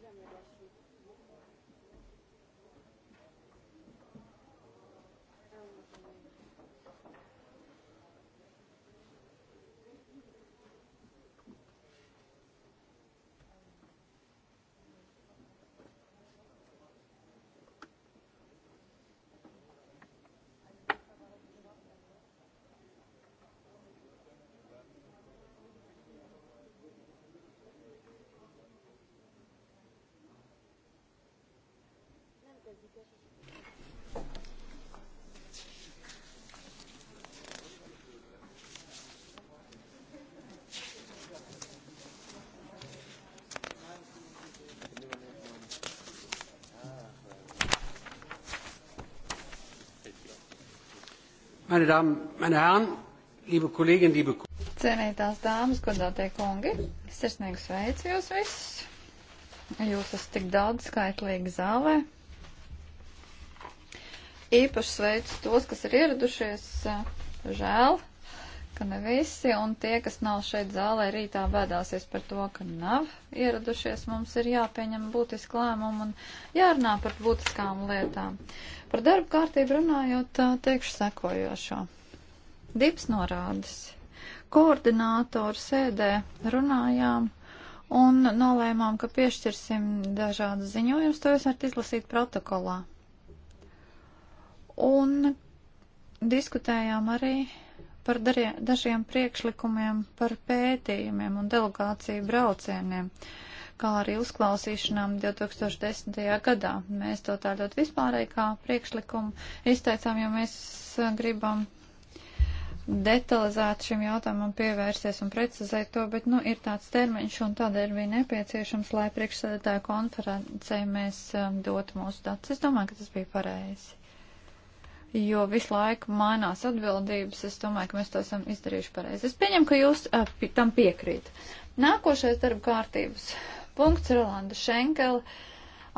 jamais lâcher. Meine Damen, meine Herren, liebe Kolleginnen, liebe Kollegen. Cienītās dāmas, godātie kungi, sirsnīgi sveicu jūs visus. Jūs esat tik daudz skaitlīgi zālē īpaši sveicu tos, kas ir ieradušies. Žēl, ka ne visi, un tie, kas nav šeit zālē, rītā bēdāsies par to, ka nav ieradušies. Mums ir jāpieņem būtiski lēmumi un jārunā par būtiskām lietām. Par darbu kārtību runājot, teikšu sekojošo. Divas norādes. Koordinātoru sēdē runājām un nolēmām, ka piešķirsim dažādas ziņojumus, to jūs varat izlasīt protokolā. Un diskutējām arī par darie, dažiem priekšlikumiem par pētījumiem un delegāciju braucieniem, kā arī uzklausīšanām 2010. gadā. Mēs to tādot vispārēji kā priekšlikumu izteicām, jo mēs gribam detalizēt šim jautājumam pievērsties un precizēt to, bet, nu, ir tāds termiņš un tādēļ bija nepieciešams, lai priekšsēdētāju konferencē mēs um, dotu mūsu datus. Es domāju, ka tas bija pareizi jo visu laiku mainās atbildības. Es domāju, ka mēs to esam izdarījuši pareizi. Es pieņemu, ka jūs uh, tam piekrīt. Nākošais darba kārtības punkts Rolanda Šenkela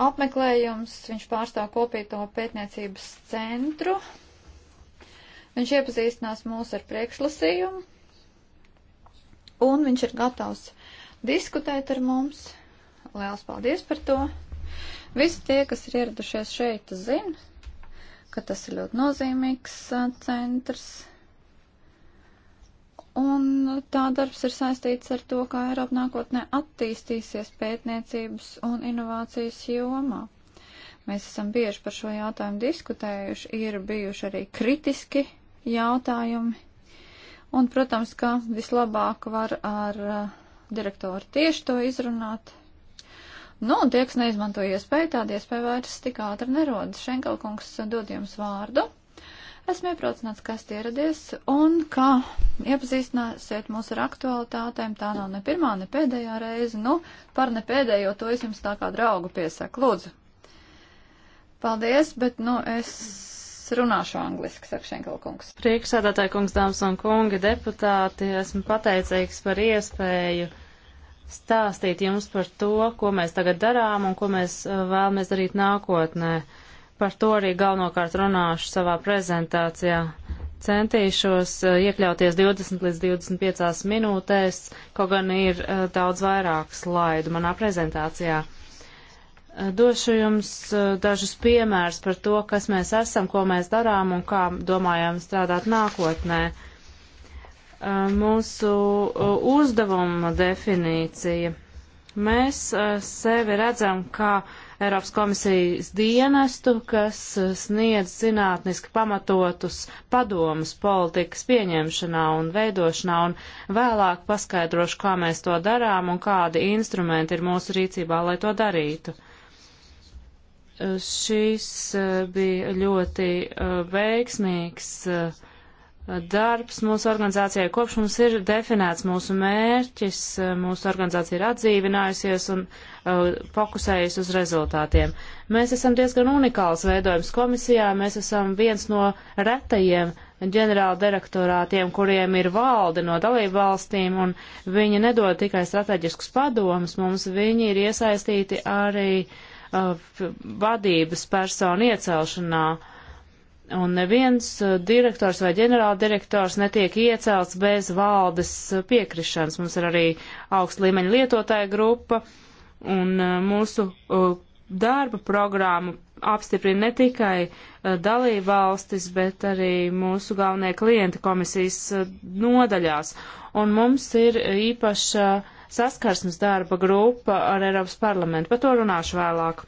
apmeklējums. Viņš pārstāv kopīto pētniecības centru. Viņš iepazīstinās mūs ar priekšlasījumu un viņš ir gatavs diskutēt ar mums. Liels paldies par to! Visi tie, kas ir ieradušies šeit, zina, ka tas ir ļoti nozīmīgs centrs. Un tā darbs ir saistīts ar to, kā Eiropa nākotnē attīstīsies pētniecības un inovācijas jomā. Mēs esam bieži par šo jautājumu diskutējuši, ir bijuši arī kritiski jautājumi. Un, protams, ka vislabāk var ar direktoru tieši to izrunāt, Nu, un tie, kas neizmanto iespēju, tāda iespēja vairs tik ātri nerodas. Šenkelkungs dod jums vārdu. Esmu iepriecināts, kas ieradies un kā iepazīstināsiet mūs ar aktualitātēm. Tā nav ne pirmā, ne pēdējā reize. Nu, par ne pēdējo to es jums tā kā draugu piesaku. Lūdzu. Paldies, bet, nu, es runāšu angliski, saka Šenkelkungs. Priekšsēdētāji kungs, dāmas un kungi, deputāti, esmu pateicīgs par iespēju stāstīt jums par to, ko mēs tagad darām un ko mēs uh, vēlamies darīt nākotnē. Par to arī galvenokārt runāšu savā prezentācijā. Centīšos uh, iekļauties 20 līdz 25 minūtēs, kaut gan ir uh, daudz vairāk slaidu manā prezentācijā. Došu jums dažus piemērus par to, kas mēs esam, ko mēs darām un kā domājam strādāt nākotnē. Uh, mūsu uzdevuma definīcija. Mēs sevi redzam kā Eiropas komisijas dienestu, kas sniedz zinātniski pamatotus padomus politikas pieņemšanā un veidošanā, un vēlāk paskaidrošu, kā mēs to darām un kādi instrumenti ir mūsu rīcībā, lai to darītu. Šis bija ļoti veiksmīgs uh, darbs mūsu organizācijai. Kopš mums ir definēts mūsu mērķis, eh, mūsu organizācija ir atdzīvinājusies un uh, eh, fokusējusies uz rezultātiem. Mēs esam diezgan unikāls veidojums komisijā. Mēs esam viens no retajiem ģenerāla direktorātiem, kuriem ir valde no dalību valstīm, un viņi nedod tikai strateģiskus padomus, mums viņi ir iesaistīti arī uh, vadības personu iecelšanā. Uh, un neviens uh, direktors vai ģenerāldirektors netiek iecelts bez valdes uh, piekrišanas. Mums ir arī augsta līmeņa lietotāja grupa, un uh, mūsu darba programmu apstiprina ne tikai dalība valstis, bet arī mūsu galvenie klienti komisijas nodaļās. Un mums ir īpaša saskarsmes darba grupa ar Eiropas parlamentu. Par to runāšu vēlāk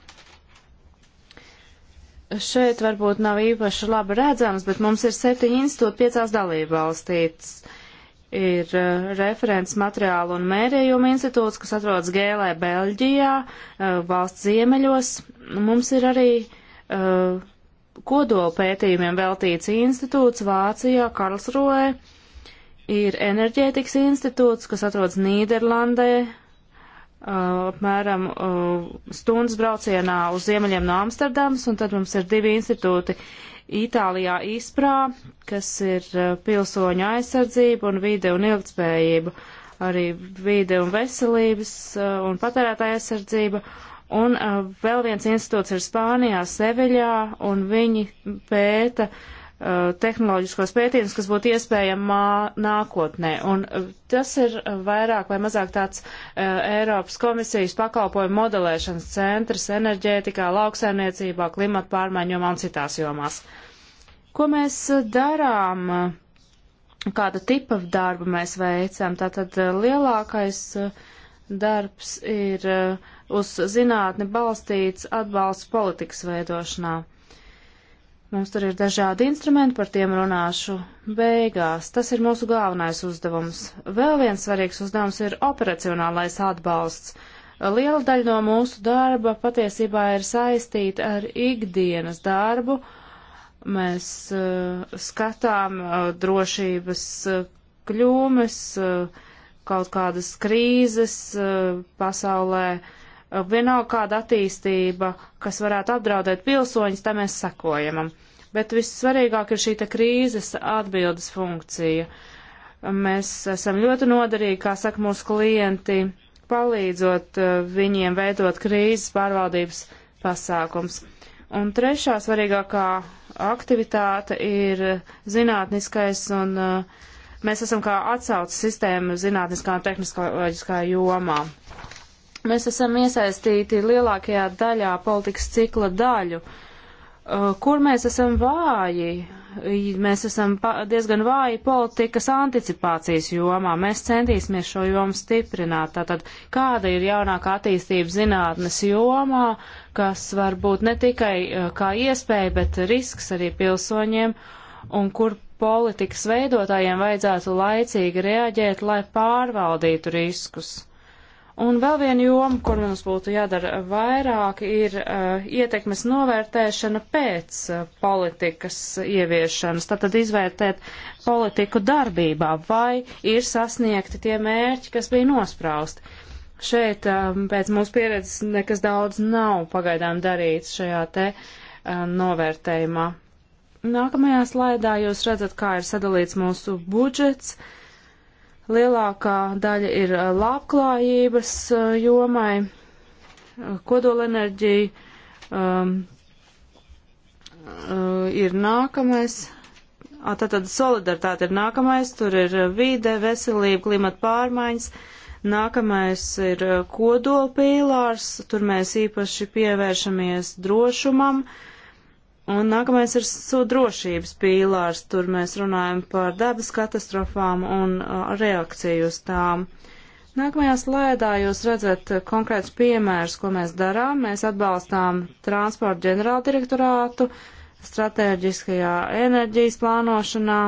šeit varbūt nav īpaši labi redzams, bet mums ir septiņi institūti piecās dalībvalstīs. Ir uh, referents materiālu un mērījumu institūts, kas atrodas Gēlē, Beļģijā, uh, valsts ziemeļos. Mums ir arī uh, eh, kodola pētījumiem veltīts institūts Vācijā, Karlsruē. Ir enerģētikas institūts, kas atrodas Nīderlandē, Uh, apmēram uh, stundas braucienā uz ziemeļiem no Amsterdamas, un tad mums ir divi institūti Itālijā Isprā, kas ir uh, pilsoņu aizsardzība un vide un ilgtspējība, arī vide un veselības un patērētāja aizsardzība. Un vēl viens institūts ir Spānijā, Seviļā, un viņi pēta uh, Eh, tehnoloģiskos pētījumus, kas būtu iespējama nākotnē. Un eh, tas ir vairāk vai mazāk tāds eh, Eiropas komisijas pakalpojumu modelēšanas centrs enerģētikā, lauksaimniecībā, klimata pārmaiņu jomā un citās jomās. Ko mēs darām? Kāda tipa darba mēs veicam? Tātad lielākais darbs ir uz zinātni balstīts atbalsts politikas veidošanā. Mums tur ir dažādi instrumenti, par tiem runāšu beigās. Tas ir mūsu galvenais uzdevums. Vēl viens svarīgs uzdevums ir operacionālais atbalsts. Liela daļa no mūsu darba patiesībā ir saistīta ar ikdienas darbu. Mēs uh, skatām uh, drošības uh, kļūmes, uh, kaut kādas krīzes uh, pasaulē, uh, Eh, vienalga kāda attīstība, kas varētu apdraudēt pilsoņus, tam mēs sekojam. Bet vissvarīgāk ir šī krīzes atbildes funkcija. Eh, mēs esam ļoti noderīgi, kā saka mūsu klienti, palīdzot eh, viņiem veidot krīzes pārvaldības pasākums. Un trešā svarīgākā aktivitāte ir zinātniskais un mēs esam kā atsaucas sistēma zinātniskā un tehniskā jomā. Mēs esam iesaistīti lielākajā daļā politikas cikla daļu. Uh, kur mēs esam vāji? Mēs esam diezgan vāji politikas anticipācijas jomā. Mēs centīsimies šo jomu stiprināt. Tātad, kāda ir jaunākā attīstība zinātnes jomā, kas var būt ne tikai uh, kā iespēja, bet risks arī pilsoņiem, un kur politikas veidotājiem vajadzētu laicīgi reaģēt, lai pārvaldītu riskus. Un vēl viena joma, kur mums būtu jādara vairāk, ir uh, ietekmes novērtēšana pēc uh, politikas ieviešanas. Tātad izvērtēt politiku darbībā, vai ir sasniegti tie mērķi, kas bija nosprausti. Šeit uh, pēc mūsu pieredzes nekas daudz nav pagaidām darīts šajā te uh, novērtējumā. Nākamajā slaidā jūs redzat, kā ir sadalīts mūsu budžets. Uh, Lielākā daļa ir labklājības jomai, kodolenerģija um, ir nākamais. Tātad solidaritāte ir nākamais, tur ir vide, veselība, klimata pārmaiņas. Nākamais ir kodolpīlārs, tur mēs īpaši pievēršamies drošumam. Uh, Un nākamais ir sodrošības pīlārs, tur mēs runājam par dabas katastrofām un uh, reakciju uz tām. Nākamajā slēdā jūs redzat konkrēts piemērs, ko mēs darām. Mēs atbalstām transporta ģenerāldirektorātu stratēģiskajā enerģijas plānošanā.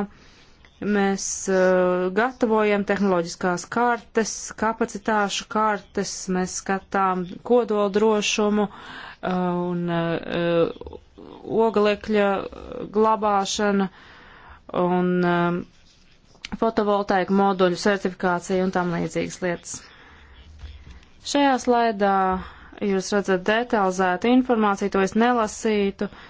Mēs uh, gatavojam tehnoloģiskās kartes, kapacitāšu kartes, mēs skatām kodoldrošumu uh, un. Uh, oglekļa glabāšana un um, fotovoltaika moduļu certifikācija un tam līdzīgas lietas. Šajā slaidā jūs redzat detalizētu informāciju, to es nelasītu. Uh,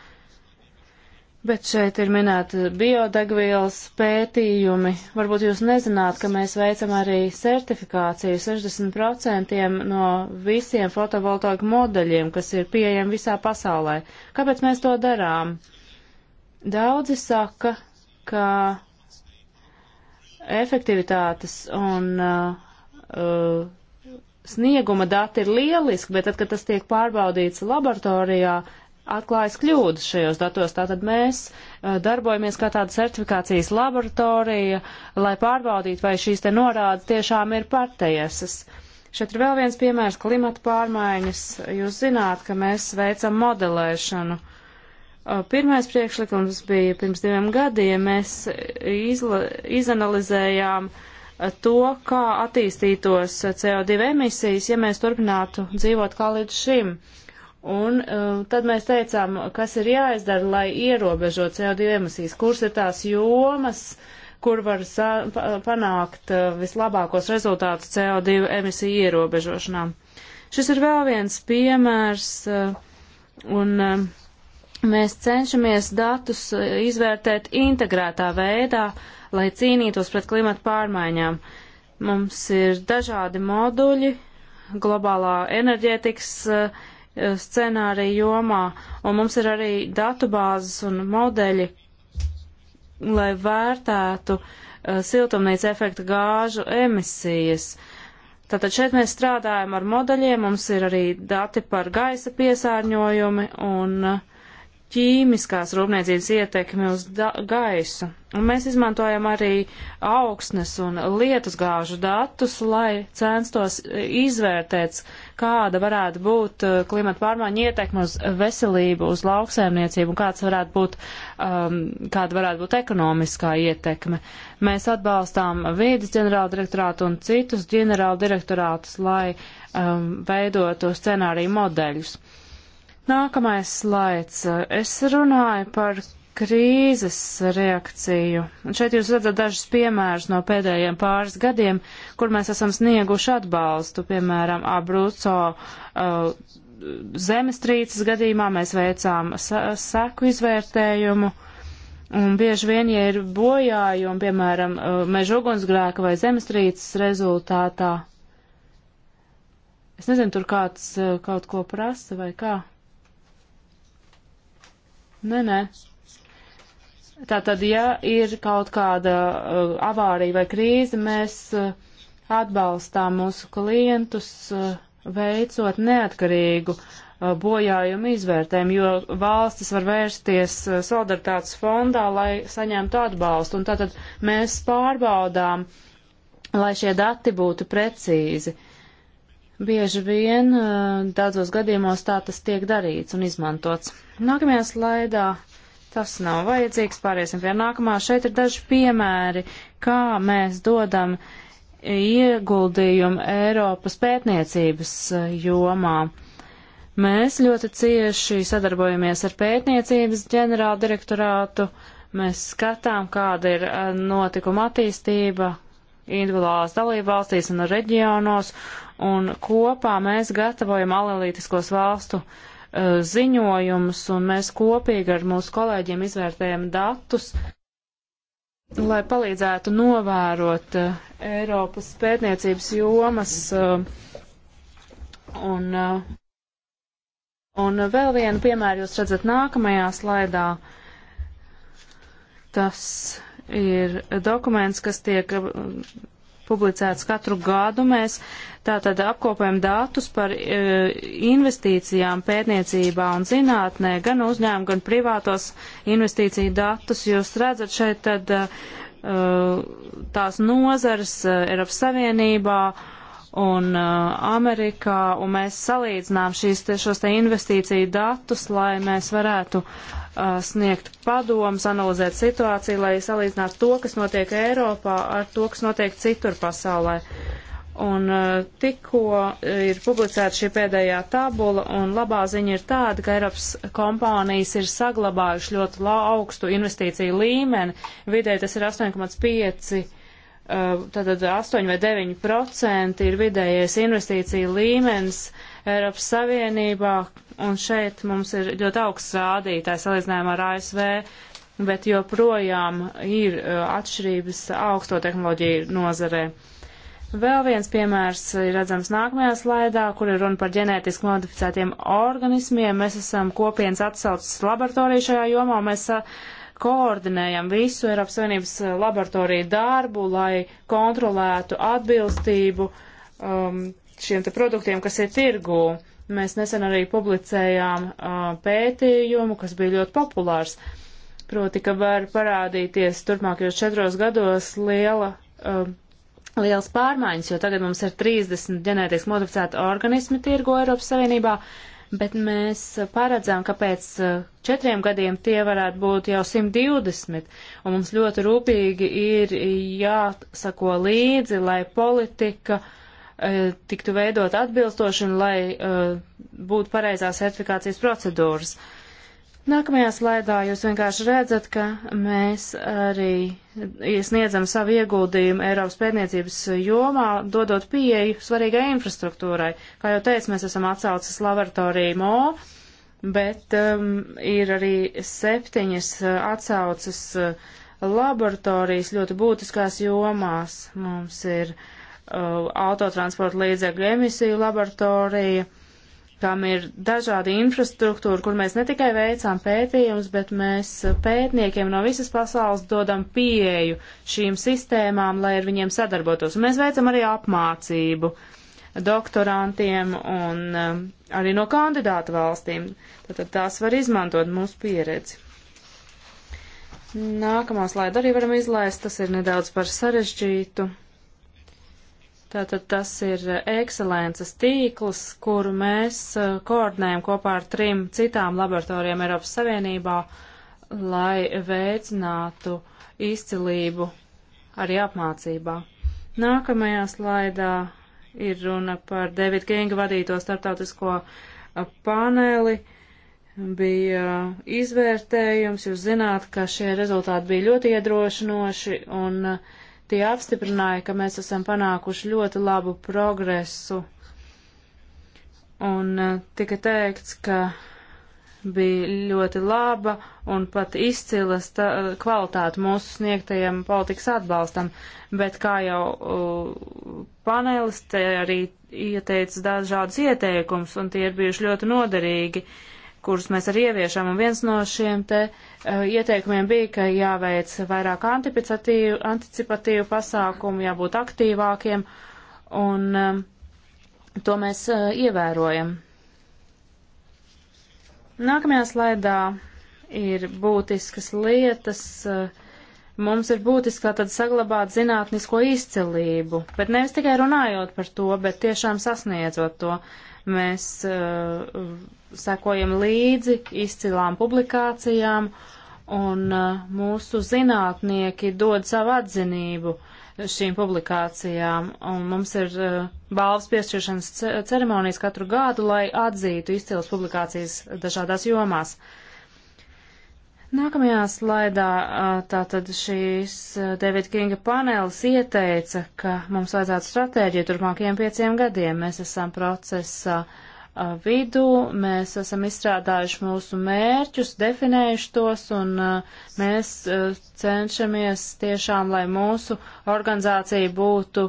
Bet šeit ir minēta biodegvielas pētījumi. Varbūt jūs nezināt, ka mēs veicam arī certifikāciju 60% no visiem fotovoltaiku modeļiem, kas ir pieejami visā pasaulē. Kāpēc mēs to darām? Daudzi saka, ka efektivitātes un uh, uh snieguma dati ir lieliski, bet tad, kad tas tiek pārbaudīts laboratorijā, uh, atklājas kļūdas šajos datos. Tātad mēs eh, darbojamies kā tāda certifikācijas laboratorija, lai pārbaudītu, vai šīs te norādes tiešām ir patiesas. Šeit ir vēl viens piemērs klimata pārmaiņas. Jūs zināt, ka mēs veicam modelēšanu. Eh, pirmais priekšlikums bija pirms diviem gadiem. Mēs izla, izanalizējām eh, to, kā attīstītos CO2 emisijas, ja mēs turpinātu dzīvot kā līdz šim. Uh, Un uh, tad mēs teicām, kas ir jāizdara, lai ierobežot CO2 emisijas, kuras ir tās jomas, kur var panākt uh, vislabākos rezultātus CO2 emisiju ierobežošanā. Šis ir vēl viens piemērs, uh, un uh, mēs cenšamies datus uh, izvērtēt integrētā veidā, lai cīnītos pret klimatu pārmaiņām. Mums ir dažādi moduļi globālā enerģētikas. Uh, scenārija jomā, un mums ir arī datubāzes un modeļi, lai vērtētu uh, siltumnīca efekta gāžu emisijas. Tātad šeit mēs strādājam ar modeļiem, mums ir arī dati par gaisa piesārņojumi un uh, ķīmiskās rūpniecības ietekmi uz gaisu. Un mēs izmantojam arī augsnes un lietus gāžu datus, lai censtos izvērtēt, kāda varētu būt uh, klimata pārmaiņa ietekme uz veselību, uz lauksēmniecību un kāds varētu būt, um, kāda varētu būt ekonomiskā ietekme. Mēs atbalstām vīdes ģenerāla direktorātu un citus ģenerāla direktorātus, lai um, veidotu scenāriju modeļus. Uh, Nākamais slaids. Es runāju par krīzes reakciju. Un šeit jūs redzat dažus piemērus no pēdējiem pāris gadiem, kur mēs esam snieguši atbalstu, piemēram, Abrūco uh, zemestrīces gadījumā mēs veicām seku izvērtējumu. Un bieži vien, ja ir bojājumi, piemēram, uh, meža ugunsgrēka vai zemestrīces rezultātā, es nezinu, tur kāds uh, kaut ko prasa vai kā. Nē, nē. Tātad, ja ir kaut kāda uh, avārija vai krīze, mēs uh, atbalstām mūsu klientus, uh, veicot neatkarīgu uh, bojājumu izvērtējumu, jo valstis var vērsties uh, solidaritātes fondā, lai saņemtu atbalstu. Un tātad mēs pārbaudām, lai šie dati būtu precīzi. Uh, Bieži vien eh, daudzos gadījumos tā tas tiek darīts un izmantots. Nākamajā slaidā tas nav vajadzīgs, pāriesim pie nākamā. Šeit ir daži piemēri, kā mēs dodam ieguldījumu Eiropas pētniecības eh, jomā. Mēs ļoti cieši sadarbojamies ar pētniecības ģenerāla direktorātu, mēs skatām, kāda ir eh, notikuma attīstība, individuālās dalībvalstīs un reģionos, un kopā mēs gatavojam alelītiskos valstu uh, ziņojumus, un mēs kopīgi ar mūsu kolēģiem izvērtējam datus, lai palīdzētu novērot uh, Eiropas pētniecības jomas. Uh, un, uh, un vēl vienu piemēru jūs redzat nākamajā slaidā. Tas ir dokuments, kas tiek uh, publicēts katru gadu. Mēs tātad apkopējam datus par e, investīcijām pētniecībā un zinātnē, gan uzņēmumu, gan privātos investīciju datus. Jūs redzat šeit tad e, e, tās nozares Eiropas Savienībā un uh, Amerikā, un mēs salīdzinām šīs, te, šos te investīciju datus, lai mēs varētu Uh, sniegt padomus, analizēt situāciju, lai salīdzinātu to, kas notiek Eiropā, ar to, kas notiek citur pasaulē. Un uh, tikko ir publicēta šī pēdējā tabula, un labā ziņa ir tāda, ka Eiropas kompānijas ir saglabājuši ļoti augstu investīciju līmeni. Vidē tas ir 8,5, uh, tātad 8 vai 9 procenti ir vidējais investīciju līmenis Eiropas Savienībā, un šeit mums ir ļoti augsts rādītājs salīdzinājumā ar ASV, bet joprojām ir uh, atšķirības augsto tehnoloģiju nozarē. Vēl viens piemērs ir redzams nākamajā slaidā, kur ir runa par ģenētiski modificētiem organismiem. Mēs esam kopienas atsaucas laboratorija šajā jomā, un mēs uh, koordinējam visu Eiropas Savienības uh, laboratoriju darbu, lai kontrolētu atbilstību um, šiem te produktiem, kas ir tirgū. Uh, Mēs nesen arī publicējām uh, pētījumu, kas bija ļoti populārs. Proti, ka var parādīties turpmākajos četros gados liela, uh, liels pārmaiņas, jo tagad mums ir 30 ģenētiski modificēta organismi tirgo Eiropas Savienībā, bet mēs paredzām, ka pēc četriem gadiem tie varētu būt jau 120, un mums ļoti rūpīgi ir jāsako līdzi, lai politika uh, E, tiktu veidot atbilstoši un lai e, būtu pareizās certifikācijas procedūras. Nākamajā slaidā jūs vienkārši redzat, ka mēs arī iesniedzam savu ieguldījumu Eiropas pētniecības jomā, dodot pieeju svarīgai infrastruktūrai. Kā jau teicu, mēs esam atsaucas laboratoriju MO, bet um, ir arī septiņas uh, atsaucas uh, laboratorijas ļoti būtiskās jomās. Mums ir uh, Uh, autotransporta līdzekļu emisiju laboratorija, kam ir dažādi infrastruktūra, kur mēs ne tikai veicām pētījumus, bet mēs pētniekiem no visas pasaules dodam pieeju šīm sistēmām, lai ar viņiem sadarbotos. Un mēs veicam arī apmācību doktorantiem un uh, arī no kandidātu valstīm. Tātad tās var izmantot mūsu pieredzi. Nākamā slaida arī varam izlaist, tas ir nedaudz par sarežģītu. Tātad tas ir ekscelences tīkls, kuru mēs eh, koordinējam kopā ar trim citām laboratorijām Eiropas Savienībā, lai veicinātu izcilību arī apmācībā. Nākamajā slaidā ir runa par David Kinga vadīto starptautisko eh, paneli. Bija izvērtējums, jūs zināt, ka šie rezultāti bija ļoti iedrošinoši un uh, Tie apstiprināja, ka mēs esam panākuši ļoti labu progresu. Un eh, tika teikts, ka bija ļoti laba un pat izcila kvalitāte mūsu sniegtajam politikas atbalstam, bet kā jau uh, eh, panelis te arī ieteica dažādas ieteikums, un tie ir bijuši ļoti noderīgi. Uh, kurus mēs arī ieviešam, un viens no šiem te uh, ieteikumiem bija, ka jāveic vairāk anticipatīvu, anticipatīvu pasākumu, jābūt aktīvākiem, un uh, to mēs uh, ievērojam. Nākamajā slaidā ir būtiskas lietas. Uh, mums ir būtiski tātad saglabāt zinātnisko izcelību, bet nevis tikai runājot par to, bet tiešām sasniedzot to. Mēs uh, sekojam līdzi izcilām publikācijām, un uh, mūsu zinātnieki dod savu atzinību šīm publikācijām, un mums ir uh, balvas piešķiršanas ceremonijas katru gadu, lai atzītu izcilas publikācijas dažādās jomās. Nākamajā slaidā uh, tātad šīs Davida Kinga panelis ieteica, ka mums vajadzētu stratēģiju turpmākajiem pieciem gadiem. Mēs esam procesā uh, vidū. Mēs esam izstrādājuši mūsu mērķus, definējuši tos, un mēs cenšamies tiešām, lai mūsu organizācija būtu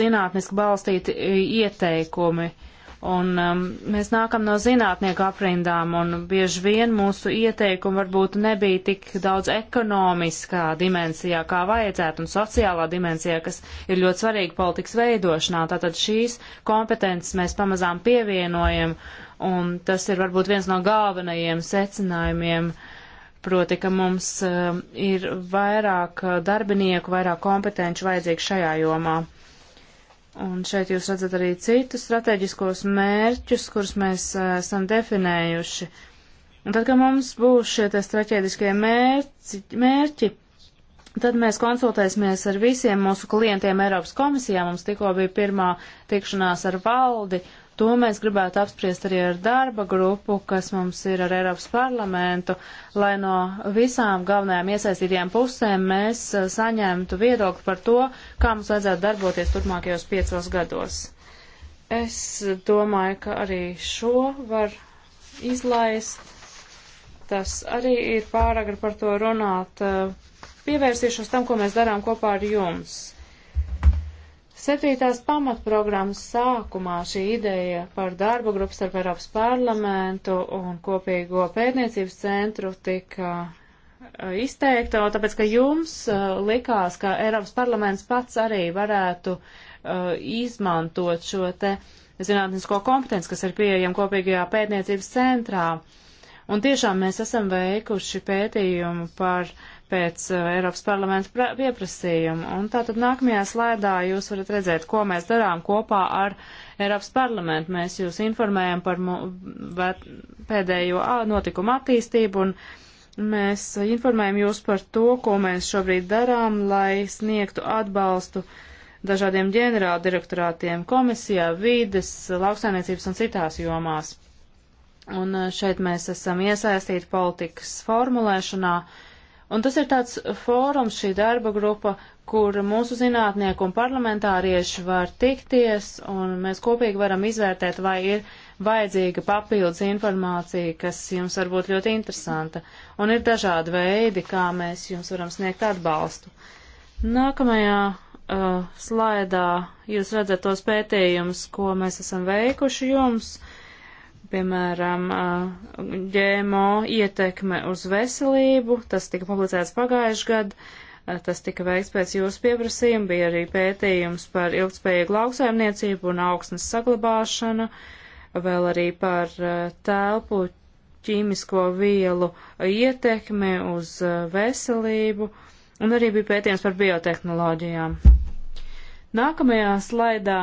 zinātniski balstīti ieteikumi. Uh, Un um, mēs nākam no zinātnieku aprindām, un bieži vien mūsu ieteikumi varbūt nebija tik daudz ekonomiskā dimensijā, kā vajadzētu, un sociālā dimensijā, kas ir ļoti svarīga politikas veidošanā. Tātad šīs kompetences mēs pamazām pievienojam, un tas ir varbūt viens no galvenajiem secinājumiem. Proti, ka mums uh, ir vairāk uh, darbinieku, vairāk kompetenci vajadzīgs šajā jomā. Uh, Un šeit jūs redzat arī citus strateģiskos mērķus, kurus mēs eh, esam definējuši. Un tad, kad mums būs šie te strateģiskie mērķi, mērķi, tad mēs konsultēsimies ar visiem mūsu klientiem Eiropas komisijā. Mums tikko bija pirmā tikšanās ar valdi, To mēs gribētu apspriest arī ar darba grupu, kas mums ir ar Eiropas parlamentu, lai no visām galvenajām iesaistītajām pusēm mēs eh, saņemtu viedokli par to, kā mums vajadzētu darboties turpmākajos piecos gados. Es domāju, ka arī šo var izlaist. Tas arī ir pāragri par to runāt. Eh, pievērsīšos tam, ko mēs darām kopā ar jums Septītās pamatprogrammas sākumā šī ideja par darba grupu starp Eiropas parlamentu un kopīgo pētniecības centru tika eh, izteikta, tāpēc, ka jums eh, likās, ka Eiropas parlaments pats arī varētu uh, izmantot šo te zinātnisko kompetenci, kas ir pieejama kopīgajā pētniecības centrā. Un tiešām mēs esam veikuši pētījumu par pēc eh, Eiropas parlamenta pieprasījuma. Un tātad nākamajā slēdā jūs varat redzēt, ko mēs darām kopā ar Eiropas parlamentu. Mēs jūs informējam par pēdējo notikumu attīstību un mēs informējam jūs par to, ko mēs šobrīd darām, lai sniegtu atbalstu dažādiem ģenerāla direktorātiem komisijā, vīdes, lauksainiecības un citās jomās. Un eh, šeit mēs esam iesaistīti politikas formulēšanā, uh, Un tas ir tāds fórums, šī darba grupa, kur mūsu zinātnieki un parlamentārieši var tikties, un mēs kopīgi varam izvērtēt, vai ir vajadzīga papildus informācija, kas jums var būt ļoti interesanta. Un ir dažādi veidi, kā mēs jums varam sniegt atbalstu. Nākamajā uh, slaidā jūs redzat tos pētījumus, ko mēs esam veikuši jums. Uh, piemēram, ģēmo ietekme uz veselību, tas tika publicēts pagājuši gadu, tas tika veikts pēc jūsu pieprasījuma, bija arī pētījums par ilgspējīgu lauksaimniecību un augsnes saglabāšanu, vēl arī par telpu ķīmisko vielu ietekmi uz veselību, un arī bija pētījums par biotehnoloģijām. Nākamajā slaidā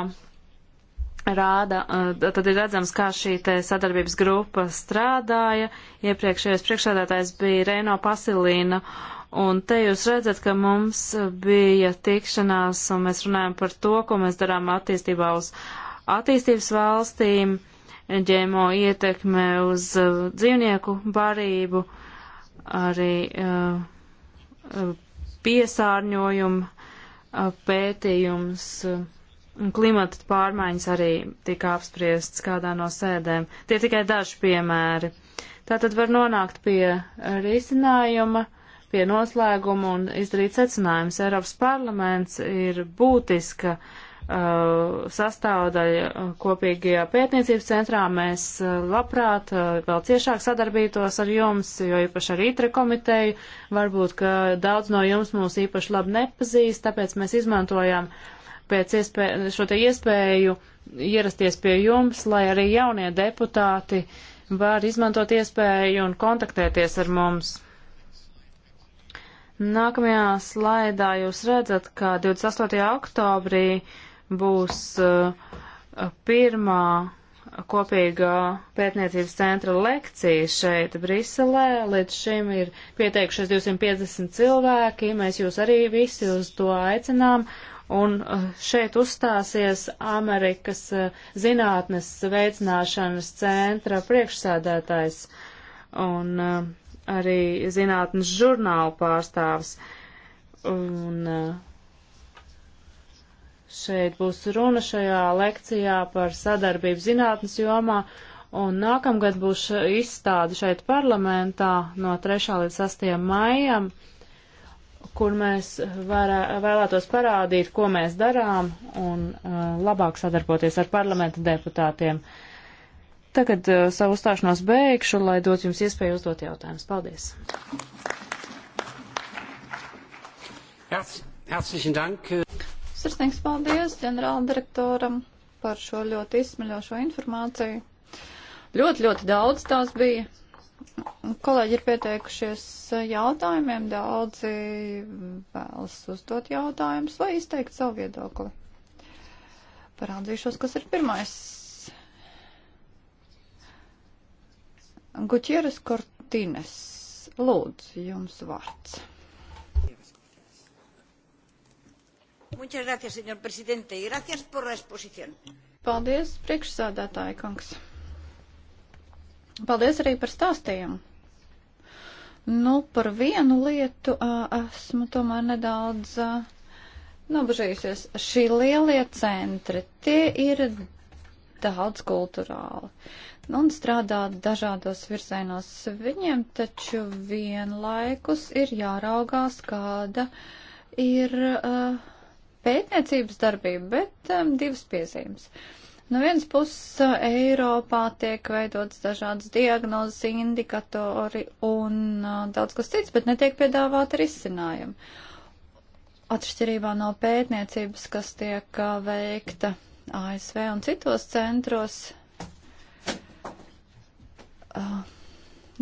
rāda, tad ir redzams, kā šī sadarbības grupa strādāja. Iepriekšējais priekšsēdētājs bija Reino Pasilīna, un te jūs redzat, ka mums bija tikšanās, un mēs runājam par to, ko mēs darām attīstībā uz attīstības valstīm, ģēmo ietekme uz dzīvnieku barību, arī uh, piesārņojumu uh, pētījums. Uh, klimata pārmaiņas arī tika apspriests kādā no sēdēm. Tie tikai daži piemēri. Tātad var nonākt pie risinājuma, pie noslēguma un izdarīt secinājumus. Eiropas parlaments ir būtiska uh, sastāvdaļa uh, kopīgajā pētniecības centrā. Mēs uh, labprāt uh, vēl ciešāk sadarbītos ar jums, jo īpaši ar ITRE komiteju. Varbūt, ka daudz no jums mūs īpaši labi nepazīst, tāpēc mēs izmantojām uh, pēc iespē, šo te iespēju ierasties pie jums, lai arī jaunie deputāti var izmantot iespēju un kontaktēties ar mums. Nākamajā slaidā jūs redzat, ka 28. oktobrī būs uh, pirmā kopīgā pētniecības centra lekcija šeit Briselē. Līdz šim ir pieteikušies 250 cilvēki. Mēs jūs arī visi uz to aicinām. Un uh, šeit uzstāsies Amerikas uh, zinātnes veicināšanas centra priekšsēdētājs un uh, arī zinātnes žurnāla pārstāvs. Un šeit būs runa šajā lekcijā par sadarbību zinātnes jomā. Un nākamgad būs izstāde šeit parlamentā no 3. līdz 6. maijam. Uh, kur mēs varē, vēlētos parādīt, ko mēs darām un uh, labāk sadarboties ar parlamenta deputātiem. Tagad uh, savu uzstāšanos beigšu, lai dot jums iespēju uzdot jautājumus. Paldies! Herzlichen Dank! Sirsnīgs paldies ģenerāldirektoram par šo ļoti izsmeļošo informāciju. Ļoti, ļoti daudz tās bija. Kolēģi ir pieteikušies jautājumiem, daudzi vēlas uzdot jautājumus vai izteikt savu viedokli. Parādīšos, kas ir pirmais. Gutieres Kortines, lūdzu, jums vārds. Muchas gracias, señor presidente, y gracias por la exposición. Paldies, priekšsādātāja kungs. Paldies arī par stāstījumu. Nu, par vienu lietu uh, esmu tomēr nedaudz uh, nobežījusies. Šī lielie centri, tie ir daudz kulturāli nu, un strādā dažādos virzienos. Viņiem taču vienlaikus ir jāraugās, kāda ir uh, pētniecības darbība, bet um, divas piezīmes. Uh, No vienas puses Eiropā tiek veidots dažādas diagnozes, indikatori un uh, daudz kas cits, bet netiek piedāvāti risinājumi. Atšķirībā no pētniecības, kas tiek uh, veikta ASV un citos centros, uh,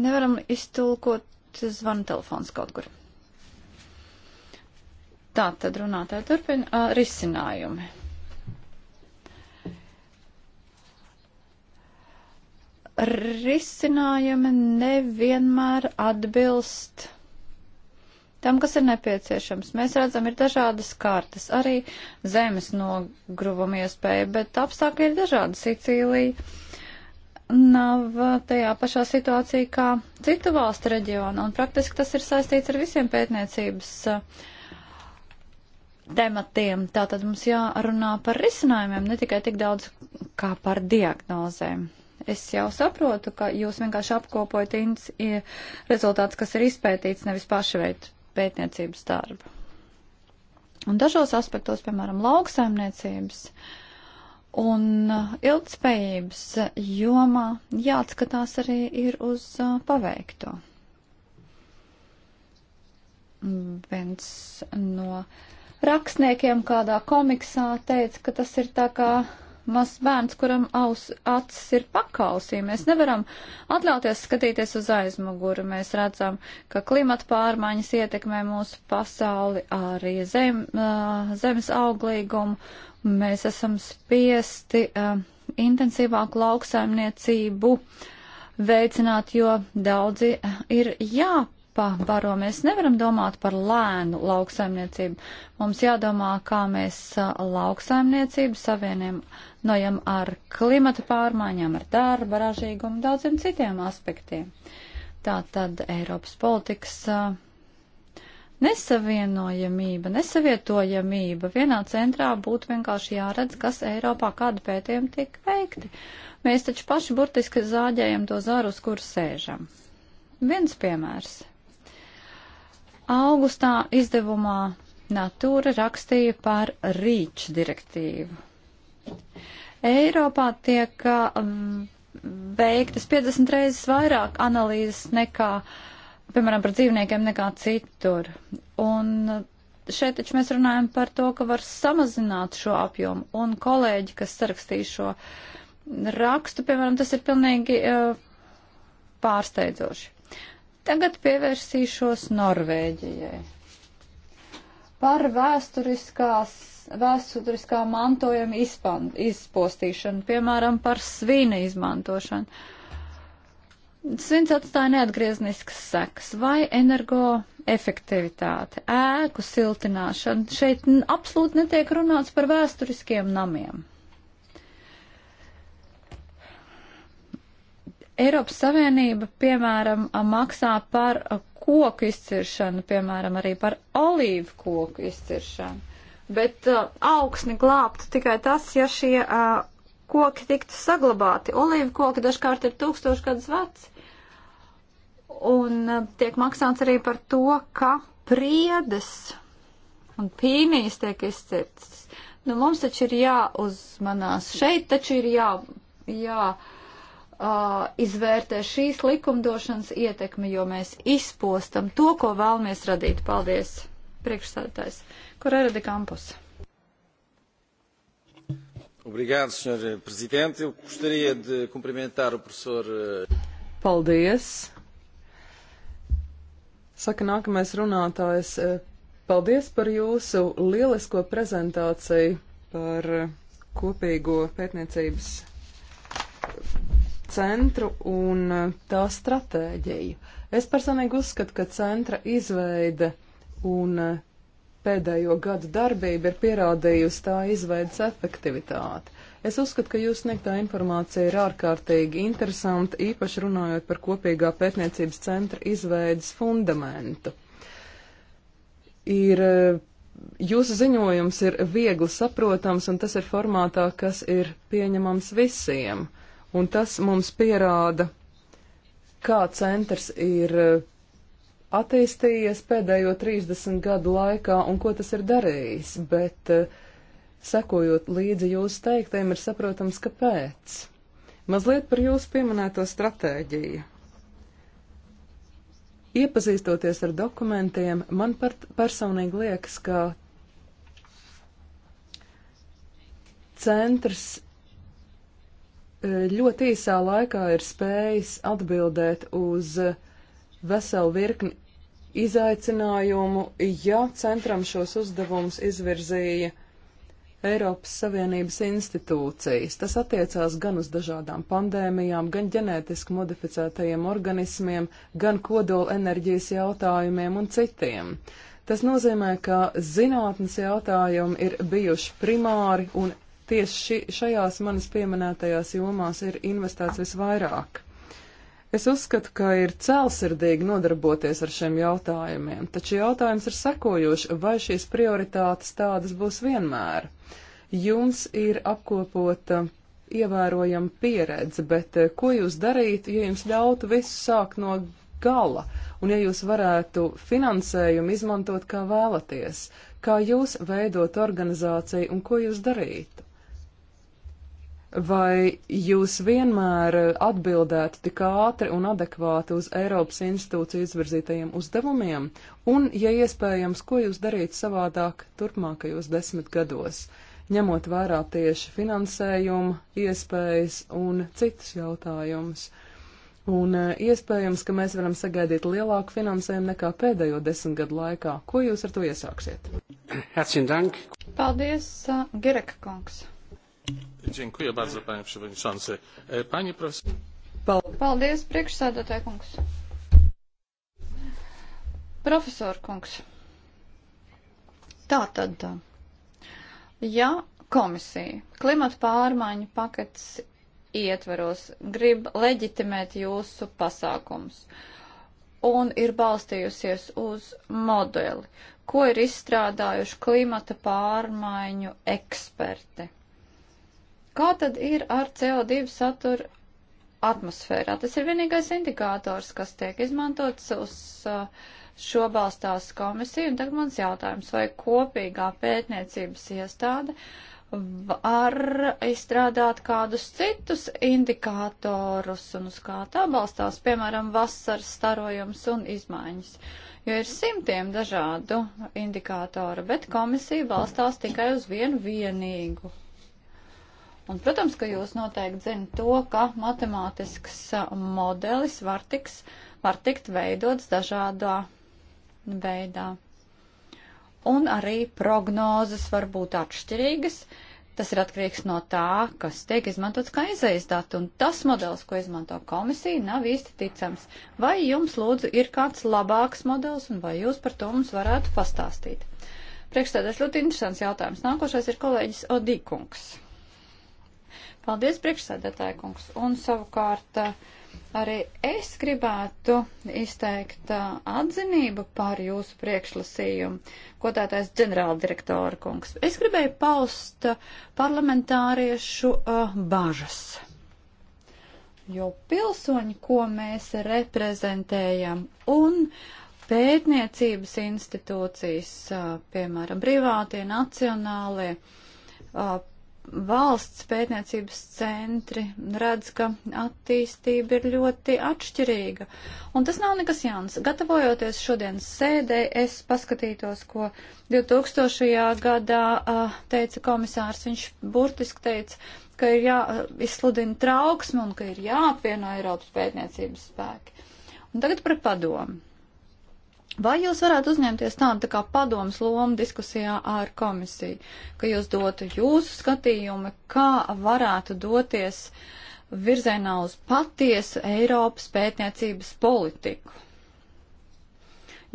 nevaram iztulkot zvanu telefons kaut kur. Tā tad runātāji turpina uh, risinājumi risinājumi nevienmēr atbilst tam, kas ir nepieciešams. Mēs redzam, ir dažādas kartes, arī zemes nogruvuma iespēja, bet apstākļi ir dažādi. Sicīlija nav tajā pašā situācijā kā citu valstu reģionu, un praktiski tas ir saistīts ar visiem pētniecības uh, tematiem. Tātad mums jārunā par risinājumiem, ne tikai tik daudz kā par diagnozēm. Es jau saprotu, ka jūs vienkārši apkopojat rezultātus, kas ir izpētīts, nevis paši veikt pētniecības darbu. Un dažos aspektos, piemēram, lauksaimniecības un ilgspējības jomā jāatskatās arī ir uz paveikto. Viens no rakstniekiem kādā komiksā teica, ka tas ir tā kā mazs bērns, kuram aus, acis ir pakausī. Mēs nevaram atļauties skatīties uz aizmuguri. Mēs redzam, ka klimata pārmaiņas ietekmē mūsu pasauli, arī zem, uh, zemes auglīgumu. Mēs esam spiesti uh, intensīvāku lauksaimniecību veicināt, jo daudzi ir jā Eiropa baro, mēs nevaram domāt par lēnu lauksaimniecību. Mums jādomā, kā mēs lauksaimniecību savieniem nojam ar klimata pārmaiņām, ar darba ražīgumu, daudziem citiem aspektiem. Tā tad Eiropas politikas nesavienojamība, nesavietojamība vienā centrā būtu vienkārši jāredz, kas Eiropā kādu pētījumu tiek veikti. Mēs taču paši burtiski zāģējam to zāru, uz kur sēžam. Viens piemērs. Augustā izdevumā Natūra rakstīja par rīču direktīvu. Eiropā tiek um, veiktas 50 reizes vairāk analīzes nekā, piemēram, par dzīvniekiem nekā citur. Un šeit taču mēs runājam par to, ka var samazināt šo apjomu. Un kolēģi, kas sarakstīja šo rakstu, piemēram, tas ir pilnīgi uh, pārsteidzoši. Tagad pievērsīšos Norvēģijai. Par vēsturiskās, vēsturiskā mantojuma izpan, izpostīšanu, piemēram, par svīna izmantošanu. Svins atstāja neatgriezniskas sekas vai energo efektivitāte, ēku siltināšana. Šeit absolūti netiek runāts par vēsturiskiem namiem. Eiropas Savienība, piemēram, maksā par koku izciršanu, piemēram, arī par olīvu koku izciršanu. Bet uh, augsni glābtu tikai tas, ja šie uh, koki tiktu saglabāti. Olīvu koki dažkārt ir tūkstoši gadus veci. Un uh, tiek maksāts arī par to, ka priedes un pīnijas tiek izcirts. Nu, mums taču ir jāuzmanās. Šeit taču ir jā. jā uh, uh, izvērtē šīs likumdošanas ietekmi, jo mēs izpostam to, ko vēlamies radīt. Paldies, priekšsēdētājs. Kur ir Dekampus? Obrigado, Sr. Presidente. Eu gostaria de cumprimentar o professor. Eh, paldies. Saka nākamais runātājs. Eh, paldies par jūsu lielisko prezentāciju par eh, kopīgo pētniecības centru un e, tā stratēģiju. Es personīgi uzskatu, ka centra izveide un e, pēdējo gadu darbība ir pierādījusi tā izveidas efektivitāti. Es uzskatu, ka jūs sniegtā informācija ir ārkārtīgi interesanta, īpaši runājot par kopīgā pētniecības centra izveidas fundamentu. Ir, e, jūsu ziņojums ir viegli saprotams, un tas ir formātā, kas ir pieņemams visiem. Uh, un tas mums pierāda, kā centrs ir eh, attīstījies pēdējo 30 gadu laikā un ko tas ir darījis, bet eh, sekojot līdzi jūsu teiktajiem ir saprotams, kāpēc. Mazliet par jūsu pieminēto stratēģiju. Iepazīstoties ar dokumentiem, man par, personīgi liekas, ka centrs ļoti īsā laikā ir spējis atbildēt uz veselu virkni izaicinājumu, ja centram šos uzdevumus izvirzīja Eiropas Savienības institūcijas. Tas attiecās gan uz dažādām pandēmijām, gan ģenētiski modificētajiem organismiem, gan kodola enerģijas jautājumiem un citiem. Tas nozīmē, ka zinātnes jautājumi ir bijuši primāri un Tieši ši, šajās manis pieminētajās jomās ir investēts visvairāk. Es uzskatu, ka ir cēlsirdīgi nodarboties ar šiem jautājumiem, taču jautājums ir sekojošs, vai šīs prioritātes tādas būs vienmēr. Jums ir apkopota ievērojama pieredze, bet eh, ko jūs darītu, ja jums ļautu visu sākt no gala, un ja jūs varētu finansējumu izmantot kā vēlaties, kā jūs veidot organizāciju un ko jūs darītu? Vai jūs vienmēr atbildētu tik ātri un adekvāti uz Eiropas institūciju izvirzītajiem uzdevumiem? Un, ja iespējams, ko jūs darītu savādāk turpmākajos desmit gados, ņemot vērā tieši finansējumu, iespējas un citus jautājumus? Un eh, iespējams, ka mēs varam sagaidīt lielāku finansējumu nekā pēdējo desmit gadu laikā. Ko jūs ar to iesāksiet? Paldies, eh, Gireka kungs! Dziękuję bardzo, panie przewodniczący. E, panie profesor... Paldies, priekšsēdētāj kungs. Profesor kungs. Tā tad, ja komisija klimata pārmaiņu pakets ietveros grib leģitimēt jūsu pasākums un ir balstījusies uz modeli, ko ir izstrādājuši klimata pārmaiņu eksperti. Kā tad ir ar CO2 saturu atmosfērā? Tas ir vienīgais indikators, kas tiek izmantots uz uh, šo balstās komisiju. Un tagad mans jautājums, vai kopīgā pētniecības iestāde var izstrādāt kādus citus indikātorus un uz kā tā balstās, piemēram, vasaras starojums un izmaiņas. Jo ir simtiem dažādu indikātoru, bet komisija balstās tikai uz vienu vienīgu. Un, protams, ka jūs noteikti zinat to, ka matemātisks modelis var, tiks, var tikt veidots dažādā veidā. Un arī prognozes var būt atšķirīgas. Tas ir atkarīgs no tā, kas tiek izmantots kā izaizdāta, un tas modelis, ko izmanto komisija, nav īsti ticams. Vai jums, lūdzu, ir kāds labāks modelis, un vai jūs par to mums varētu pastāstīt? Priekšstādāts ļoti interesants jautājums. Nākošais ir kolēģis Odīkungs. Paldies, priekšsēdētāja kungs. Un savukārt eh, arī es gribētu izteikt eh, atzinību par jūsu priekšlasījumu, ko tātais ģenerāla direktora kungs. Es gribēju paust parlamentāriešu uh, bažas. Jo pilsoņi, ko mēs reprezentējam, un pētniecības institūcijas, piemēram, privātie, nacionālie, valsts pētniecības centri redz, ka attīstība ir ļoti atšķirīga. Un tas nav nekas jauns. Gatavojoties šodienas sēdē, es paskatītos, ko 2000. gadā teica komisārs. Viņš burtiski teica, ka ir jāizsludina trauksme un ka ir jāapvieno Eiropas pētniecības spēki. Un tagad par padomu. Vai jūs varētu uzņemties tādu tā kā padomas lomu diskusijā ar komisiju, ka jūs dotu jūsu skatījumu, kā varētu doties virzienā uz patiesu Eiropas pētniecības politiku?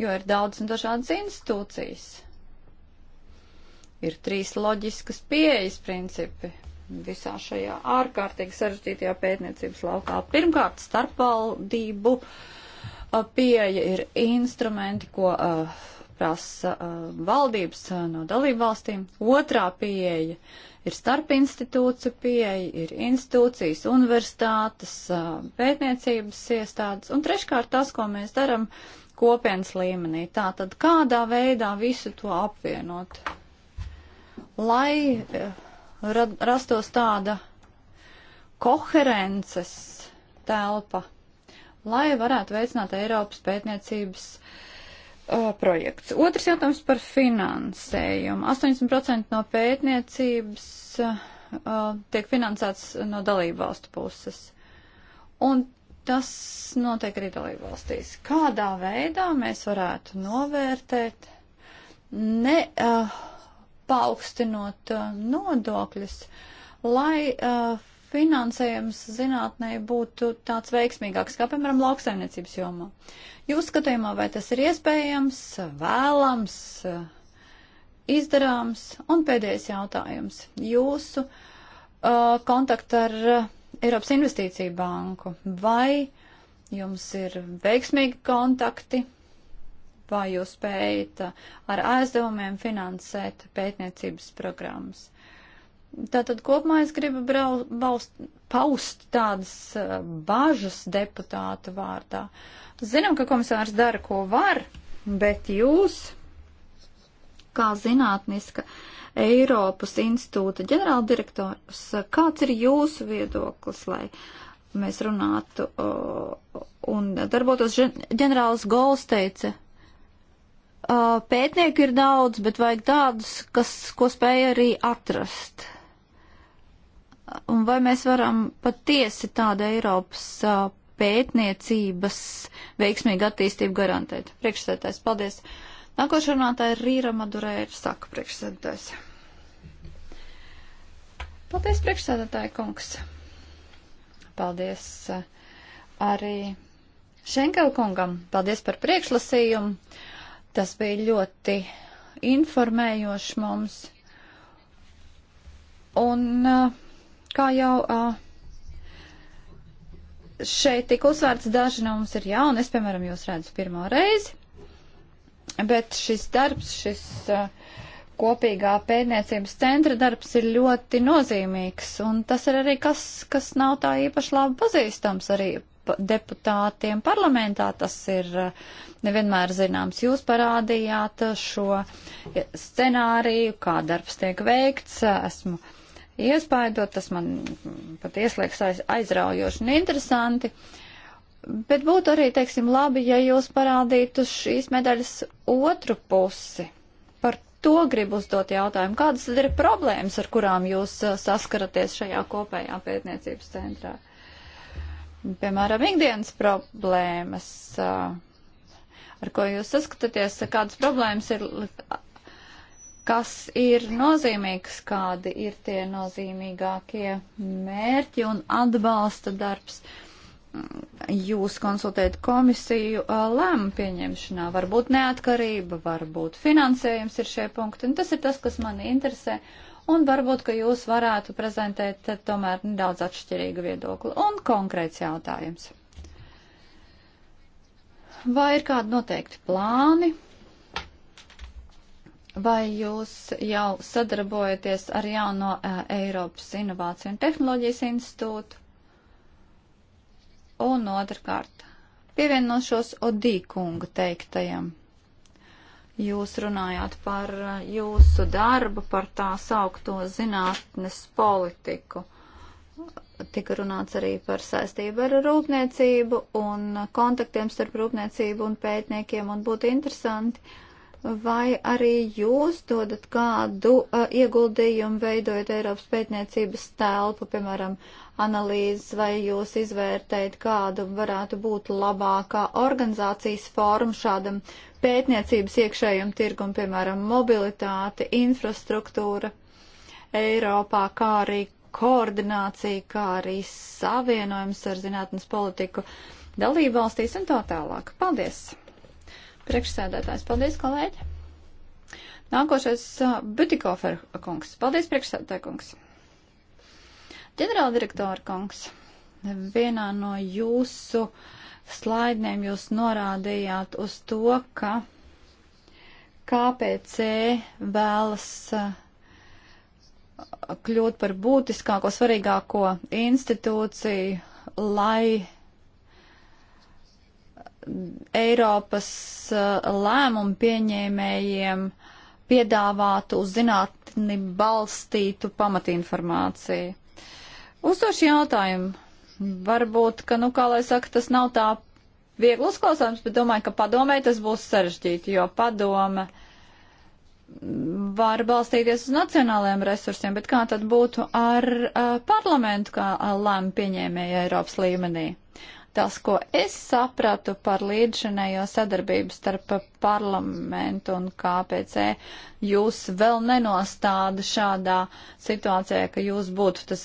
Jo ir daudz un dažādas institūcijas. Ir trīs loģiskas pieejas principi visā šajā ārkārtīgi sarežģītajā pētniecības laukā. Pirmkārt, starpvaldību. Uh, pieeja, ir instrumenti, ko uh, prasa uh, valdības uh, no dalību valstīm. Otrā pieeja ir starp institūciju pieeja, ir institūcijas, universitātes, uh, pētniecības iestādes. Un treškārt tas, ko mēs daram kopienas līmenī. Tātad kādā veidā visu to apvienot, lai uh, ra rastos tāda koherences telpa lai varētu veicināt Eiropas pētniecības uh, projekts. Otrs jautājums par finansējumu. 80% no pētniecības uh, tiek finansēts no dalībvalstu puses. Un tas notiek arī dalībvalstīs. Kādā veidā mēs varētu novērtēt, ne uh, paaugstinot uh, nodokļus, lai uh, finansējums zinātnē būtu tāds veiksmīgāks, kā piemēram lauksaimniecības jomā. Jūs skatījumā, vai tas ir iespējams, vēlams, izdarāms? Un pēdējais jautājums. Jūsu uh, kontakti ar uh, Eiropas Investīciju banku. Vai jums ir veiksmīgi kontakti? Vai jūs spējat ar aizdevumiem finansēt pētniecības programmas? Tātad kopumā es gribu brau, baust, paust tādas uh, bažas deputātu vārdā. Zinām, ka komisārs dara, ko var, bet jūs, kā zinātniska Eiropas institūta ģenerāldirektors, kāds ir jūsu viedoklis, lai mēs runātu uh, un darbotos? Ģenerālis Gols teica, uh, pētnieku ir daudz, bet vajag tādus, kas, ko spēja arī atrast. Un vai mēs varam patiesi tādu Eiropas pētniecības veiksmīgu attīstību garantēt? Priekšsēdētājs, paldies. Nākošais runātāja ir Rīra Madurēra, saka priekšsēdētājs. Paldies, priekšsēdētāja kungs. Paldies arī Šenkel kungam. Paldies par priekšlasījumu. Tas bija ļoti informējoši mums. Un uh, Kā jau uh, šeit tika uzsvērts, daži no mums ir jauni, es, piemēram, jūs redzu pirmo reizi, bet šis darbs, šis uh, kopīgā pētniecības centra darbs ir ļoti nozīmīgs, un tas ir arī kas, kas nav tā īpaši labi pazīstams arī deputātiem parlamentā, tas ir nevienmēr zināms. Jūs parādījāt šo scenāriju, kā darbs tiek veikts, esmu iespaidot, tas man pat ieslēgs aiz, aizraujoši un interesanti. Bet būtu arī, teiksim, labi, ja jūs parādītu šīs medaļas otru pusi. Par to gribu uzdot jautājumu. Kādas tad ir problēmas, ar kurām jūs eh, saskaraties šajā kopējā pētniecības centrā? Piemēram, ikdienas problēmas. Uh, ar ko jūs saskatāties, eh, kādas problēmas ir kas ir nozīmīgs, kādi ir tie nozīmīgākie mērķi un atbalsta darbs. Jūs konsultējat komisiju lēmumu pieņemšanā, varbūt neatkarība, varbūt finansējums ir šie punkti, un tas ir tas, kas mani interesē, un varbūt, ka jūs varētu prezentēt tomēr nedaudz atšķirīgu viedokli un konkrēts jautājums. Vai ir kādi noteikti plāni, Vai jūs jau sadarbojaties ar jauno eh, Eiropas Inovāciju un Tehnoloģijas institūtu? Un otrkārt, pievienošos Odīkunga teiktajam. Jūs runājāt par eh, jūsu darbu, par tā saukto zinātnes politiku. Tika runāts arī par saistību ar rūpniecību un kontaktiem starp rūpniecību un pētniekiem, un būtu interesanti vai arī jūs dodat kādu uh, ieguldījumu veidojot Eiropas pētniecības telpu, piemēram, analīzes, vai jūs izvērtējat, kāda varētu būt labākā organizācijas forma šādam pētniecības iekšējam tirgum, piemēram, mobilitāte, infrastruktūra Eiropā, kā arī koordinācija, kā arī savienojums ar zinātnes politiku dalību valstīs un tā tālāk. Paldies! Priekšsēdētājs, paldies, kolēģi! Nākošais uh, Butikofer kungs. Paldies, priekšsēdētāj kungs! Ģenerāldirektora kungs, vienā no jūsu slaidnēm jūs norādījāt uz to, ka KPC vēlas kļūt par būtiskāko, svarīgāko institūciju, lai Eiropas uh, lēmumu pieņēmējiem piedāvātu uz zinātni balstītu pamatinformāciju. Uzdošu jautājumu. Varbūt, ka, nu, kā lai saka, tas nav tā viegli uzklausāms, bet domāju, ka padomē tas būs sarežģīti, jo padome var balstīties uz nacionālajiem resursiem, bet kā tad būtu ar uh, parlamentu kā uh, lēmu pieņēmēju Eiropas līmenī? Tas, ko es sapratu par līdzinējo sadarbību starp parlamentu un KPC, jūs vēl nenostāda šādā situācijā, ka jūs būtu tas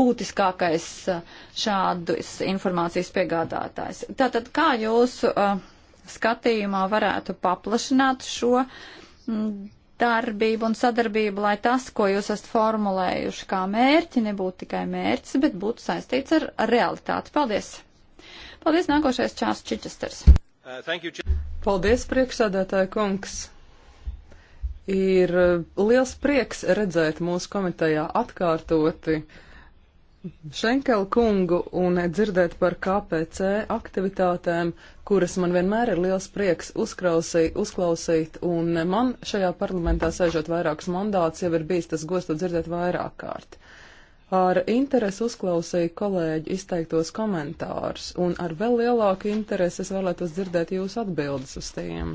būtiskākais eh, šādas informācijas piegādātājs. Tātad, kā jūsu uh, skatījumā varētu paplašināt šo mm, darbību un sadarbību, lai tas, ko jūs esat formulējuši kā mērķi, nebūtu tikai mērķis, bet būtu saistīts ar realitāti. Paldies! Paldies, nākošais Čārs Čičesters. Uh, Paldies, priekšsādātāja kungs. Ir uh, liels prieks redzēt mūsu komitejā atkārtoti Šenkela kungu un dzirdēt par KPC aktivitātēm, kuras man vienmēr ir liels prieks uzklausīt, uzklausīt un man šajā parlamentā sēžot vairākus mandātus jau ir bijis tas gosto dzirdēt vairāk kārt. Ar interesi uzklausīju kolēģi izteiktos komentārus, un ar vēl lielāku interesi es vēlētos dzirdēt jūsu atbildes uz tiem.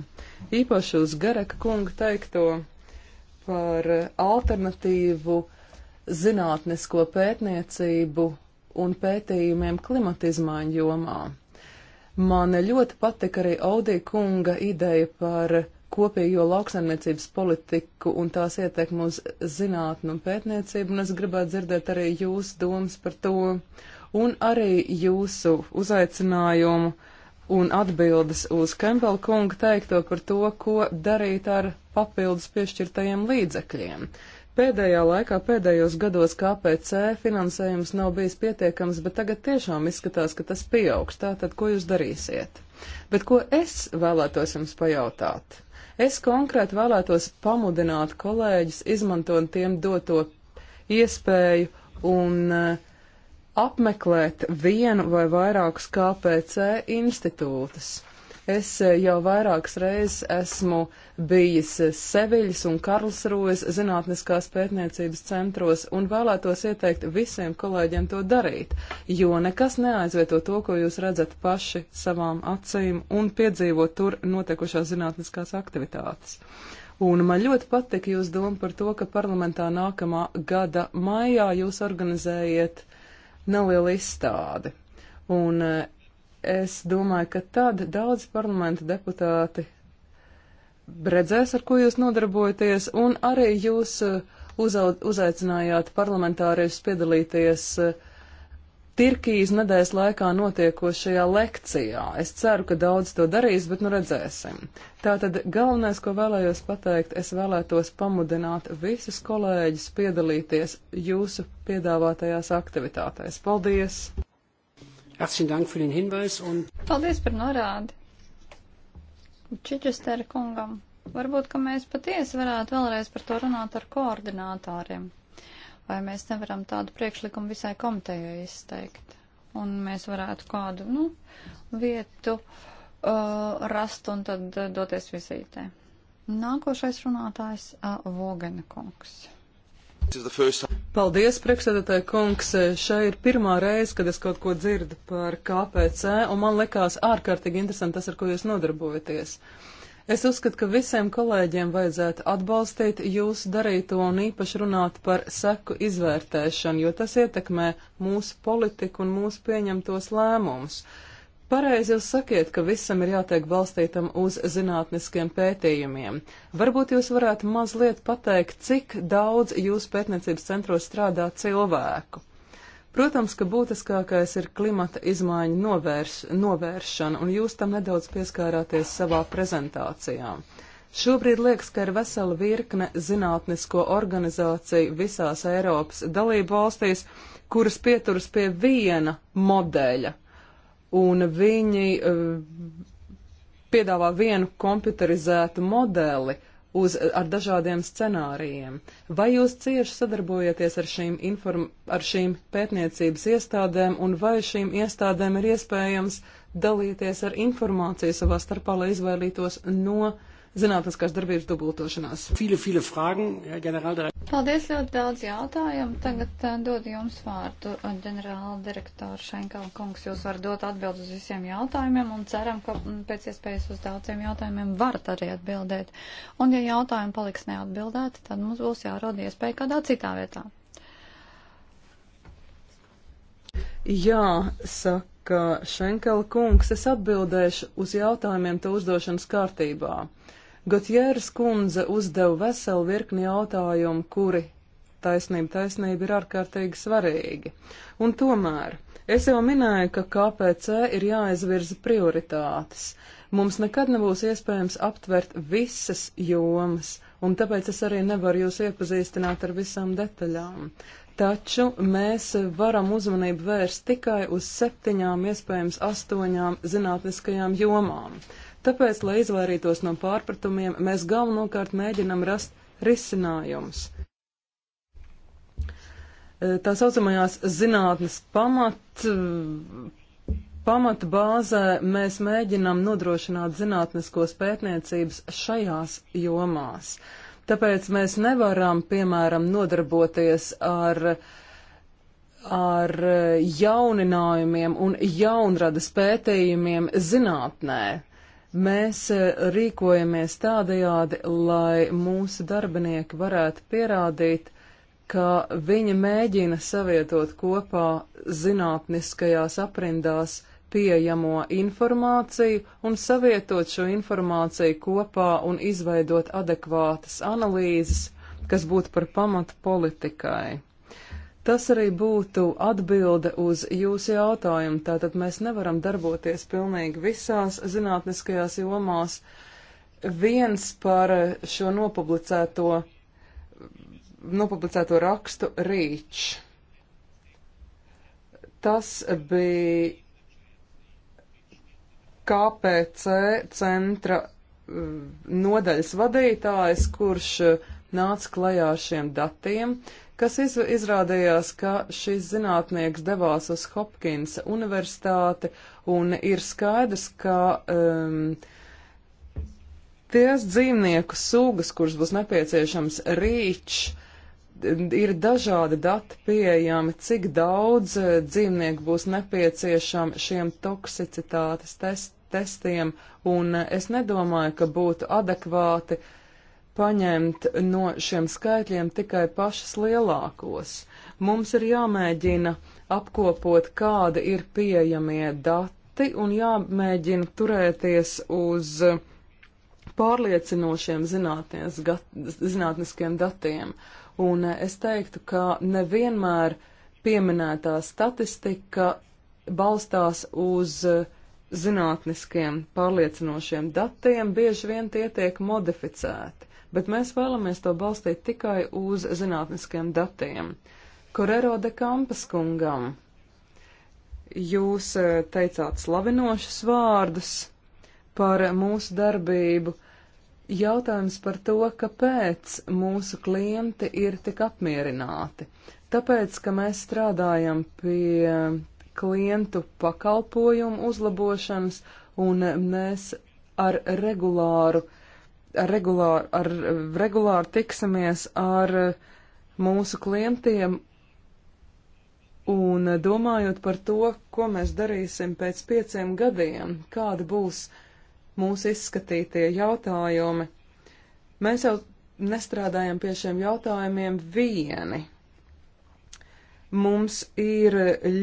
Īpaši uz Gareka kunga teikto par alternatīvu zinātnisko pētniecību un pētījumiem klimatizmaiņu jomā. Man ļoti patika arī Audī kunga ideja par kopējo lauksaimniecības politiku un tās ietekmu uz zinātnu un pētniecību, un es gribētu dzirdēt arī jūsu domas par to, un arī jūsu uzaicinājumu un atbildes uz Kempela kunga teikto par to, ko darīt ar papildus piešķirtajiem līdzekļiem. Pēdējā laikā, pēdējos gados KPC finansējums nav bijis pietiekams, bet tagad tiešām izskatās, ka tas pieaugs. Tātad, ko jūs darīsiet? Bet ko es vēlētos jums pajautāt? Es konkrēti vēlētos pamudināt kolēģis izmantot tiem doto iespēju un eh, apmeklēt vienu vai vairākus KPC institūtus. Es eh, jau vairākas reizes esmu bijis eh, Seviļas un Karlsruhes zinātniskās pētniecības centros un vēlētos ieteikt visiem kolēģiem to darīt, jo nekas neaizvieto to, ko jūs redzat paši savām acīm un piedzīvot tur notekušās zinātniskās aktivitātes. Un man ļoti patika jūs doma par to, ka parlamentā nākamā gada maijā jūs organizējiet nelielu izstādi. Un eh, Es domāju, ka tad daudz parlamenta deputāti redzēs, ar ko jūs nodarbojaties, un arī jūs uh, uzaicinājāt parlamentāriešus piedalīties uh, Tirkijas nedēļas laikā notiekošajā lekcijā. Es ceru, ka daudz to darīs, bet nu redzēsim. Tātad galvenais, ko vēlējos pateikt, es vēlētos pamudināt visus kolēģus piedalīties jūsu piedāvātajās aktivitātēs. Paldies! Herzlichen Dank für den Hinweis. Un... Paldies par norādi. Čičestera kungam. Varbūt, ka mēs patiesi varētu vēlreiz par to runāt ar koordinātāriem. Vai mēs nevaram tādu priekšlikumu visai komitejai izteikt? Un mēs varētu kādu, nu, vietu uh, rast un tad uh, doties vizītē. Nākošais runātājs uh, Vogena kungs. Paldies, priekšsēdētāji kungs. Šai ir pirmā reize, kad es kaut ko dzirdu par KPC, un man likās ārkārtīgi interesanti tas, ar ko jūs nodarbojaties. Es uzskatu, ka visiem kolēģiem vajadzētu atbalstīt jūsu darīto un īpaši runāt par seku izvērtēšanu, jo tas ietekmē mūsu politiku un mūsu pieņemtos lēmumus. Uh, Pareizi jūs sakiet, ka visam ir jātiek balstītam uz zinātniskiem pētījumiem. Varbūt jūs varētu mazliet pateikt, cik daudz jūs pētniecības centros strādā cilvēku. Protams, ka būtiskākais ir klimata izmaiņu novērš, novēršana, un jūs tam nedaudz pieskārāties savā prezentācijā. Šobrīd liekas, ka ir vesela virkne zinātnisko organizāciju visās Eiropas dalību valstīs, kuras pieturas pie viena modeļa, un viņi eh, piedāvā vienu komputerizētu modeli uz, ar dažādiem scenārijiem. Vai jūs cieši sadarbojaties ar šīm, inform, ar šīm pētniecības iestādēm, un vai šīm iestādēm ir iespējams dalīties ar informāciju savā starpā, lai izvairītos no uh, zinātniskās darbības dubultošanās. Viele, viele fragen, ģenerāldirektor. Paldies ļoti daudz jautājumu. Tagad uh, dod jums vārdu, eh, ģenerāldirektor Šenkala kungs. Jūs varat dot atbildes uz visiem jautājumiem un ceram, ka mm, pēc iespējas uz daudziem jautājumiem varat arī atbildēt. Un ja jautājumi paliks neatbildēti, tad mums būs jārod iespēja kādā citā vietā. Jā, saka Šenkela kungs, es atbildēšu uz jautājumiem te uzdošanas kārtībā. Gotjēras kundze uzdeva veselu virkni jautājumu, kuri taisnība taisnība ir ārkārtīgi svarīgi. Un tomēr es jau minēju, ka KPC ir jāizvirza prioritātes. Mums nekad nebūs iespējams aptvert visas jomas, un tāpēc es arī nevaru jūs iepazīstināt ar visām detaļām taču mēs varam uzmanību vērst tikai uz septiņām, iespējams astoņām zinātniskajām jomām. Tāpēc, lai izvairītos no pārpratumiem, mēs galvenokārt mēģinam rast risinājumus. E, tā saucamajās zinātnes pamat, e, pamata bāzē mēs mēģinam nodrošināt zinātniskos pētniecības šajās jomās. Tāpēc mēs nevaram, piemēram, nodarboties ar uh, ar jauninājumiem un jaunradas pētījumiem zinātnē. Mēs e, rīkojamies tādajādi, lai mūsu darbinieki varētu pierādīt, ka viņi mēģina savietot kopā zinātniskajās aprindās pieejamo informāciju un savietot šo informāciju kopā un izveidot adekvātas analīzes, kas būtu par pamatu politikai. Tas arī būtu atbilde uz jūsu jautājumu. Tātad mēs nevaram darboties pilnīgi visās zinātniskajās jomās. Viens par šo nopublicēto, nopublicēto rakstu rīč. Tas bija KPC centra mm, nodaļas vadītājs, kurš nāca klajā ar šiem datiem kas iz, izrādījās, ka šis zinātnieks devās uz Hopkinsa universitāti, un ir skaidrs, ka um, ties dzīvnieku sugas, kuras būs nepieciešams rīčs, ir dažādi dati pieejami, cik daudz eh, dzīvnieku būs nepieciešami šiem toksicitātes test, testiem, un eh, es nedomāju, ka būtu adekvāti uh, paņemt no šiem skaitļiem tikai pašus lielākos. Mums ir jāmēģina apkopot, kādi ir pieejamie dati un jāmēģina turēties uz pārliecinošiem zinātniskiem datiem. Un eh, es teiktu, ka nevienmēr pieminētā statistika balstās uz eh, zinātniskiem pārliecinošiem datiem, bieži vien tie tiek modificēti bet mēs vēlamies to balstīt tikai uz zinātniskiem datiem. Korero de Kampas kungam jūs eh, teicāt slavinošus vārdus par mūsu darbību. Jautājums par to, kāpēc mūsu klienti ir tik apmierināti. Tāpēc, ka mēs strādājam pie klientu pakalpojumu uzlabošanas un mēs ar regulāru uh, regulāri, ar, regulāri tiksimies ar mūsu klientiem un domājot par to, ko mēs darīsim pēc pieciem gadiem, kādi būs mūsu izskatītie jautājumi. Mēs jau nestrādājam pie šiem jautājumiem vieni. Mums ir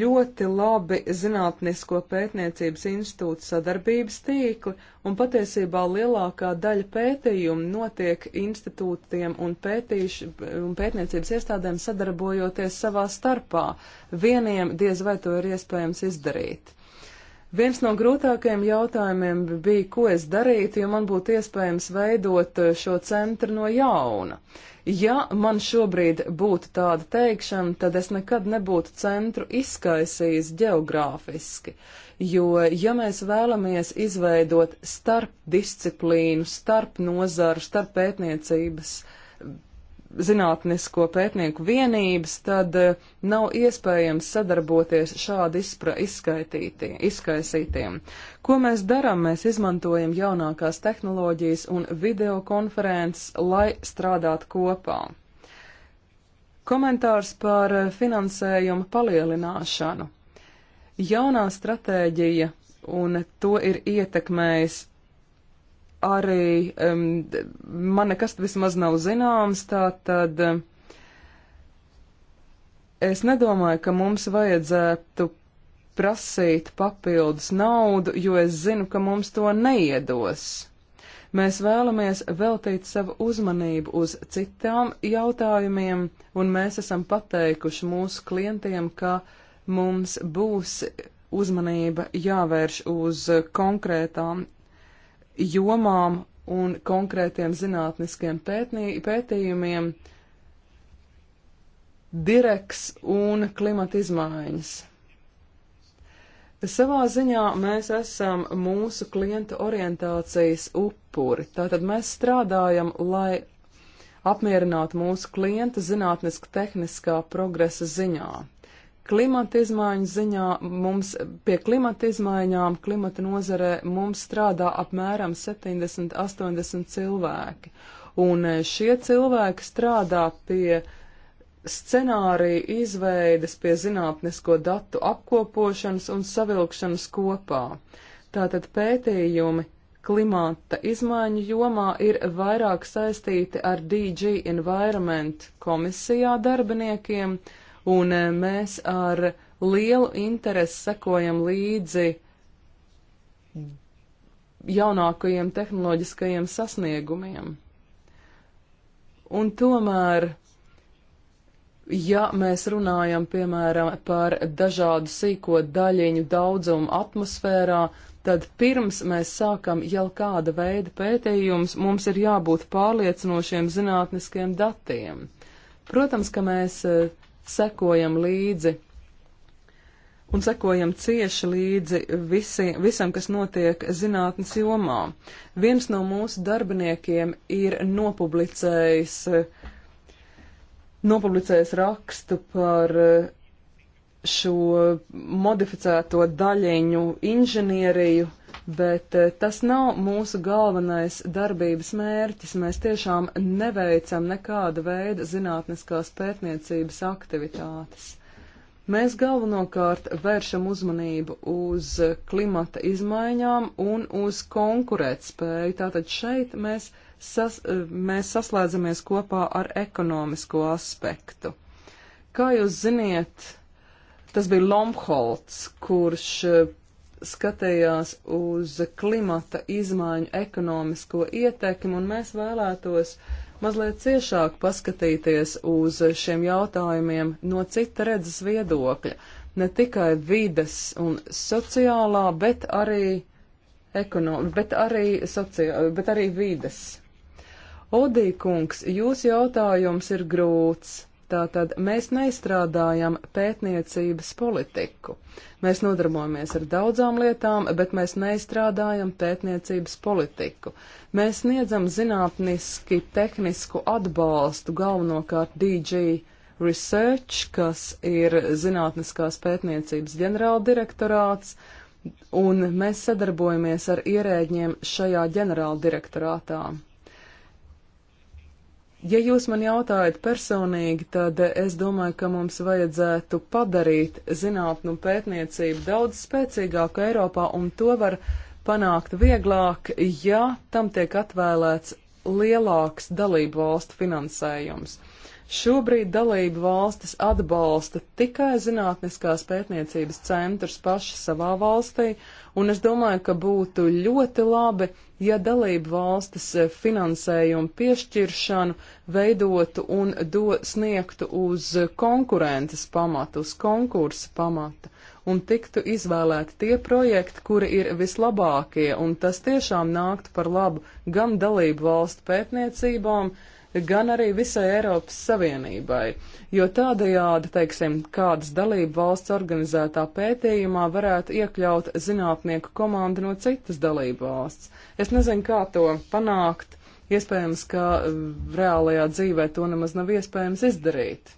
ļoti labi zinātnisko pētniecības institūta sadarbības tīkli, un patiesībā lielākā daļa pētījumu notiek institūtiem un, pētīš, un pētniecības iestādēm sadarbojoties savā starpā. Vieniem diez vai to ir iespējams izdarīt. Viens no grūtākajiem jautājumiem bija, ko es darītu, ja man būtu iespējams veidot eh, šo centru no jauna. Ja man šobrīd būtu tāda teikšana, tad es nekad nebūtu centru izkaisījis geogrāfiski, jo, ja mēs vēlamies izveidot starp disciplīnu, starp nozaru, starp pētniecības zinātnisko pētnieku vienības, tad eh, nav iespējams sadarboties šādi izskaisītiem. Ko mēs darām? Mēs izmantojam jaunākās tehnoloģijas un videokonferences, lai strādātu kopā. Komentārs par eh, finansējumu palielināšanu. Jaunā stratēģija, un to ir ietekmējis arī um, man nekas vismaz nav zināms, tā tad es nedomāju, ka mums vajadzētu prasīt papildus naudu, jo es zinu, ka mums to neiedos. Mēs vēlamies veltīt savu uzmanību uz citām jautājumiem, un mēs esam pateikuši mūsu klientiem, ka mums būs uzmanība jāvērš uz konkrētām jomām un konkrētiem zinātniskiem pētnī, pētījumiem direks un klimata izmaiņas. Savā ziņā mēs esam mūsu klienta orientācijas upuri. Tātad mēs strādājam, lai apmierinātu mūsu klienta zinātniska tehniskā progresa ziņā klimata izmaiņu ziņā mums pie klimata izmaiņām klimata nozarē mums strādā apmēram 70-80 cilvēki. Un e, šie cilvēki strādā pie scenāriju izveides, pie zinātnisko datu apkopošanas un savilkšanas kopā. Tātad pētījumi klimata izmaiņu jomā ir vairāk saistīti ar DG Environment komisijā darbiniekiem, uh, un eh, mēs ar lielu interesi sekojam līdzi jaunākajiem tehnoloģiskajiem sasniegumiem. Un tomēr Ja mēs runājam, piemēram, par dažādu sīko daļiņu daudzumu atmosfērā, tad pirms mēs sākam jau kāda veida pētījums, mums ir jābūt pārliecinošiem zinātniskiem datiem. Protams, ka mēs eh, sekojam līdzi un sekojam cieši līdzi visi, visam, kas notiek zinātnes jomā. Viens no mūsu darbiniekiem ir nopublicējis, nopublicējis rakstu par šo modificēto daļiņu inženieriju bet eh, tas nav mūsu galvenais darbības mērķis. Mēs tiešām neveicam nekāda veida zinātniskās pētniecības aktivitātes. Mēs galvenokārt vēršam uzmanību uz klimata izmaiņām un uz konkurētspēju. Tātad šeit mēs, sas, eh, mēs saslēdzamies kopā ar ekonomisko aspektu. Kā jūs ziniet, tas bija Lomholts, kurš eh, skatījās uz klimata izmaiņu ekonomisko ietekmi, un mēs vēlētos mazliet ciešāk paskatīties uz šiem jautājumiem no cita redzes viedokļa, ne tikai vides un sociālā, bet arī, ekono, bet arī, sociā, bet arī vides. Odīkungs, jūs jautājums ir grūts. Tātad mēs neizstrādājam pētniecības politiku. Mēs nodarbojamies ar daudzām lietām, bet mēs neizstrādājam pētniecības politiku. Mēs sniedzam zinātniski tehnisku atbalstu galvenokārt DG Research, kas ir zinātniskās pētniecības ģenerāldirektorāts, un mēs sadarbojamies ar ierēģiem šajā ģenerāldirektorātā. Ja jūs man jautājat personīgi, tad es domāju, ka mums vajadzētu padarīt zinātnu pētniecību daudz spēcīgāku Eiropā, un to var panākt vieglāk, ja tam tiek atvēlēts lielāks dalību valstu finansējums. Šobrīd dalību valstis atbalsta tikai zinātniskās pētniecības centrus paši savā valstī, un es domāju, ka būtu ļoti labi, ja dalību valstis eh, finansējumu piešķiršanu veidotu un do, sniegtu uz konkurences pamatu, uz konkursa pamata, un tiktu izvēlēti tie projekti, kuri ir vislabākie, un tas tiešām nāktu par labu gan dalību valstu pētniecībām, gan gan arī visai Eiropas Savienībai, jo tādajādi, teiksim, kādas dalību valsts organizētā pētījumā varētu iekļaut zinātnieku komandu no citas dalību valsts. Es nezinu, kā to panākt, iespējams, ka uh, reālajā dzīvē to nemaz nav iespējams izdarīt.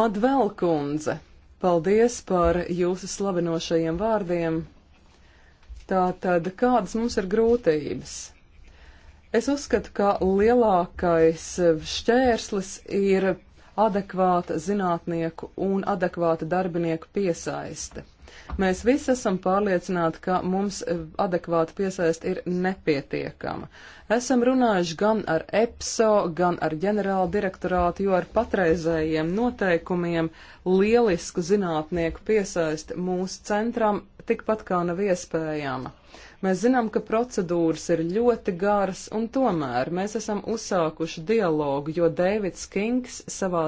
Madvēl kundze, paldies par jūsu slavinošajiem vārdiem. Tātad, kādas mums ir grūtības? Es uzskatu, ka lielākais eh, šķērslis ir adekvāta zinātnieku un adekvāta darbinieku piesaiste. Mēs visi esam pārliecināti, ka mums eh, adekvāta piesaist ir nepietiekama. Esam runājuši gan ar EPSO, gan ar ģenerāla direktorātu, jo ar patreizējiem noteikumiem lielisku zinātnieku piesaist mūsu centram tikpat kā nav iespējama. Mēs zinām, ka procedūras ir ļoti garas, un tomēr mēs esam uzsākuši dialogu, jo Dēvids Kings savā,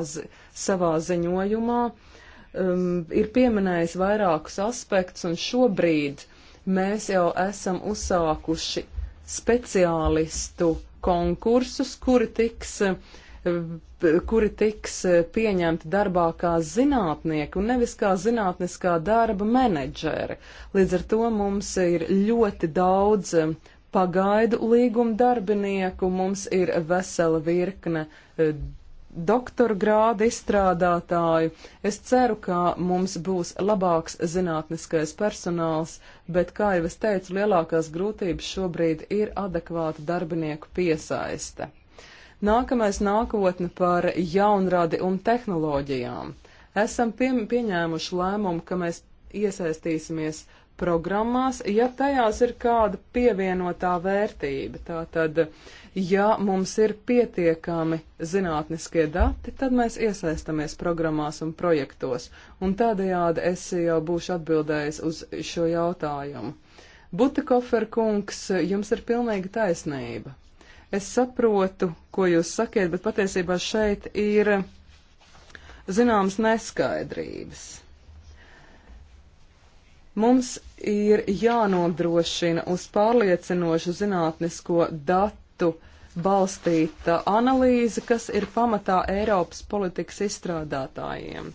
savā ziņojumā um, ir pieminējis vairākus aspektus, un šobrīd mēs jau esam uzsākuši speciālistu konkursus, kuri tiks um, kuri tiks eh, pieņemti darbā kā zinātnieki un nevis kā zinātniskā darba menedžeri. Līdz ar to mums ir ļoti daudz eh, pagaidu līguma darbinieku, mums ir vesela virkne eh, doktora grāda izstrādātāju. Es ceru, ka mums būs labāks zinātniskais personāls, bet, kā jau es teicu, lielākās grūtības šobrīd ir adekvāta darbinieku piesaiste. Nākamais nākotne par jaunradi un tehnoloģijām. Esam pie, pieņēmuši lēmumu, ka mēs iesaistīsimies programmās, ja tajās ir kāda pievienotā vērtība. Tātad, ja mums ir pietiekami zinātniskie dati, tad mēs iesaistamies programmās un projektos, un tādējādi es jau būšu atbildējis uz šo jautājumu. Butikofer kungs, jums ir pilnīga taisnība. Es saprotu, ko jūs sakiet, bet patiesībā šeit ir zināmas neskaidrības. Mums ir jānodrošina uz pārliecinošu zinātnisko datu balstīta analīze, kas ir pamatā Eiropas politikas izstrādātājiem.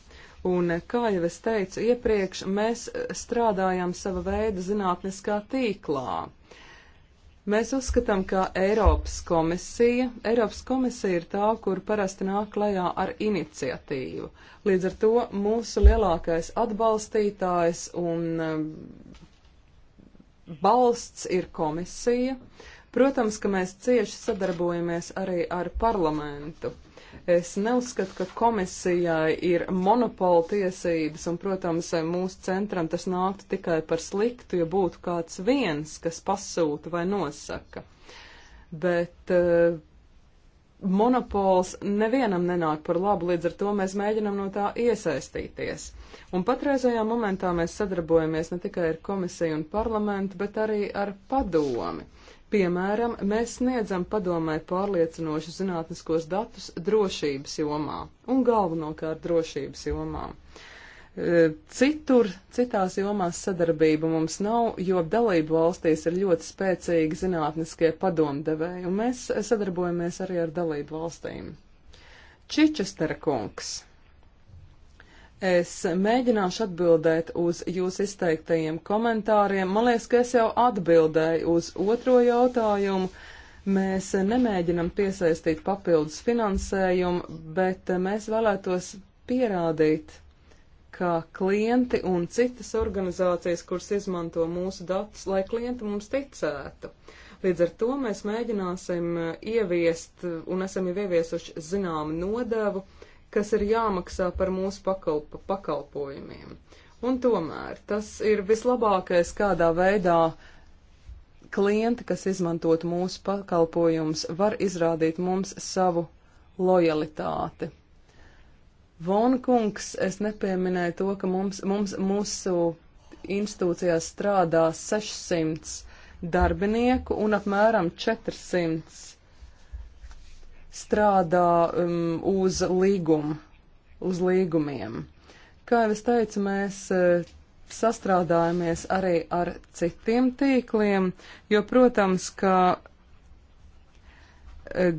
Un, kā jau es teicu iepriekš, mēs strādājam sava veida zinātniskā tīklā. Mēs uzskatām, ka Eiropas komisija, Eiropas komisija ir tā, kur parasti nāk klajā ar iniciatīvu. Līdz ar to mūsu lielākais atbalstītājs un um, balsts ir komisija. Protams, ka mēs cieši sadarbojamies arī ar parlamentu. Es neuzskatu, ka komisijai ir monopola tiesības, un, protams, mūsu centram tas nāktu tikai par sliktu, ja būtu kāds viens, kas pasūta vai nosaka. Bet uh, monopols nevienam nenāk par labu, līdz ar to mēs mēģinam no tā iesaistīties. Un patreizajā momentā mēs sadarbojamies ne tikai ar komisiju un parlamentu, bet arī ar padomi. Piemēram, mēs sniedzam padomē pārliecinošu zinātniskos datus drošības jomā un galvenokārt drošības jomā. E, citur, citās jomās sadarbība mums nav, jo dalību valstīs ir ļoti spēcīgi zinātniskie padomdevēji, un mēs sadarbojamies arī ar dalību valstīm. Čičester kungs. Es mēģināšu atbildēt uz jūsu izteiktajiem komentāriem. Man liekas, ka es jau atbildēju uz otro jautājumu. Mēs nemēģinam piesaistīt papildus finansējumu, bet mēs vēlētos pierādīt, ka klienti un citas organizācijas, kuras izmanto mūsu datus, lai klienti mums ticētu. Līdz ar to mēs mēģināsim ieviest un esam jau ieviesuši zināmu nodevu kas ir jāmaksā par mūsu pakalpa, pakalpojumiem. Un tomēr tas ir vislabākais, kādā veidā klienti, kas izmantot mūsu pakalpojumus, var izrādīt mums savu lojalitāti. Vonkungs, es nepieminēju to, ka mums, mums mūsu institūcijās strādā 600 darbinieku un apmēram 400 strādā um, uz līgumu, uz līgumiem. Kā jau es teicu, mēs uh, sastrādājamies arī ar citiem tīkliem, jo, protams, ka uh,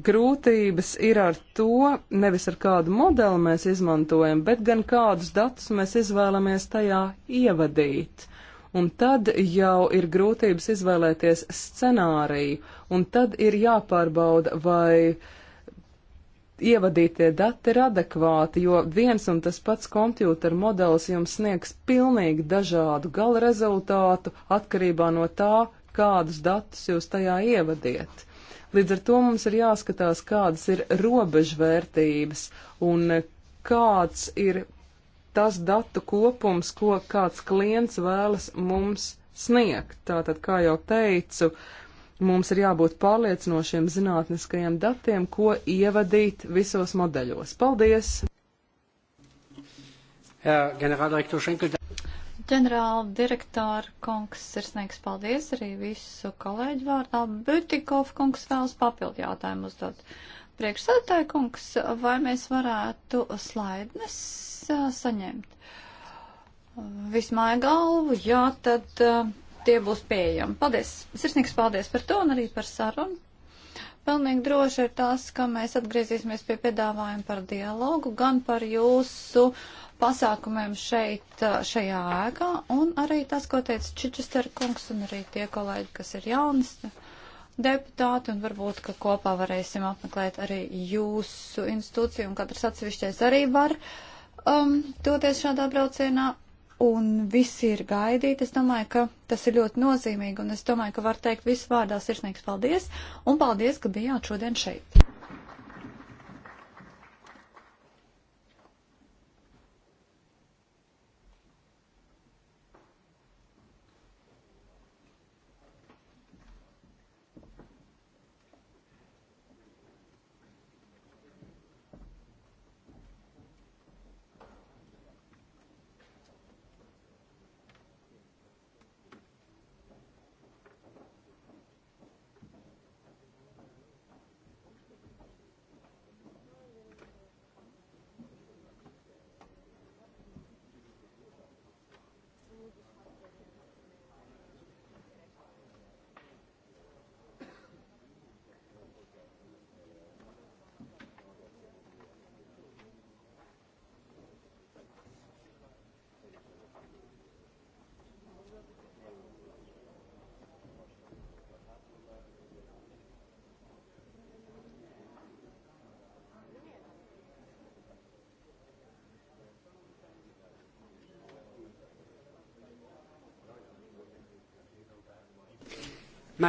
grūtības ir ar to, nevis ar kādu modeli mēs izmantojam, bet gan kādus datus mēs izvēlamies tajā ievadīt un tad jau ir grūtības izvēlēties scenāriju, un tad ir jāpārbauda, vai ievadītie dati ir adekvāti, jo viens un tas pats kompjūtera modelis jums sniegs pilnīgi dažādu gala rezultātu atkarībā no tā, kādus datus jūs tajā ievadiet. Līdz ar to mums ir jāskatās, kādas ir robežvērtības un kāds ir tas datu kopums, ko kāds klients vēlas mums sniegt. Tātad, kā jau teicu, uh, Mums ir jābūt pārliecinošiem zinātniskajiem datiem, ko ievadīt visos modeļos. Paldies! Ģenerāla direktora kungs sirsnīgs paldies arī visu kolēģu vārdā. Butikov kungs vēlas papildu jautājumu uzdot. Priekšsēdētāja kungs, vai mēs varētu slaidnes saņemt? Vismāja galvu, jā, tad tie būs pieejami. Paldies! Sirsnīgs paldies par to un arī par sarunu. Pilnīgi droši ir tas, ka mēs atgriezīsimies pie piedāvājuma par dialogu, gan par jūsu pasākumiem šeit, šajā ēkā, un arī tas, ko teica Čičester kungs un arī tie kolēģi, kas ir jaunas deputāti, un varbūt, ka kopā varēsim apmeklēt arī jūsu institūciju, un katrs atsevišķais arī var um, doties šādā braucienā un visi ir gaidīti. Es domāju, ka tas ir ļoti nozīmīgi, un es domāju, ka var teikt visu vārdā sirsnīgs paldies, un paldies, ka bijāt šodien šeit.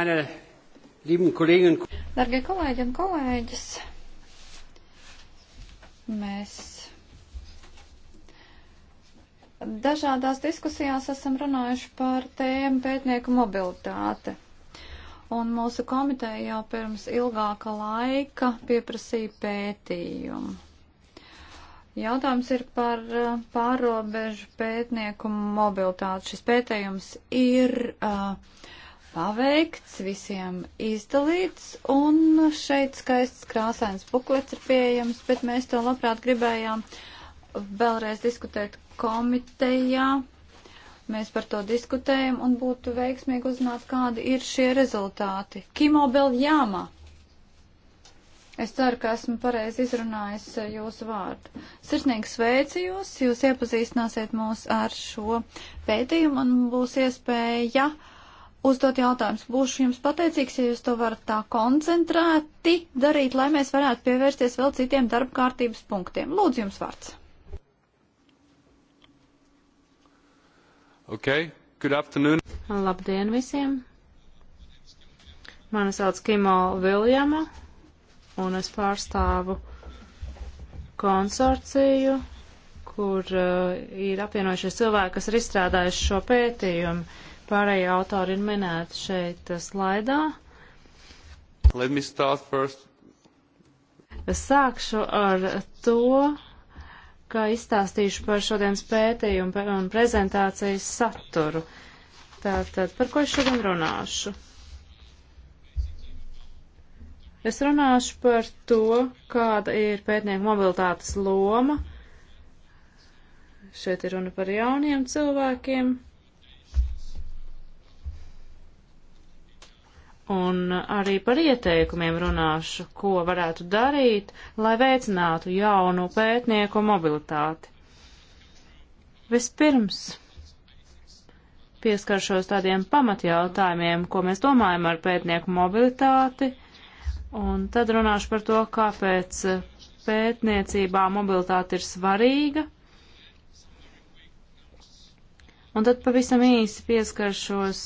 meine lieben Kolleginnen und Kollegen. Dargie kolēģi un kolēģis, mēs dažādās diskusijās esam runājuši par tēmu pētnieku mobilitāte. Un mūsu komiteja jau pirms ilgāka laika pieprasīja pētījumu. Jautājums ir par pārobežu pētnieku mobilitāti. Šis pētījums ir uh, paveikts, visiem izdalīts, un šeit skaists krāsains buklets ir pieejams, bet mēs to labprāt gribējām vēlreiz diskutēt komitejā. Mēs par to diskutējam un būtu veiksmīgi uzzināt, kādi ir šie rezultāti. Kimo Beljāma. Es ceru, ka esmu pareizi izrunājis jūsu vārdu. Sirsnīgi sveicu jūs, jūs iepazīstināsiet mūs ar šo pētījumu un būs iespēja. Ja uzdot jautājumus. Būšu jums pateicīgs, ja jūs to varat tā koncentrēti darīt, lai mēs varētu pievērsties vēl citiem darba kārtības punktiem. Lūdzu, jums vārds. Okay. Good afternoon. Labdien visiem. Mani sauc Kimo Viljama, un es pārstāvu konsorciju, kur uh, ir apvienojušies cilvēki, kas ir izstrādājuši šo pētījumu. Uh, Pārējie autori ir minēti šeit slaidā. Let me start first. Es sākšu ar to, ka izstāstīšu par šodienas pētījumu un prezentācijas saturu. Tātad, par ko es šodien runāšu? Es runāšu par to, kāda ir pētnieku mobilitātes loma. Šeit ir runa par jauniem cilvēkiem un arī par ieteikumiem runāšu, ko varētu darīt, lai veicinātu jaunu pētnieku mobilitāti. Vispirms pieskaršos tādiem pamatjautājumiem, ko mēs domājam ar pētnieku mobilitāti, un tad runāšu par to, kāpēc pētniecībā mobilitāte ir svarīga. Un tad pavisam īsi pieskaršos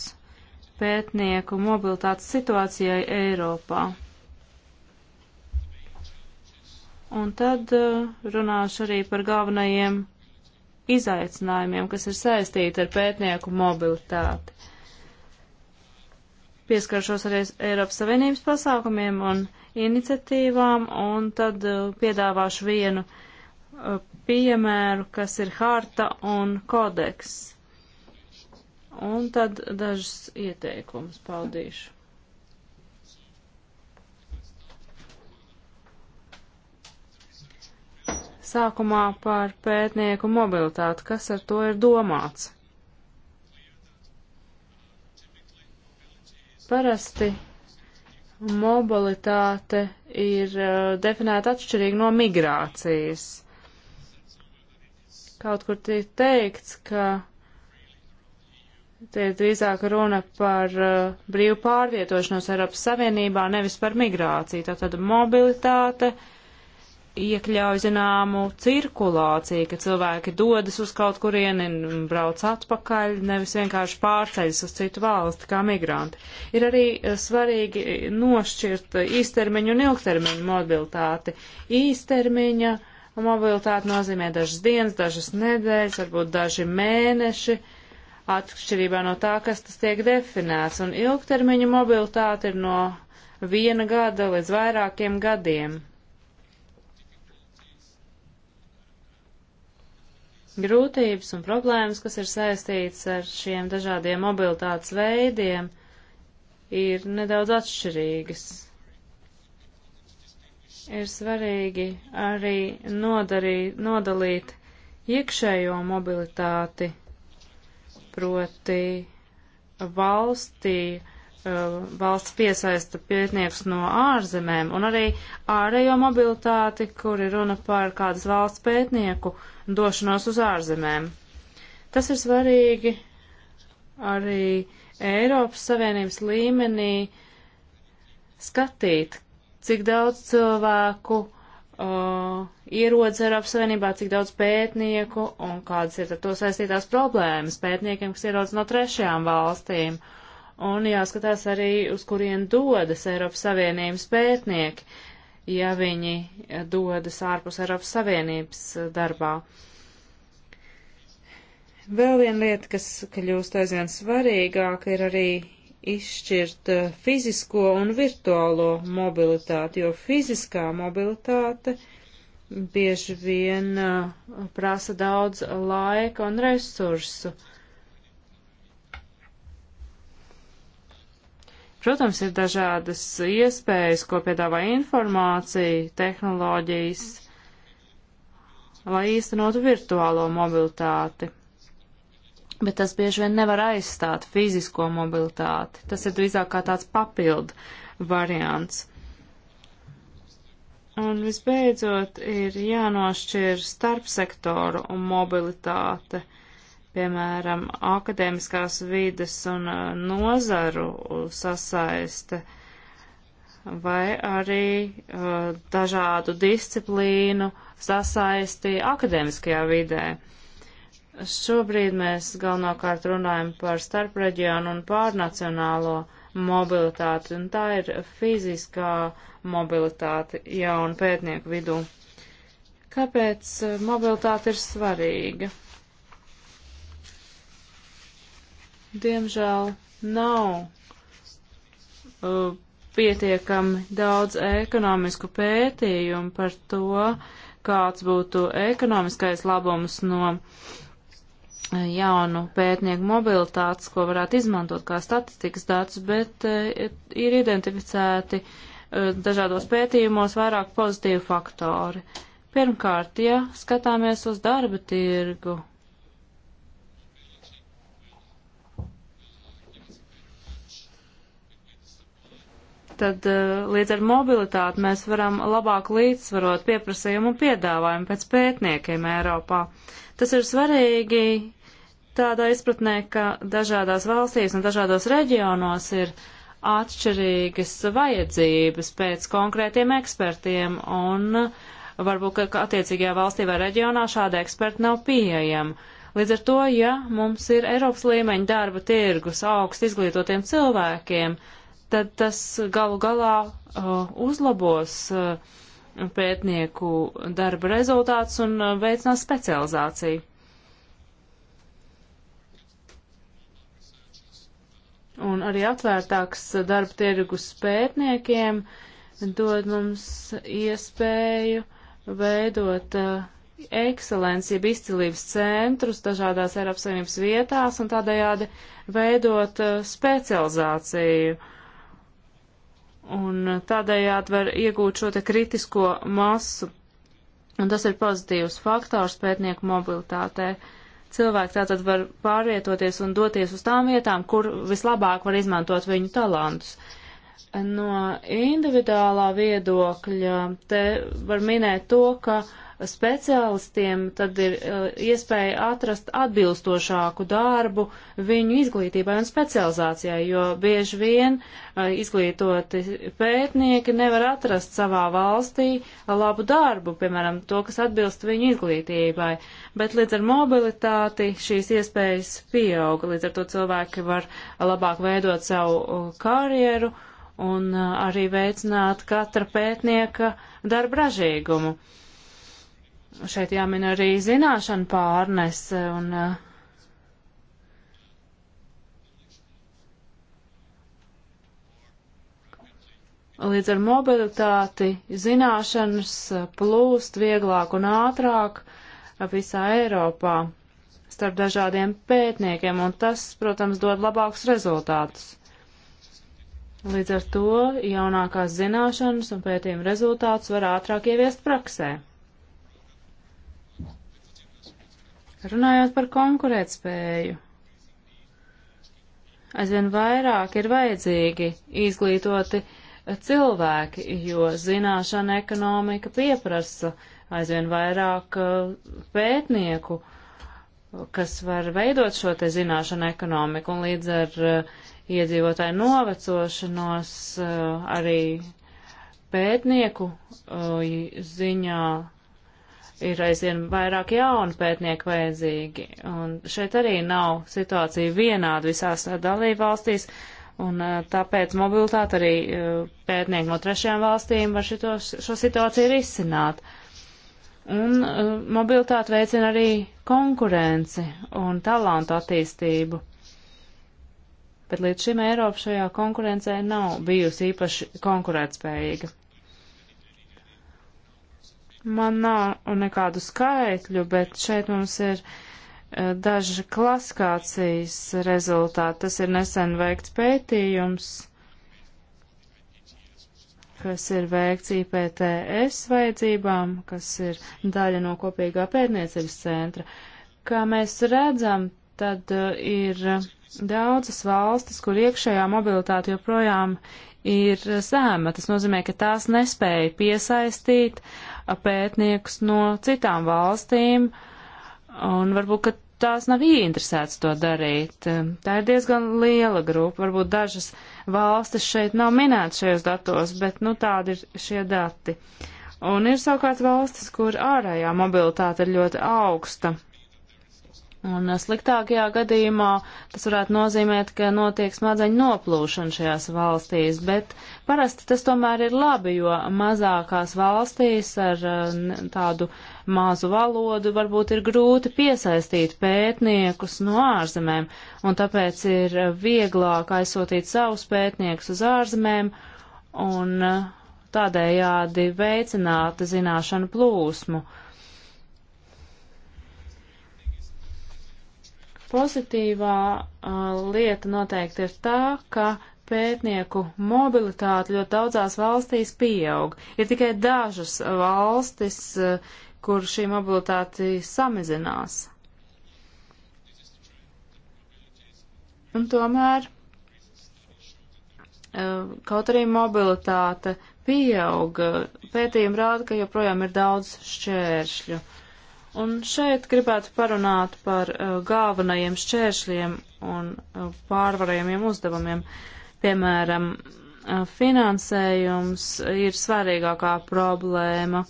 pētnieku mobilitātes situācijai Eiropā. Un tad eh, runāšu arī par galvenajiem izaicinājumiem, kas ir saistīti ar pētnieku mobilitāti. Pieskaršos arī Eiropas Savienības pasākumiem un iniciatīvām, un tad eh, piedāvāšu vienu eh, piemēru, kas ir harta un kodeks. Un tad dažas ieteikumus paudīšu. Sākumā par pētnieku mobilitāti. Kas ar to ir domāts? Parasti mobilitāte ir uh, definēta atšķirīgi no migrācijas. Kaut kur tiek teikts, ka Te ir drīzāk runa par uh, brīvu pārvietošanos Eiropas Savienībā, nevis par migrāciju. Tātad mobilitāte iekļauj zināmu cirkulāciju, ka cilvēki dodas uz kaut kurieni un brauc atpakaļ, nevis vienkārši pārceļas uz citu valsti kā migranti. Ir arī uh, svarīgi nošķirt īstermiņu un ilgtermiņu mobilitāti. Īstermiņa mobilitāte nozīmē dažas dienas, dažas nedēļas, varbūt daži mēneši atšķirībā no tā, kas tas tiek definēts, un ilgtermiņa mobilitāte ir no viena gada līdz vairākiem gadiem. Grūtības un problēmas, kas ir saistītas ar šiem dažādiem mobilitātes veidiem, ir nedaudz atšķirīgas. Ir svarīgi arī nodarī, nodalīt iekšējo mobilitāti proti valstī eh, valsts piesaista pētniekus no ārzemēm un arī ārējo mobilitāti, kur ir runa par kādas valsts pētnieku došanos uz ārzemēm. Tas ir svarīgi arī Eiropas Savienības līmenī skatīt, cik daudz cilvēku uh, ierodas Eiropas Savienībā, cik daudz pētnieku un kādas ir ar to saistītās problēmas pētniekiem, kas ierodas no trešajām valstīm. Un jāskatās arī, uz kurien dodas Eiropas Savienības pētnieki, ja viņi dodas ārpus Eiropas Savienības darbā. Vēl viena lieta, kas kļūst aizvien svarīgāka, ir arī izšķirt eh, fizisko un virtuālo mobilitāti, jo fiziskā mobilitāte uh, bieži vien uh, prasa daudz laika un resursu. Protams, ir dažādas iespējas, ko piedāvā informācija, tehnoloģijas, lai īstenotu virtuālo mobilitāti. Bet tas bieži vien nevar aizstāt fizisko mobilitāti. Tas ir drīzāk kā tāds papildu variants. Un visbeidzot ir jānošķir starpsektoru un mobilitāte, piemēram, akadēmiskās vides un uh, nozaru sasaiste, vai arī uh, dažādu disciplīnu sasaisti akadēmiskajā vidē. Šobrīd mēs galvenokārt runājam par starpreģionu un pārnacionālo uh, mobilitāti, un tā ir fiziskā mobilitāte jaunu pētnieku vidū. Kāpēc e, mobilitāte ir svarīga? Diemžēl nav uh, pietiekami daudz ekonomisku pētījumu par to, kāds būtu ekonomiskais labums no uh, jaunu pētnieku mobilitātes, ko varētu izmantot kā statistikas datus, bet eh, ir identificēti eh, dažādos pētījumos vairāk pozitīvi faktori. Pirmkārt, ja skatāmies uz darba tirgu, tad eh, līdz ar mobilitāti mēs varam labāk līdzsvarot pieprasījumu un piedāvājumu pēc pētniekiem Eiropā. Uh, Tas ir svarīgi tādā izpratnē, ka dažādās valstīs un dažādos reģionos ir atšķirīgas vajadzības pēc konkrētiem ekspertiem, un varbūt, ka attiecīgajā valstī vai reģionā šāda eksperta nav pieejama. Līdz ar to, ja mums ir Eiropas līmeņa darba tirgus augst izglītotiem cilvēkiem, tad tas galu galā uh, uzlabos uh, pētnieku darba rezultātus un uh, veicinās specializāciju. Un arī atvērtāks darba tirgus pētniekiem dod mums iespēju veidot uh, ekscelences, jeb izcilības centrus dažādās Eiropas Savienības vietās un tādējādi veidot uh, specializāciju uh, un tādējādi var iegūt šo te kritisko masu. Un tas ir pozitīvs faktors pētnieku mobilitātē. Cilvēki tātad var pārvietoties un doties uz tām vietām, kur vislabāk var izmantot viņu talantus. No individuālā viedokļa te var minēt to, ka uh, speciālistiem tad ir uh, iespēja atrast atbilstošāku darbu viņu izglītībai un specializācijai, jo bieži vien uh, izglītoti pētnieki nevar atrast savā valstī labu darbu, piemēram, to, kas atbilst viņu izglītībai. Bet līdz ar mobilitāti šīs iespējas pieauga, līdz ar to cilvēki var labāk veidot savu uh, karjeru un uh, arī veicināt katra pētnieka darba ražīgumu. Uh, šeit jāmin arī zināšanu pārnese un uh, līdz ar mobilitāti zināšanas uh, plūst vieglāk un ātrāk uh, visā Eiropā starp dažādiem pētniekiem, un tas, protams, dod labākus rezultātus. Līdz ar to jaunākās zināšanas un pētījuma rezultātus var ātrāk ieviest praksē. Runājot par konkurētspēju, aizvien vairāk ir vajadzīgi izglītoti cilvēki, jo zināšana ekonomika pieprasa aizvien vairāk uh, pētnieku, kas var veidot šo te zināšanu ekonomiku un līdz ar uh, iedzīvotāju novecošanos uh, arī pētnieku ziņā ir aizvien vairāk jaunu pētnieku vajadzīgi. Un šeit arī nav situācija vienāda visās dalībvalstīs, un eh, tāpēc mobilitāte arī eh, pētnieki no trešajām valstīm var šito, šo situāciju risināt. Un eh, mobilitāte veicina arī konkurenci un talantu attīstību. Bet līdz šim Eiropa šajā konkurencē nav bijusi īpaši konkurētspējīga. Man nav nekādu skaitļu, bet šeit mums ir e, daži klasifikācijas rezultāti. Tas ir nesen veikts pētījums, kas ir veikts IPTS vajadzībām, kas ir daļa no kopīgā pētniecības centra. Kā mēs redzam, tad e, ir daudzas valstis, kur iekšējā mobilitāte joprojām ir zēma. Tas nozīmē, ka tās nespēja piesaistīt uh, pētniekus no citām valstīm, un varbūt, ka tās nav ieinteresētas to darīt. Tā ir diezgan liela grupa, varbūt dažas valstis šeit nav minētas šajos datos, bet, nu, tādi ir šie dati. Un ir savukārt valstis, kur ārējā mobilitāte ir ļoti augsta. Un sliktākajā gadījumā tas varētu nozīmēt, ka notiek smadzeņu noplūšana šajās valstīs, bet Parasti tas tomēr ir labi, jo mazākās valstīs ar eh, tādu mazu valodu varbūt ir grūti piesaistīt pētniekus no ārzemēm, un tāpēc ir eh, vieglāk aizsūtīt savus pētniekus uz ārzemēm un eh, tādējādi veicināt zināšanu plūsmu. Pozitīvā uh, lieta noteikti ir tā, ka pētnieku mobilitāte ļoti daudzās valstīs pieaug. Ir tikai dažas valstis, kur šī mobilitāte samazinās. Un tomēr, eh, kaut arī mobilitāte pieauga, pētījumi rāda, ka joprojām ir daudz šķēršļu. Un šeit gribētu parunāt par eh, galvenajiem šķēršļiem un eh, pārvarējumiem uzdevumiem. Uh, Piemēram, finansējums ir svarīgākā problēma.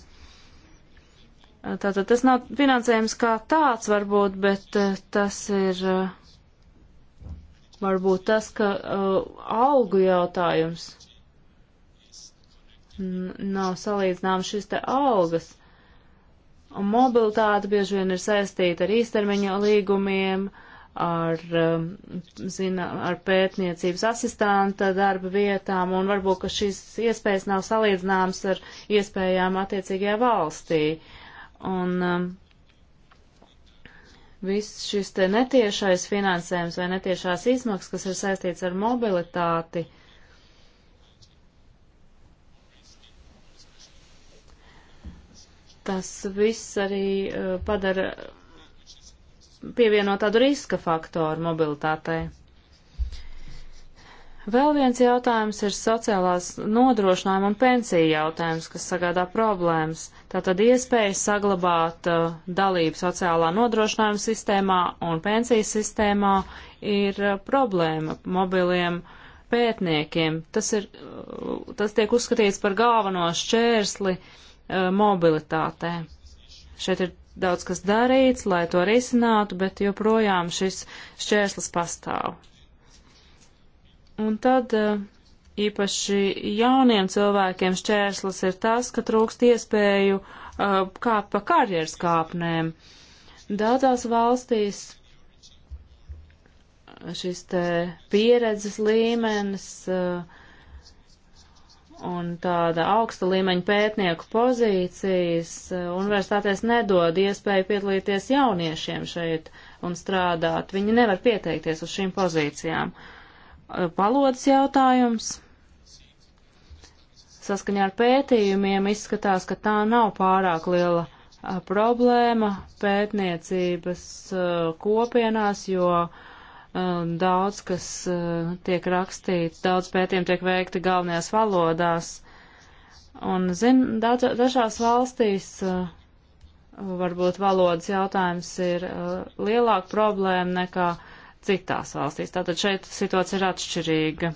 Tātad tas nav finansējums kā tāds varbūt, bet tas ir varbūt tas, ka algu jautājums nav salīdzināms šis te algas. Un mobilitāte bieži vien ir saistīta ar īstermiņa līgumiem, uh, ar, um, zina, ar pētniecības asistanta darba vietām, un varbūt, ka šīs iespējas nav salīdzināmas ar iespējām attiecīgajā valstī. Un um, viss šis te netiešais finansējums vai netiešās izmaksas, kas ir saistīts ar mobilitāti, tas viss arī uh, padara pievienot tādu riska faktoru mobilitātei. Vēl viens jautājums ir sociālās nodrošinājuma un pensija jautājums, kas sagādā problēmas. Tātad iespējas saglabāt uh, dalību sociālā nodrošinājuma sistēmā un pensijas sistēmā ir uh, problēma mobiliem pētniekiem. Tas, ir, uh, tas tiek uzskatīts par galveno šķērsli uh, mobilitātē. Šeit ir daudz kas darīts, lai to risinātu, bet joprojām šis šķērslis pastāv. Un tad eh, īpaši jauniem cilvēkiem šķērslis ir tas, ka trūkst iespēju eh, kāpt pa karjeras kāpnēm. Daudzās valstīs šis te pieredzes līmenis uh, un tāda augsta līmeņa pētnieku pozīcijas e, universitātēs nedod iespēju piedalīties jauniešiem šeit un strādāt. Viņi nevar pieteikties uz šīm pozīcijām. E, palodas jautājums. Saskaņā ar pētījumiem izskatās, ka tā nav pārāk liela e, problēma pētniecības kopienās, jo uh, Ehm, daudz, kas eh, tiek rakstīts, daudz pētījumu tiek veikti galvenajās valodās. Un zin, daudz, dažās valstīs eh, varbūt valodas jautājums ir eh, lielāka problēma nekā citās valstīs. Tātad šeit situācija ir atšķirīga.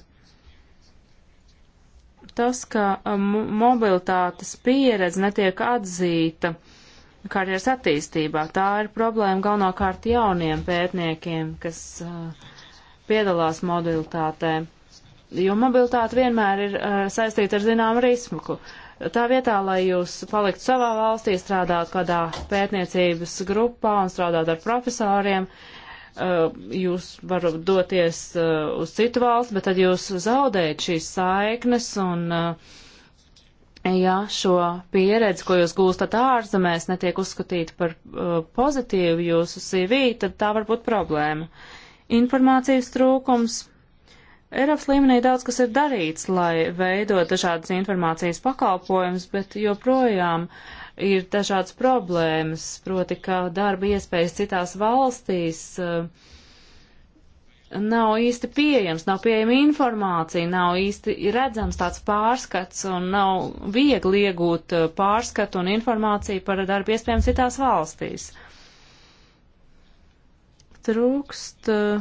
Tas, ka mobilitātes pieredze netiek atzīta, uh, karjeras attīstībā. Tā ir problēma galvenokārt jauniem pētniekiem, kas uh, piedalās mobilitātē, jo mobilitāte vienmēr ir uh, saistīta ar zināmu risku. Tā vietā, lai jūs paliktu savā valstī, strādātu kādā pētniecības grupā un strādātu ar profesoriem, uh, jūs varat doties uh, uz citu valstu, bet tad jūs zaudējat šīs saiknes un uh, ja šo pieredzi, ko jūs gūstat ārzemēs, netiek uzskatīta par uh, pozitīvu jūsu CV, tad tā var būt problēma. Informācijas trūkums. Eiropas līmenī daudz kas ir darīts, lai veidot dažādas informācijas pakalpojumus, bet joprojām ir dažādas problēmas, proti, ka darba iespējas citās valstīs uh, nav īsti pieejams, nav pieejama informācija, nav īsti redzams tāds pārskats un nav viegli iegūt uh, pārskatu un informāciju par darbu iespējām citās valstīs. Trūkst uh,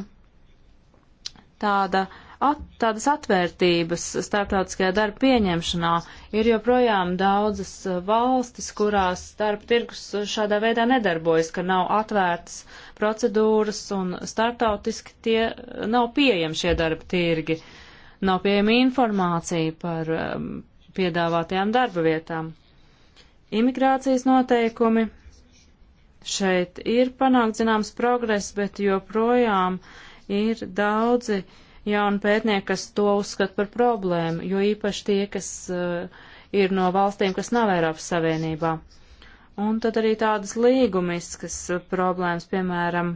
tāda uh, at, tādas atvērtības starptautiskajā darba pieņemšanā. Ir joprojām daudzas uh, valstis, kurās starp tirgus šādā veidā nedarbojas, ka nav atvērtas procedūras un starptautiski tie uh, nav pieejami šie darba tirgi. Nav pieejama informācija par um, piedāvātajām darba vietām. Imigrācijas noteikumi. Šeit ir panākt zināms progress, bet joprojām ir daudzi uh, jauni pētnieki, kas to uzskata par problēmu, jo īpaši tie, kas uh, ir no valstīm, kas nav Eiropas Savienībā. Un tad arī tādas līgumiskas problēmas, piemēram,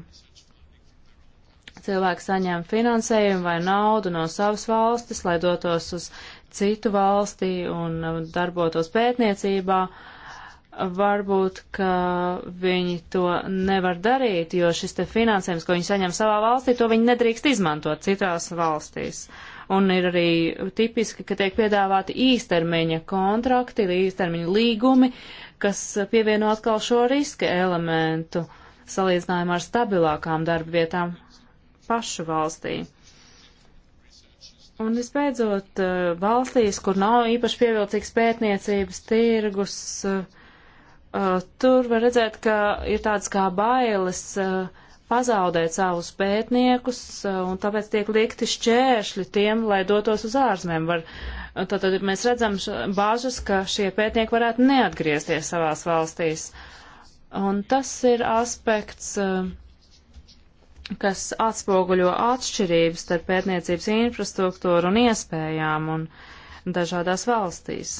cilvēki saņem finansējumu vai naudu no savas valstis, lai dotos uz citu valsti un eh, darbotos pētniecībā. Uh, varbūt, ka viņi to nevar darīt, jo šis te finansējums, ko viņi saņem savā valstī, to viņi nedrīkst izmantot citās valstīs. Un ir arī tipiski, ka tiek piedāvāti īstermiņa kontrakti, īstermiņa līgumi, kas pievieno atkal šo riska elementu salīdzinājumā ar stabilākām darba vietām pašu valstī. Un visbeidzot, eh, valstīs, kur nav īpaši pievilcīgs pētniecības tirgus, uh, Uh, tur var redzēt, ka ir tādas kā bailes uh, pazaudēt savus pētniekus, uh, un tāpēc tiek liekti šķēršļi tiem, lai dotos uz ārzemēm. Var, tātad uh, mēs redzam bāžas, ka šie pētnieki varētu neatgriezties savās valstīs. Un tas ir aspekts, uh, kas atspoguļo atšķirības starp pētniecības infrastruktūru un iespējām un dažādās valstīs.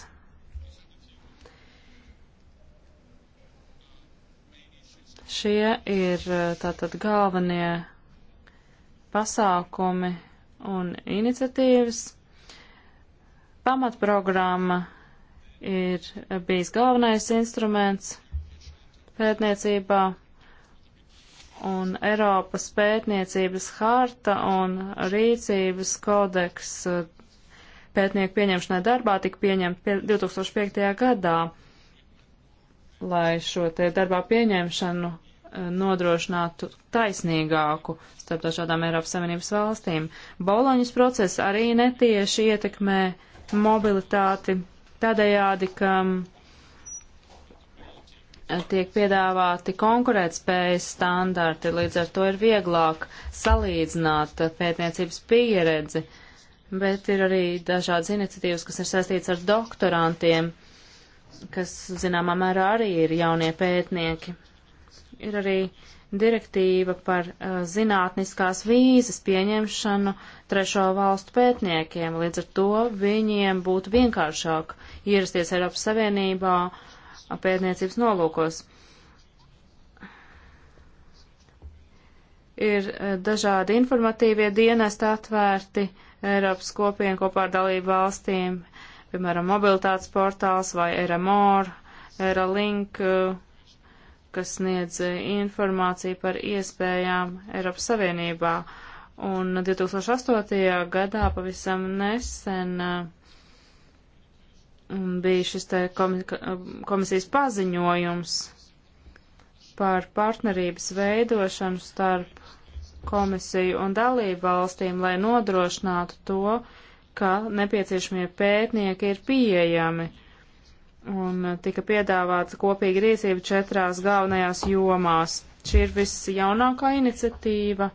Šie ir eh, tātad galvenie pasākumi un iniciatīvas. Pamatprogramma ir bijis galvenais instruments pētniecībā un Eiropas pētniecības harta un rīcības kodeks eh, pētnieku pieņemšanai darbā tika pieņemta 2005. gadā, lai šo te darbā pieņemšanu Eh, nodrošinātu taisnīgāku starp dažādām Eiropas Savienības valstīm. Boloņas process arī netieši ietekmē mobilitāti tādējādi, ka eh, tiek piedāvāti konkurētspējas standarti, līdz ar to ir vieglāk salīdzināt eh, pētniecības pieredzi, bet ir arī dažādas iniciatīvas, kas ir saistīts ar doktorantiem, kas zināmā mērā arī ir jaunie pētnieki ir arī direktīva par uh, zinātniskās vīzas pieņemšanu trešo valstu pētniekiem. Līdz ar to viņiem būtu vienkāršāk ierasties Eiropas Savienībā uh, pētniecības nolūkos. Ir uh, dažādi informatīvie dienesti atvērti Eiropas kopienu kopā ar dalību valstīm, piemēram, mobilitātes portāls vai Eramor, Eralink. Uh, kas sniedz informāciju par iespējām Eiropas Savienībā. Un 2008. gadā pavisam nesen uh, bija šis te komisijas paziņojums par partnerības veidošanu starp komisiju un dalību valstīm, lai nodrošinātu to, ka nepieciešamie pētnieki ir pieejami un tika piedāvāts kopīga rīcība četrās galvenajās jomās. Šī ir visjaunākā iniciatīva,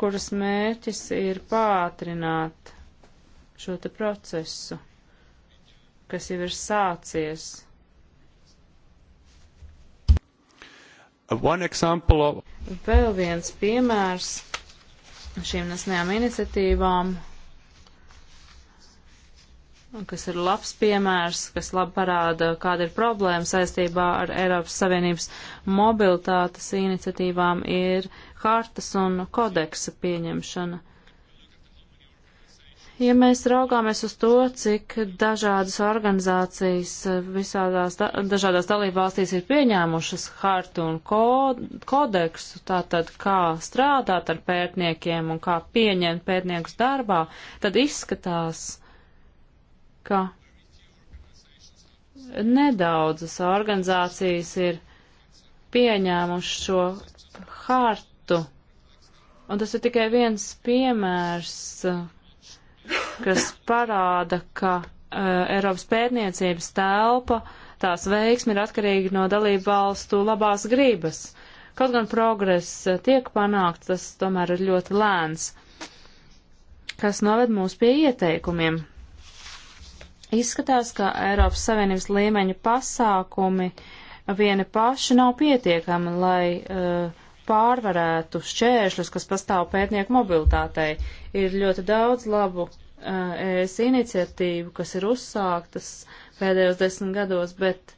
kuras mērķis ir pātrināt šo te procesu, kas jau ir sācies. Of... Vēl viens piemērs šīm nesenajām iniciatīvām kas ir labs piemērs, kas labi parāda, kāda ir problēma saistībā ar Eiropas Savienības mobilitātes iniciatīvām, ir hartas un kodeksa pieņemšana. Ja mēs raugāmies uz to, cik dažādas organizācijas visādās da dažādās dalībvalstīs ir pieņēmušas hartu un ko kodeksu, tātad kā strādāt ar pētniekiem un kā pieņemt pētniekus darbā, tad izskatās, uh, ka nedaudzas organizācijas ir pieņēmušas šo hartu. Un tas ir tikai viens piemērs, kas parāda, ka uh, Eiropas pētniecības telpa, tās veiksmi ir atkarīgi no dalību valstu labās gribas. Kaut gan progress e, tiek panākts, tas tomēr ir ļoti lēns, kas noved mūs pie ieteikumiem. Izskatās, ka Eiropas Savienības līmeņa pasākumi vieni paši nav pietiekami, lai uh, pārvarētu šķēršļus, kas pastāv pētnieku mobilitātei. Ir ļoti daudz labu uh, eh, ES iniciatīvu, kas ir uzsāktas pēdējos desmit gados, bet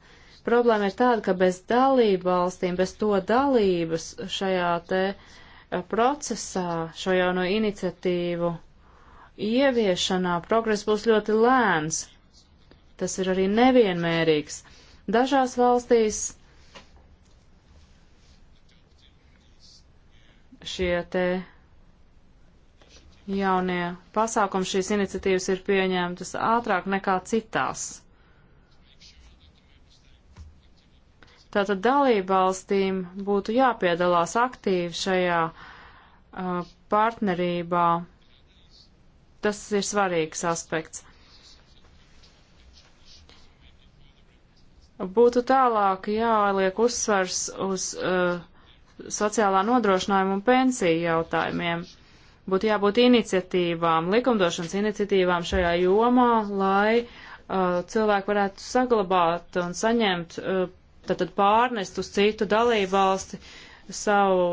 problēma ir tāda, ka bez dalību valstīm, bez to dalības šajā te eh, procesā, šo jauno iniciatīvu ieviešanā progress būs ļoti lēns tas ir arī nevienmērīgs. Dažās valstīs šie te jaunie pasākumi, šīs iniciatīvas ir pieņemtas ātrāk nekā citās. Tātad dalībvalstīm būtu jāpiedalās aktīvi šajā uh, partnerībā. Tas ir svarīgs aspekts. Būtu tālāk jāliek uzsvars uz uh, sociālā nodrošinājuma un pensiju jautājumiem. Būtu jābūt iniciatīvām, likumdošanas iniciatīvām šajā jomā, lai uh, cilvēki varētu saglabāt un saņemt, uh, tātad pārnest uz citu dalību valsti savu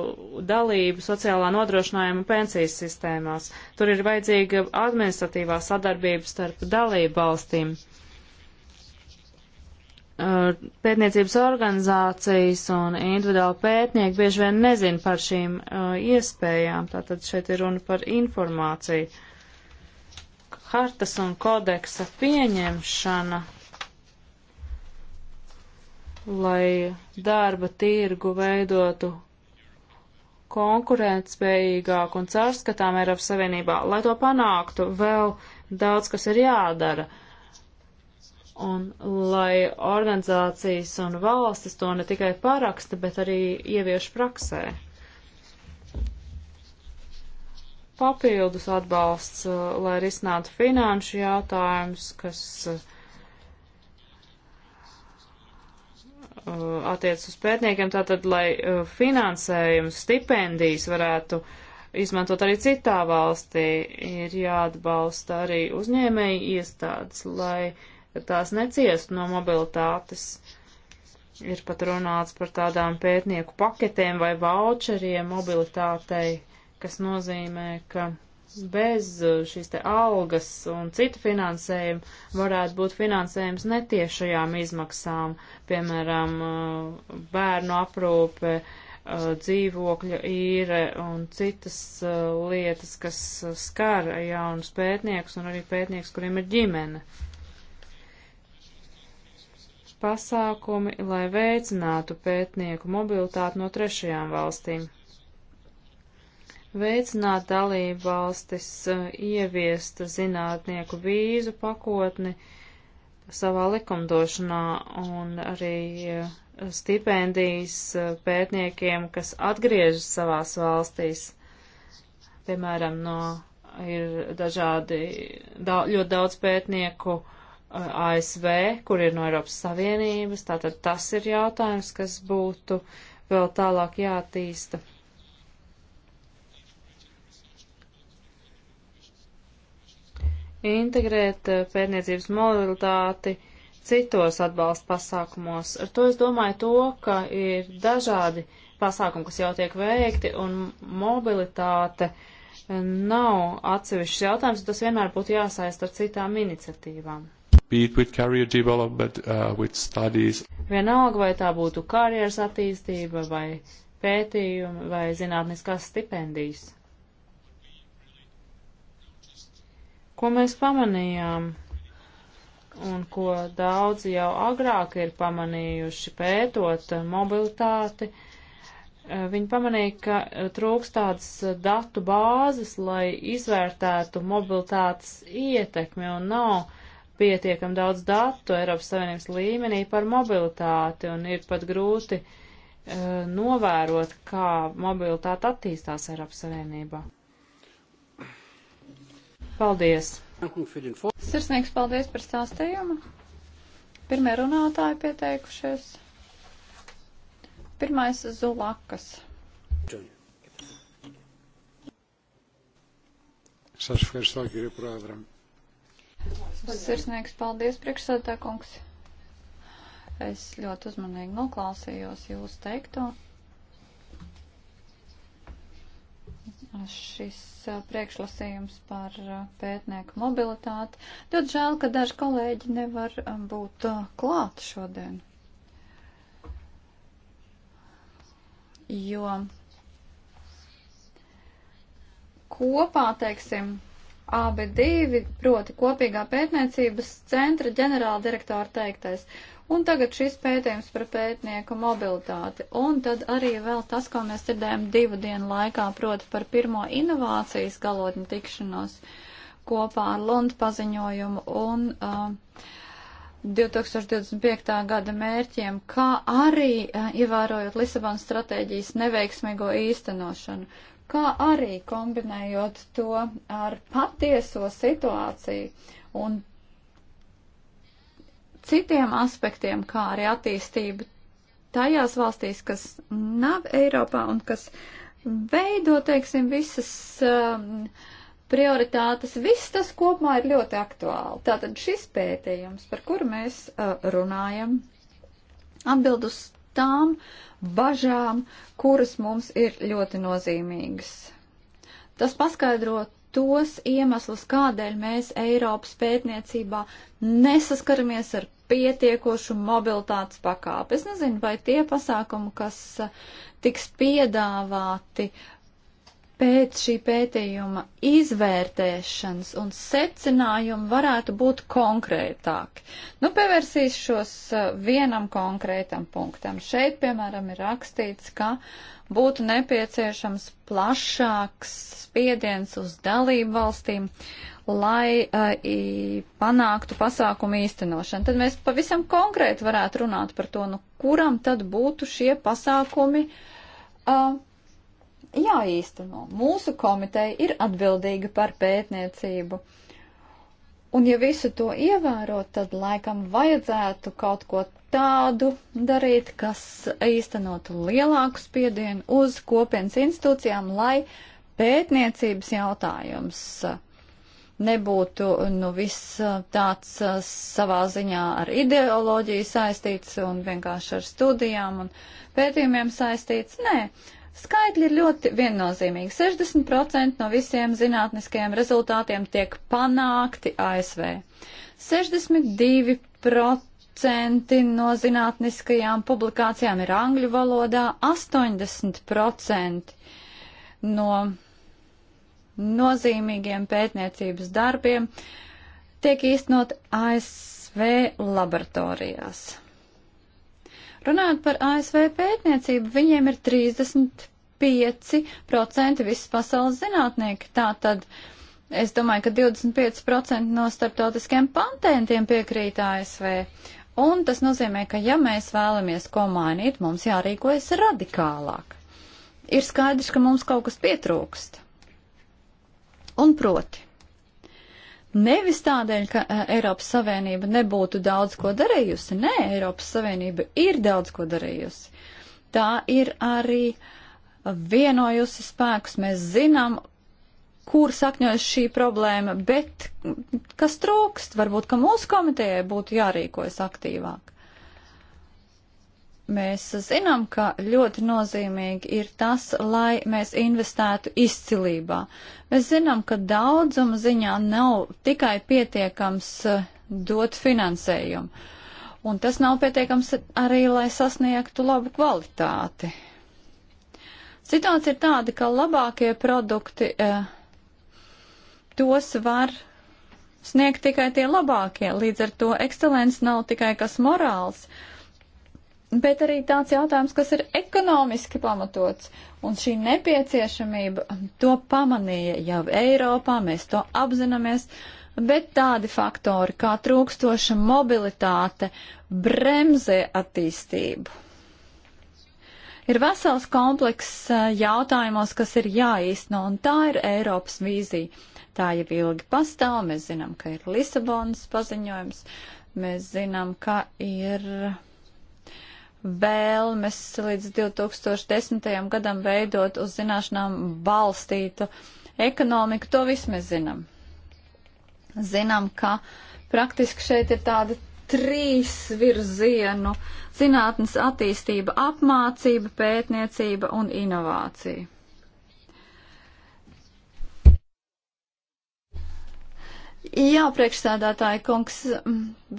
dalību sociālā nodrošinājuma pensijas sistēmās. Tur ir vajadzīga administratīvā sadarbība starp dalību valstīm. Uh, pētniecības organizācijas un individuāli pētnieki bieži vien nezin par šīm uh, iespējām, tātad šeit ir runa par informāciju. Hartas un kodeksa pieņemšana, lai darba tirgu veidotu konkurētspējīgāk un caurskatām Eiropas Savienībā, lai to panāktu, vēl daudz kas ir jādara. Uh, un lai organizācijas un valstis to ne tikai paraksta, bet arī ievieš praksē. Papildus atbalsts, uh, lai risinātu finanšu jautājumus, kas uh, attiec uz pētniekiem, tātad, lai uh, finansējums, stipendijas varētu izmantot arī citā valstī, ir jāatbalsta arī uzņēmēji iestādes, lai uh, tās neciest no mobilitātes. Ir pat runāts par tādām pētnieku paketēm vai voucheriem mobilitātei, kas nozīmē, ka bez uh, šīs te algas un citu finansējumu varētu būt finansējums netiešajām izmaksām, piemēram, uh, bērnu aprūpe, uh, dzīvokļa īre un citas lietas, kas skar jaunus pētniekus un arī pētniekus, kuriem ir ģimene pasākumi, lai veicinātu pētnieku mobilitāti no trešajām valstīm. Veicināt dalību valstis eh, ieviest zinātnieku vīzu pakotni savā likumdošanā un arī eh, stipendijas eh, pētniekiem, kas atgriežas savās valstīs, piemēram, no ir dažādi, da, ļoti daudz pētnieku, uh, ASV, kur ir no Eiropas Savienības, tātad tas ir jautājums, kas būtu vēl tālāk jātīsta. Integrēt eh, pētniecības mobilitāti citos atbalsta pasākumos. Ar to es domāju to, ka ir dažādi pasākumi, kas jau tiek veikti, un mobilitāte eh, nav atsevišķs jautājums, tas vienmēr būtu jāsaist ar citām iniciatīvām be it with career development, uh, with studies. Vienalga, vai tā būtu karjeras attīstība, vai pētījumi, vai zinātniskās stipendijas. Ko mēs pamanījām, un ko daudzi jau agrāk ir pamanījuši pētot mobilitāti, uh, viņi pamanīja, ka trūkst tādas datu bāzes, lai izvērtētu mobilitātes ietekmi un nav pietiekam daudz datu Eiropas Savienības līmenī par mobilitāti un ir pat grūti uh, novērot, kā mobilitāte attīstās Eiropas Savienībā. Paldies! Sirsnīgs paldies par stāstījumu. Pirmie runātāji pieteikušies. Pirmais Zulakas. Σας ευχαριστώ κύριε Πρόεδρε. Sirsnīgs paldies, priekšsēdā kungs. Es ļoti uzmanīgi noklausījos jūsu teikto. Šis priekšlasījums par pētnieku mobilitāti. Ļoti žēl, ka daži kolēģi nevar būt klāt šodien. Jo kopā, teiksim, AB2, proti kopīgā pētniecības centra ģenerāla direktora teiktais. Un tagad šis pētījums par pētnieku mobilitāti. Un tad arī vēl tas, ko mēs dzirdējām divu dienu laikā, proti par pirmo inovācijas galotni tikšanos kopā ar Lundu paziņojumu un uh, 2025. gada mērķiem, kā arī uh, ievērojot Lisabonas stratēģijas neveiksmīgo īstenošanu kā arī kombinējot to ar patieso situāciju un citiem aspektiem, kā arī attīstību tajās valstīs, kas nav Eiropā un kas veido, teiksim, visas um, prioritātes, viss tas kopumā ir ļoti aktuāli. Tātad šis pētījums, par kuru mēs uh, runājam, atbild uz tām bažām, kuras mums ir ļoti nozīmīgas. Tas paskaidro tos iemeslus, kādēļ mēs Eiropas pētniecībā nesaskaramies ar pietiekošu mobilitātes pakāpi. Es nezinu, vai tie pasākumi, kas eh, tiks piedāvāti, uh, pēc šī pētījuma izvērtēšanas un secinājumi varētu būt konkrētāki. Nu, pievērsīšos uh, vienam konkrētam punktam. Šeit, piemēram, ir rakstīts, ka būtu nepieciešams plašāks spiediens uz dalību valstīm, lai uh, panāktu pasākumu īstenošanu. Tad mēs pavisam konkrēti varētu runāt par to, nu, kuram tad būtu šie pasākumi uh, jāīsteno. Mūsu komiteja ir atbildīga par pētniecību. Un ja visu to ievēro, tad laikam vajadzētu kaut ko tādu darīt, kas īstenotu lielāku spiedienu uz kopienas institūcijām, lai pētniecības jautājums nebūtu nu, viss tāds savā ziņā ar ideoloģiju saistīts un vienkārši ar studijām un pētījumiem saistīts. Nē, Skaitļi ir ļoti viennozīmīgi. 60% no visiem zinātniskajiem rezultātiem tiek panākti ASV. 62% no zinātniskajām publikācijām ir angļu valodā, 80% no nozīmīgiem pētniecības darbiem tiek īstenot ASV laboratorijās. Runājot par ASV pētniecību, viņiem ir 30 25% visas pasaules zinātnieki. Tātad es domāju, ka 25% no starptautiskiem patentiem piekrīt ASV. Un tas nozīmē, ka ja mēs vēlamies ko mainīt, mums jārīkojas radikālāk. Ir skaidrs, ka mums kaut kas pietrūkst. Un proti, Nevis tādēļ, ka e, Eiropas Savienība nebūtu daudz ko darījusi. Nē, Eiropas Savienība ir daudz ko darījusi. Tā ir arī vienojusi spēkus, mēs zinām, kur sakņojas šī problēma, bet kas trūkst, varbūt, ka mūsu komitejai būtu jārīkojas aktīvāk. Mēs zinām, ka ļoti nozīmīgi ir tas, lai mēs investētu izcilībā. Mēs zinām, ka daudzuma ziņā nav tikai pietiekams eh, dot finansējumu. Un tas nav pietiekams arī, lai sasniegtu labu kvalitāti. Situācija ir tāda, ka labākie produkti eh, tos var sniegt tikai tie labākie. Līdz ar to ekscelence nav tikai kas morāls, bet arī tāds jautājums, kas ir ekonomiski pamatots. Un šī nepieciešamība to pamanīja jau Eiropā, mēs to apzināmies, bet tādi faktori kā trūkstoša mobilitāte bremzē attīstību. Ir vesels komplekss eh, jautājumos, kas ir jāīsteno, un tā ir Eiropas vīzija. Tā jau ilgi pastāv, mēs zinām, ka ir Lisabonas paziņojums, mēs zinām, ka ir vēlmes līdz 2010. gadam veidot uz zināšanām balstītu ekonomiku, to visu mēs zinām. Zinām, ka praktiski šeit ir tāda trīs virzienu - zinātnes attīstība, apmācība, pētniecība un inovācija. Jā, priekšstādātāji kungs,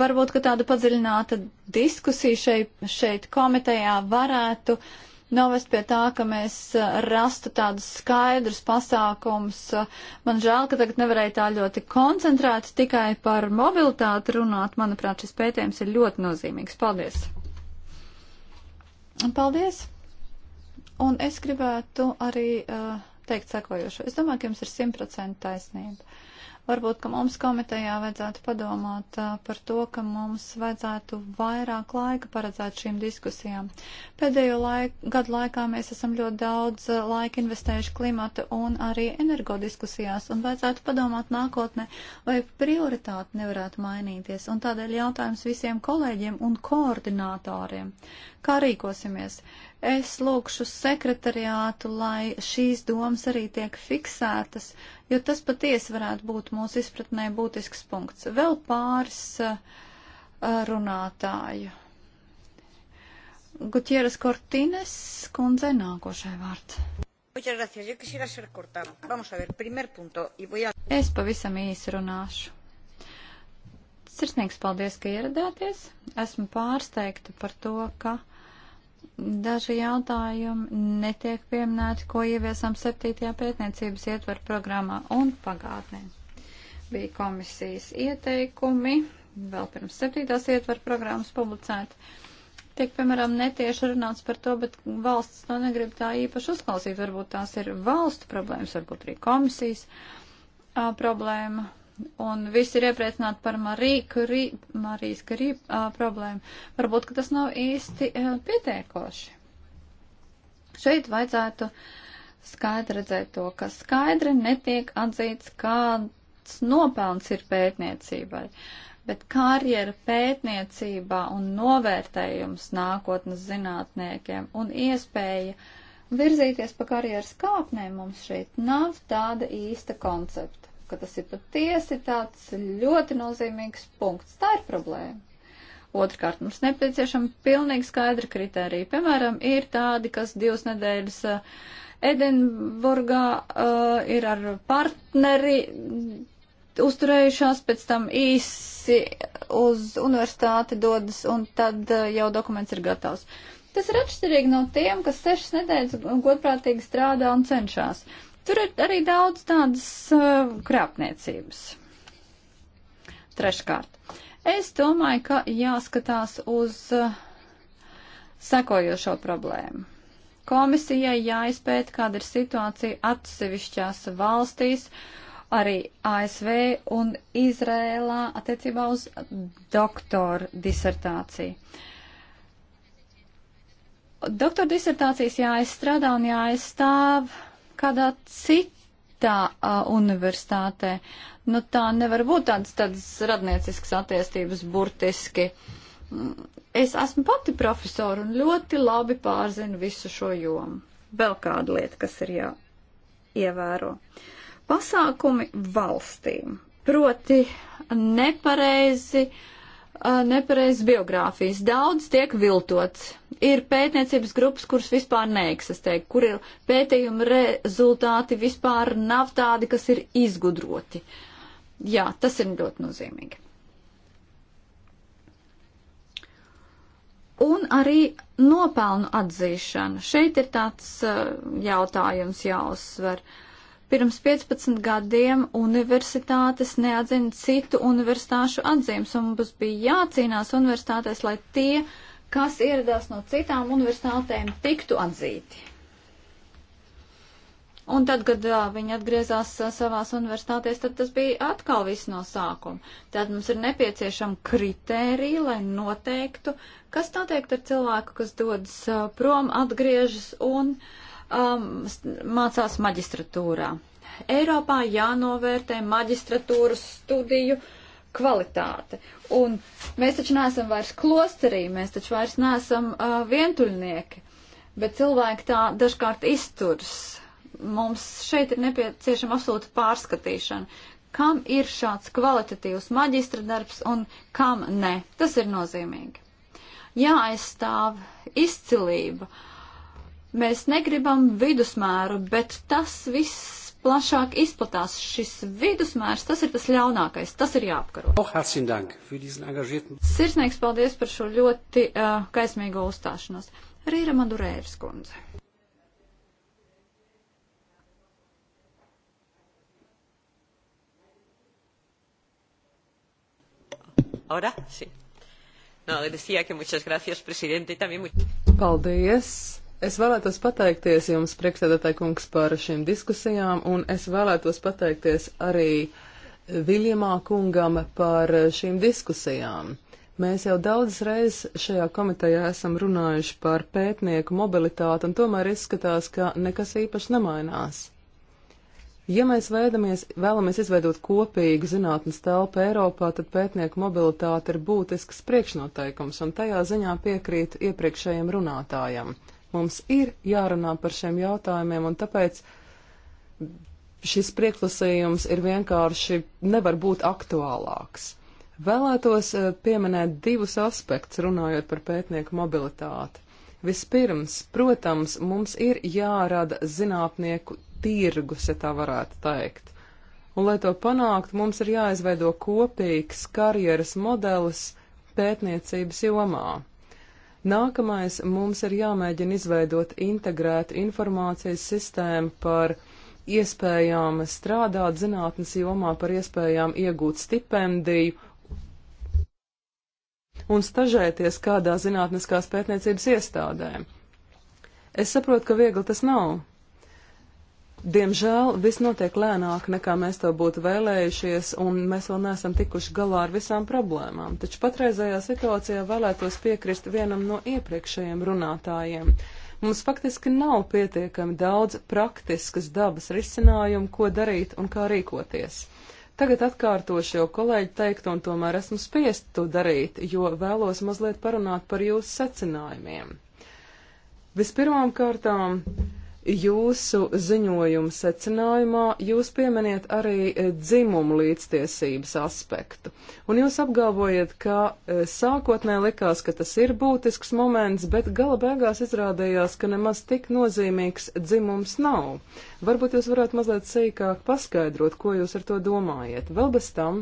varbūt, ka tāda padziļināta diskusija šeit, šeit komitejā varētu uh, novest pie tā, ka mēs uh, rastu tādus skaidrus pasākums. Uh, man žēl, ka tagad nevarēja tā ļoti koncentrēt tikai par mobilitāti runāt. Manuprāt, šis pētījums ir ļoti nozīmīgs. Paldies! Paldies! Un es gribētu arī uh, teikt sekojošo. Es domāju, ka jums ir simtprocentīgi taisnība. Uh, Varbūt, ka mums komitejā vajadzētu padomāt par to, ka mums vajadzētu vairāk laika paredzēt šīm diskusijām. Pēdējo laik, gadu laikā mēs esam ļoti daudz laika investējuši klimata un arī energodiskusijās, un vajadzētu padomāt nākotnē, vai prioritāti nevarētu mainīties. Un tādēļ jautājums visiem kolēģiem un koordinātoriem. Kā rīkosimies? Es lūkšu sekretariātu, lai šīs domas arī tiek fiksētas, jo tas patiesi varētu būt mūsu izpratnē būtisks punkts. Vēl pāris uh, runātāju. Gutieres Cortines, kundze nākošai vārds. Es pavisam īsi runāšu. Sirsnīgs paldies, ka ieradāties. Esmu pārsteigta par to, ka daži jautājumi netiek pieminēti, ko ieviesam 7. pētniecības ietvaru programmā un pagātnē. Bija komisijas ieteikumi, vēl pirms 7. ietvaru programmas publicēt. Tiek, piemēram, netieši runāts par to, bet valsts to negrib tā īpaši uzklausīt. Varbūt tās ir valstu problēmas, varbūt arī komisijas a, problēma un visi ir iepriecināti par Mariju, kurī, Marijas Kurī problēmu. Varbūt, ka tas nav īsti a, pietiekoši. Šeit vajadzētu skaidri redzēt to, ka skaidri netiek atzīts, kāds nopelns ir pētniecībai, bet karjera pētniecībā un novērtējums nākotnes zinātniekiem un iespēja virzīties pa karjeras kāpnēm mums šeit nav tāda īsta koncepta ka tas ir patiesi tāds ļoti nozīmīgs punkts. Tā ir problēma. Otrkārt, mums nepieciešama pilnīgi skaidra kriterija. Piemēram, ir tādi, kas divas nedēļas eh, Edinburgā uh, ir ar partneri uzturējušās, pēc tam īsi uz universitāti dodas un tad uh, jau dokuments ir gatavs. Tas ir atšķirīgi no tiem, kas sešas nedēļas godprātīgi strādā un cenšas. Uh, Tur ir arī daudz tādas uh, krāpniecības. Treškārt, es domāju, ka jāskatās uz uh, sekojošo problēmu. Komisijai jāizpēta, kāda ir situācija atsevišķās valstīs, arī ASV un Izrēlā attiecībā uz doktoru disertāciju. Doktora disertācijas jāizstrādā un jāizstāv kādā citā uh, universitātē. Nu, tā nevar būt tādas, tādas radnieciskas attiestības burtiski. Es esmu pati profesora un ļoti labi pārzinu visu šo jomu. Vēl kāda lieta, kas ir jāievēro. Pasākumi valstīm. Proti nepareizi uh, nepareizas biogrāfijas. Daudz tiek viltots. Ir pētniecības grupas, kuras vispār neeksistē, kur ir pētījuma rezultāti vispār nav tādi, kas ir izgudroti. Jā, tas ir ļoti nozīmīgi. Un arī nopelnu atzīšana. Šeit ir tāds uh, jautājums jāuzsver. Uh, Pirms 15 gadiem universitātes neatzina citu universitāšu atzīmes, un mums bija jācīnās universitātēs, lai tie, kas ieradās no citām universitātēm, tiktu atzīti. Un tad, kad jā, viņi atgriezās savās universitātēs, tad tas bija atkal viss no sākuma. Tad mums ir nepieciešama kritērija, lai noteiktu, kas notiek ar cilvēku, kas dodas prom, atgriežas un uh, um, mācās maģistratūrā. Eiropā jānovērtē maģistratūras studiju kvalitāte. Un mēs taču neesam vairs klosterī, mēs taču vairs neesam uh, vientuļnieki, bet cilvēki tā dažkārt izturs. Mums šeit ir nepieciešama absolūta pārskatīšana, kam ir šāds kvalitatīvs maģistra darbs un kam ne. Tas ir nozīmīgi. Jāaizstāv izcilība. Uh, Mēs negribam vidusmēru, bet tas viss plašāk izplatās. Šis vidusmērs, tas ir tas ļaunākais, tas ir jāapkaro. Oh, Sirsnīgs paldies par šo ļoti uh, kaismīgo uzstāšanos. Rīra Madurēras kundze. Ahora sí. No, decía que muchas gracias, presidente, y también muchas. Paldies Es vēlētos pateikties jums, priekšsēdētāji kungs, par šīm diskusijām, un es vēlētos pateikties arī Viljamā kungam par šīm diskusijām. Mēs jau daudz reiz šajā komitejā esam runājuši par pētnieku mobilitāti, un tomēr izskatās, ka nekas īpaši nemainās. Ja mēs veidamies, vēlamies izveidot kopīgu zinātnes telpu Eiropā, tad pētnieku mobilitāte ir būtisks priekšnoteikums, un tajā ziņā piekrīt iepriekšējiem runātājiem. Mums ir jārunā par šiem jautājumiem, un tāpēc šis prieklasījums ir vienkārši nevar būt aktuālāks. Vēlētos eh, pieminēt divus aspektus, runājot par pētnieku mobilitāti. Vispirms, protams, mums ir jārada zinātnieku tirgus, ja tā varētu teikt. Un, lai to panākt, mums ir jāizveido kopīgs karjeras modelis pētniecības jomā. Nākamais mums ir jāmēģina izveidot integrētu informācijas sistēmu par iespējām strādāt zinātnes jomā, par iespējām iegūt stipendiju un stažēties kādā zinātniskās pētniecības iestādē. Es saprotu, ka viegli tas nav, Diemžēl viss notiek lēnāk, nekā mēs to būtu vēlējušies, un mēs vēl neesam tikuši galā ar visām problēmām. Taču patreizajā situācijā vēlētos piekrist vienam no iepriekšējiem runātājiem. Mums faktiski nav pietiekami daudz praktiskas dabas risinājumu, ko darīt un kā rīkoties. Tagad atkārtošu jau kolēģi teikt, un tomēr esmu spiest to darīt, jo vēlos mazliet parunāt par jūsu secinājumiem. Vispirmām kārtām Jūsu ziņojuma secinājumā jūs pieminiet arī e, dzimumu līdztiesības aspektu, un jūs apgalvojat, ka e, sākotnē likās, ka tas ir būtisks moments, bet gala beigās izrādījās, ka nemaz tik nozīmīgs dzimums nav. Varbūt jūs varētu mazliet sīkāk paskaidrot, ko jūs ar to domājat. Vēl bez tam.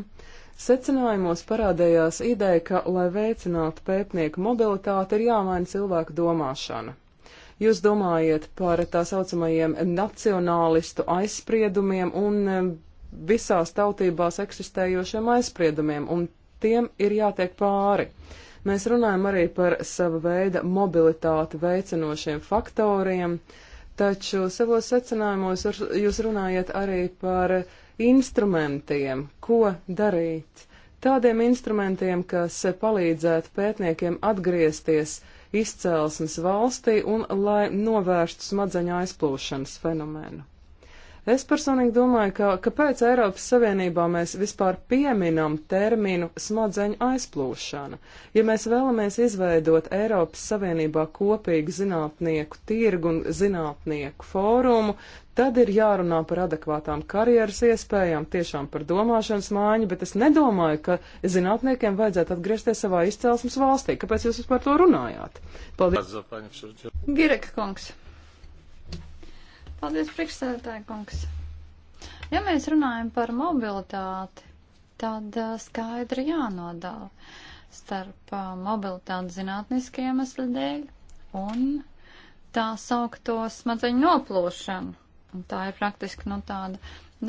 Secinājumos parādījās ideja, ka, lai veicinātu pētnieku mobilitāti, ir jāmaina cilvēku domāšana. Jūs domājat par tā saucamajiem nacionālistu aizspriedumiem un um, visās tautībās eksistējošiem aizspriedumiem, un tiem ir jātiek pāri. Mēs runājam arī par sava veida mobilitāti veicinošiem faktoriem, taču savos secinājumos jūs runājat arī par instrumentiem, ko darīt. Tādiem instrumentiem, kas palīdzētu pētniekiem atgriezties izcelsmes valstī un lai novērstu smadzeņu aizplūšanas fenomenu. Es personīgi domāju, ka kāpēc Eiropas Savienībā mēs vispār pieminam terminu smadzeņu aizplūšana? Ja mēs vēlamies izveidot Eiropas Savienībā kopīgu zinātnieku tirgu un zinātnieku fórumu, Tad ir jārunā par adekvātām karjeras iespējām, tiešām par domāšanas mājiņu, bet es nedomāju, ka zinātniekiem vajadzētu atgriezties savā izcelsmes valstī. Kāpēc jūs vispār to runājāt? Paldies. Gireka kungs. Paldies, priekšsēdētāja kungs. Ja mēs runājam par mobilitāti, tad uh, skaidri jānodala starp uh, mobilitāti zinātniskiem iemeslu dēļ un tā saukto smadzeņu noplūšanu. Tā ir praktiski nu, tāda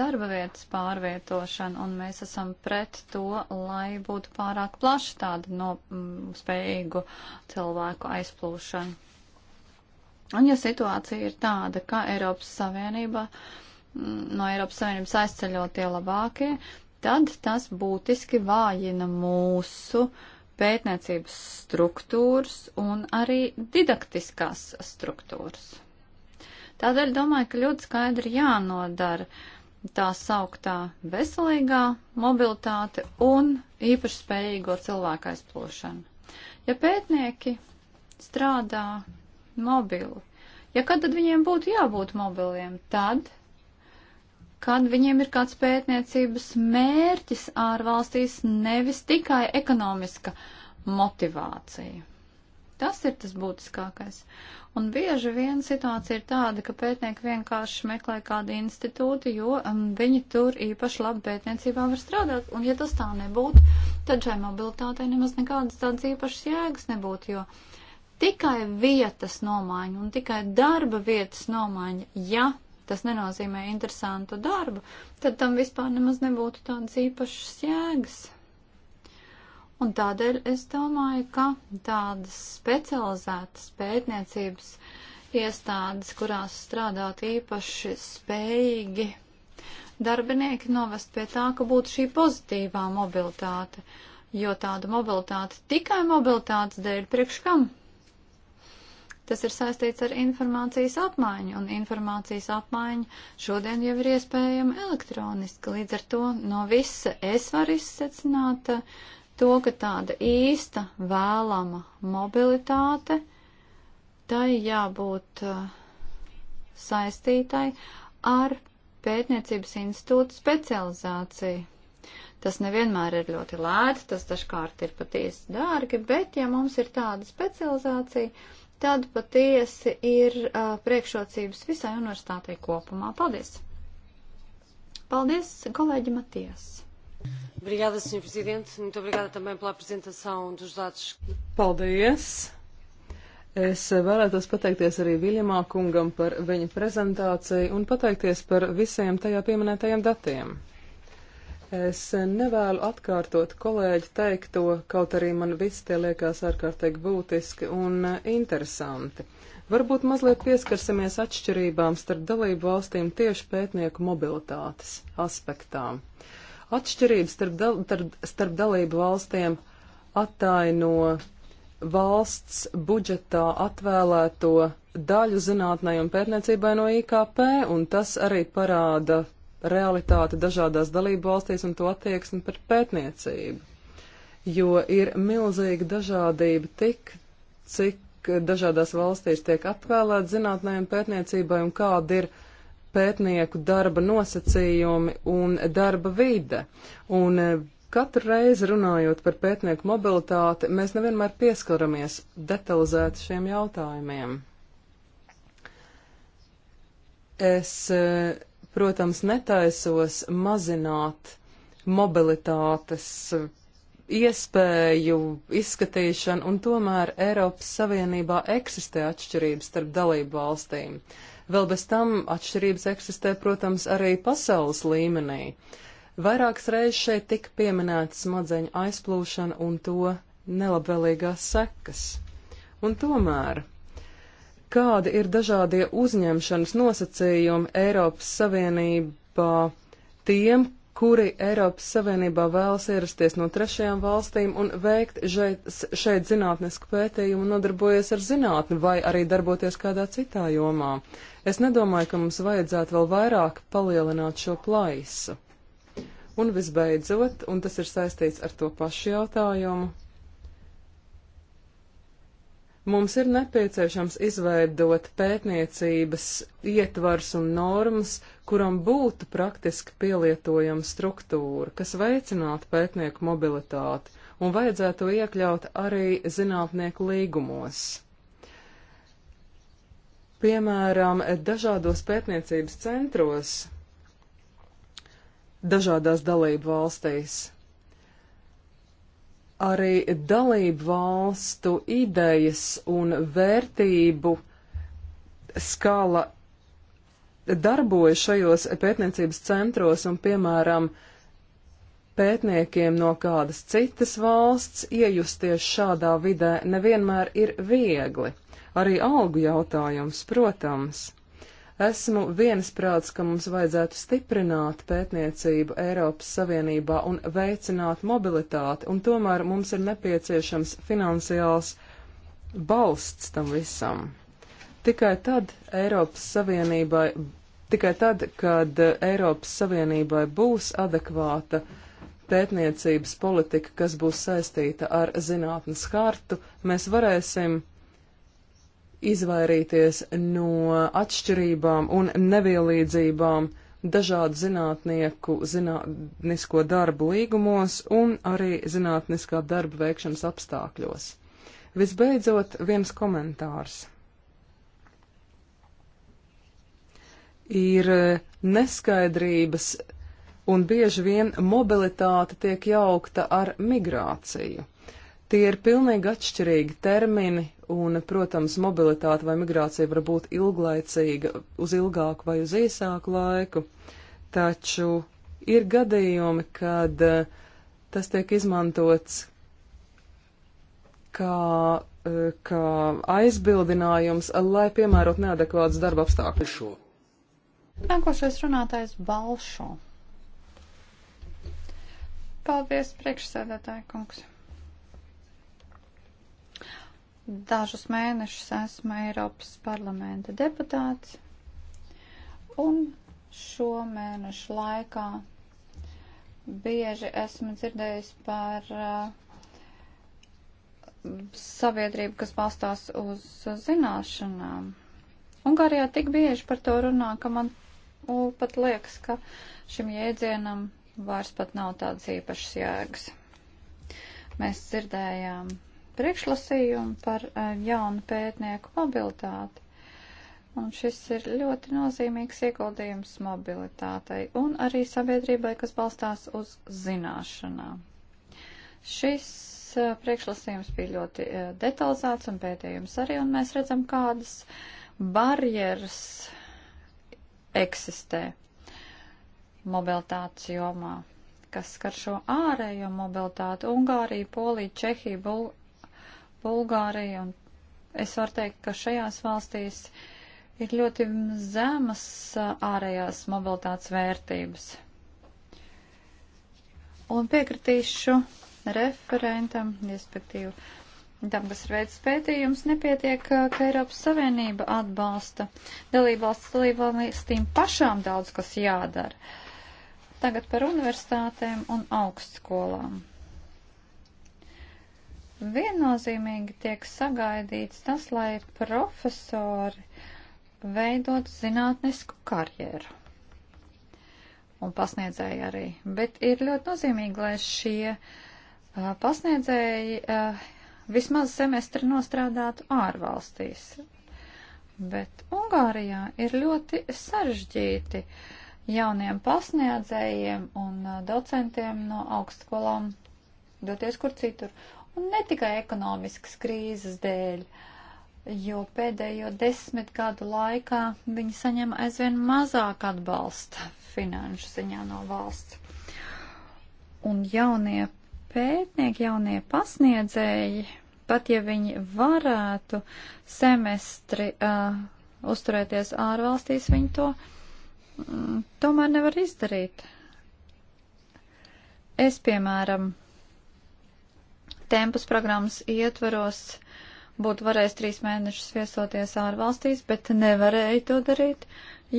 darba vietas pārvietošana, un mēs esam pret to, lai būtu pārāk plaša tāda no mm, spējīgu cilvēku aizplūšana. Un ja situācija ir tāda, ka Eiropas Savienība, mm, no Eiropas Savienības aizceļotie labākie, tad tas būtiski vājina mūsu pētniecības struktūras un arī didaktiskās struktūras. Tādēļ domāju, ka ļoti skaidri jānodara tā sauktā veselīgā mobilitāte un īpaši spējīgo cilvēku aizplošana. Ja pētnieki strādā mobili, ja kad tad viņiem būtu jābūt mobiliem, tad, kad viņiem ir kāds pētniecības mērķis ārvalstīs, nevis tikai ekonomiska motivācija. Tas ir tas būtiskākais. Un bieži vien situācija ir tāda, ka pētnieki vienkārši meklē kādu institūtu, jo um, viņi tur īpaši labi pētniecībā var strādāt. Un ja tas tā nebūtu, tad šai mobilitātei nemaz nekādas tādas īpašas jēgas nebūtu, jo tikai vietas nomaiņa un tikai darba vietas nomaiņa, ja tas nenozīmē interesantu darbu, tad tam vispār nemaz nebūtu tādas īpašas jēgas. Un tādēļ es domāju, ka tādas specializētas pētniecības iestādes, kurās strādāt īpaši spējīgi darbinieki, novest pie tā, ka būtu šī pozitīvā mobilitāte. Jo tāda mobilitāte tikai mobilitātes dēļ priekš kam? Tas ir saistīts ar informācijas apmaiņu, un informācijas apmaiņa šodien jau ir iespējama elektroniski. Līdz ar to no visa es varu izsecināt to, ka tāda īsta vēlama mobilitāte, tai jābūt eh, saistītai ar pētniecības institūta specializāciju. Tas nevienmēr ir ļoti lēti, tas dažkārt ir patiesi dārgi, bet ja mums ir tāda specializācija, tad patiesi ir uh, priekšrocības visai universitātei kopumā. Paldies! Paldies, kolēģi Matijas! Obrigada, Sr. Presidente. Muito obrigada também pela apresentação dos dados. Paldies! Es vēlētos pateikties arī Viljamā kungam par viņa prezentāciju un pateikties par visiem tajā pieminētajiem datiem. Es nevēlu atkārtot kolēģi teikto, kaut arī man viss tie liekas ārkārtīgi būtiski un interesanti. Varbūt mazliet pieskarsimies atšķirībām starp dalību valstīm tieši pētnieku mobilitātes aspektām. Uh, Atšķirības starp, dal, starp, starp dalību valstiem attaino valsts budžetā atvēlēto daļu zinātnē un pētniecībai no IKP, un tas arī parāda realitāti dažādās dalību valstīs un to attieksmi par pētniecību. Jo ir milzīga dažādība tik, cik dažādās valstīs tiek atvēlēta zinātnē un pētniecībai un kāda ir pētnieku darba nosacījumi un darba vide. Un e, katru reizi runājot par pētnieku mobilitāti, mēs nevienmēr pieskaramies detalizēt šiem jautājumiem. Es, e, protams, netaisos mazināt mobilitātes iespēju izskatīšanu, un tomēr Eiropas Savienībā eksistē atšķirības starp dalību valstīm. Uh, Vēl bez tam atšķirības eksistē, protams, arī pasaules līmenī. Vairākas reizes šeit tika pieminēta smadzeņu aizplūšana un to nelabvēlīgās sekas. Un tomēr, kādi ir dažādie uzņemšanas nosacījumi Eiropas Savienībā tiem, kuri Eiropas Savienībā vēlas ierasties no trešajām valstīm un veikt šeit, šeit zinātnisku pētījumu un nodarbojas ar zinātni vai arī darboties kādā citā jomā. Es nedomāju, ka mums vajadzētu vēl vairāk palielināt šo plaisu. Un visbeidzot, un tas ir saistīts ar to pašu jautājumu, Mums ir nepieciešams izveidot pētniecības ietvars un normas, kuram būtu praktiski pielietojama struktūra, kas veicinātu pētnieku mobilitāti un vajadzētu to iekļaut arī zinātnieku līgumos. Piemēram, dažādos pētniecības centros dažādās dalību valstīs arī dalību valstu idejas un vērtību skala darbojas šajos pētniecības centros un, piemēram, pētniekiem no kādas citas valsts iejusties šādā vidē nevienmēr ir viegli. Arī algu jautājums, protams. Esmu viensprāts, ka mums vajadzētu stiprināt pētniecību Eiropas Savienībā un veicināt mobilitāti, un tomēr mums ir nepieciešams finansiāls balsts tam visam. Tikai tad Eiropas Savienībai, tikai tad, kad Eiropas Savienībai būs adekvāta pētniecības politika, kas būs saistīta ar zinātnes hartu, mēs varēsim izvairīties no atšķirībām un nevienlīdzībām dažādu zinātnieku zinātnisko darbu līgumos un arī zinātniskā darba veikšanas apstākļos. Visbeidzot, viens komentārs. Ir neskaidrības un bieži vien mobilitāte tiek jaukta ar migrāciju. Tie ir pilnīgi atšķirīgi termini, un, protams, mobilitāte vai migrācija var būt ilglaicīga, uz ilgāku vai uz īsāku laiku, taču ir gadījumi, kad eh, tas tiek izmantots kā, eh, kā aizbildinājums, lai piemērot neadekvātas darba apstākļus. Nākošais runātājs Balšo. Paldies, priekšsēdētāji kungs. Dažus mēnešus esmu Eiropas parlamenta deputāts, un šo mēnešu laikā bieži esmu dzirdējis par uh, sabiedrību, kas balstās uz zināšanām. Ungārijā tik bieži par to runā, ka man u, pat liekas, ka šim jēdzienam vairs pat nav tādas īpašas jēgas. Mēs dzirdējām priekšlasījumu par eh, jaunu pētnieku mobilitāti. Un šis ir ļoti nozīmīgs ieguldījums mobilitātei un arī sabiedrībai, kas balstās uz zināšanām. Šis eh, priekšlasījums bija ļoti eh, detalizēts un pētījums arī, un mēs redzam, kādas barjeras eksistē mobilitātes jomā kas skar šo ārējo mobilitāti - Ungārija, Polija, Čehija, Bul Bulgārija, un es varu teikt, ka šajās valstīs ir ļoti zemas ārējās mobilitātes vērtības. Un piekritīšu referentam, respektīvi, tam, kas ir veids pētījums, nepietiek, ka Eiropas Savienība atbalsta dalībvalsts dalībvalstīm pašām daudz, kas jādara. Tagad par universitātēm un augstskolām viennozīmīgi tiek sagaidīts tas, lai profesori veidot zinātnisku karjeru un pasniedzēji arī. Bet ir ļoti nozīmīgi, lai šie uh, pasniedzēji uh, vismaz semestri nostrādātu ārvalstīs. Bet Ungārijā ir ļoti sarežģīti jauniem pasniedzējiem un uh, docentiem no augstskolām doties kur citur un ne tikai ekonomiskas krīzes dēļ, jo pēdējo desmit gadu laikā viņi saņem aizvien mazāk atbalsta finanšu ziņā no valsts. Un jaunie pētnieki, jaunie pasniedzēji, pat ja viņi varētu semestri uh, uzturēties ārvalstīs, viņi to mm, tomēr nevar izdarīt. Es, piemēram, tempus programmas ietvaros būtu varējis trīs mēnešus viesoties ārvalstīs, bet nevarēja to darīt,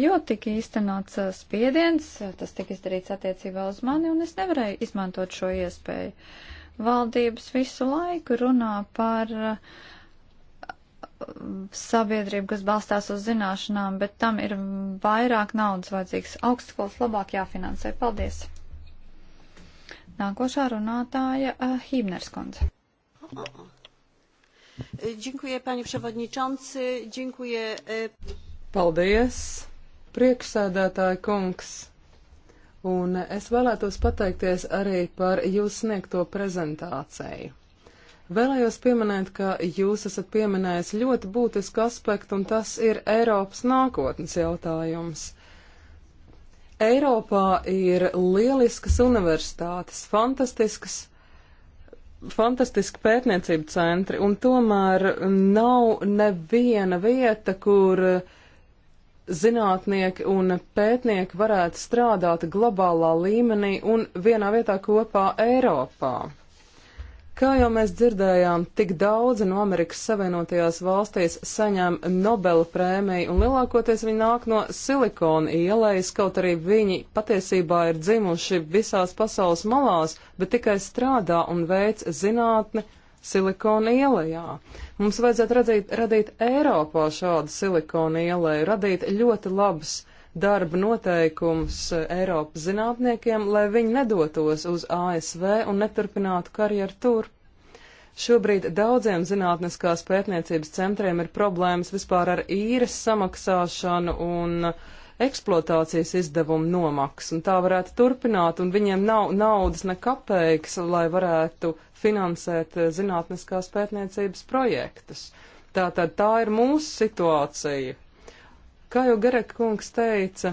jo tika īstenots uh, spiediens, uh, tas tika izdarīts attiecībā uz mani, un es nevarēju izmantot šo iespēju. Valdības visu laiku runā par uh, sabiedrību, kas balstās uz zināšanām, bet tam ir vairāk naudas vajadzīgs. Augstskolas labāk jāfinansē. Paldies! Nākošā runātāja Hībners eh, kundze. Dziękuję, panie przewodniczący, dziękuję. E, Paldies, priekšsēdētāja kungs. Un es vēlētos pateikties arī par jūsu sniegto prezentāciju. Vēlējos pieminēt, ka jūs esat pieminējis ļoti būtisku aspektu, un tas ir Eiropas nākotnes jautājums. Eiropā ir lieliskas universitātes, fantastiskas, fantastiski pētniecību centri, un tomēr nav neviena vieta, kur zinātnieki un pētnieki varētu strādāt globālā līmenī un vienā vietā kopā Eiropā. Kā jau mēs dzirdējām, tik daudzi no Amerikas Savienotajās valstīs saņem Nobela prēmiju, un lielākoties viņi nāk no silikona ielējas, kaut arī viņi patiesībā ir dzimuši visās pasaules malās, bet tikai strādā un veic zinātni silikona ielējā. Mums vajadzētu redzīt, radīt Eiropā šādu silikona ielēju, radīt ļoti labus darba noteikumus Eiropas zinātniekiem, lai viņi nedotos uz ASV un neturpinātu karjeru tur. Šobrīd daudziem zinātniskās pētniecības centriem ir problēmas vispār ar īres samaksāšanu un eksploatācijas izdevumu nomaks, un tā varētu turpināt, un viņiem nav naudas nekapēks, lai varētu finansēt eh, zinātniskās pētniecības projektus. Tātad tā ir mūsu situācija. Kā jau Gareka kungs teica,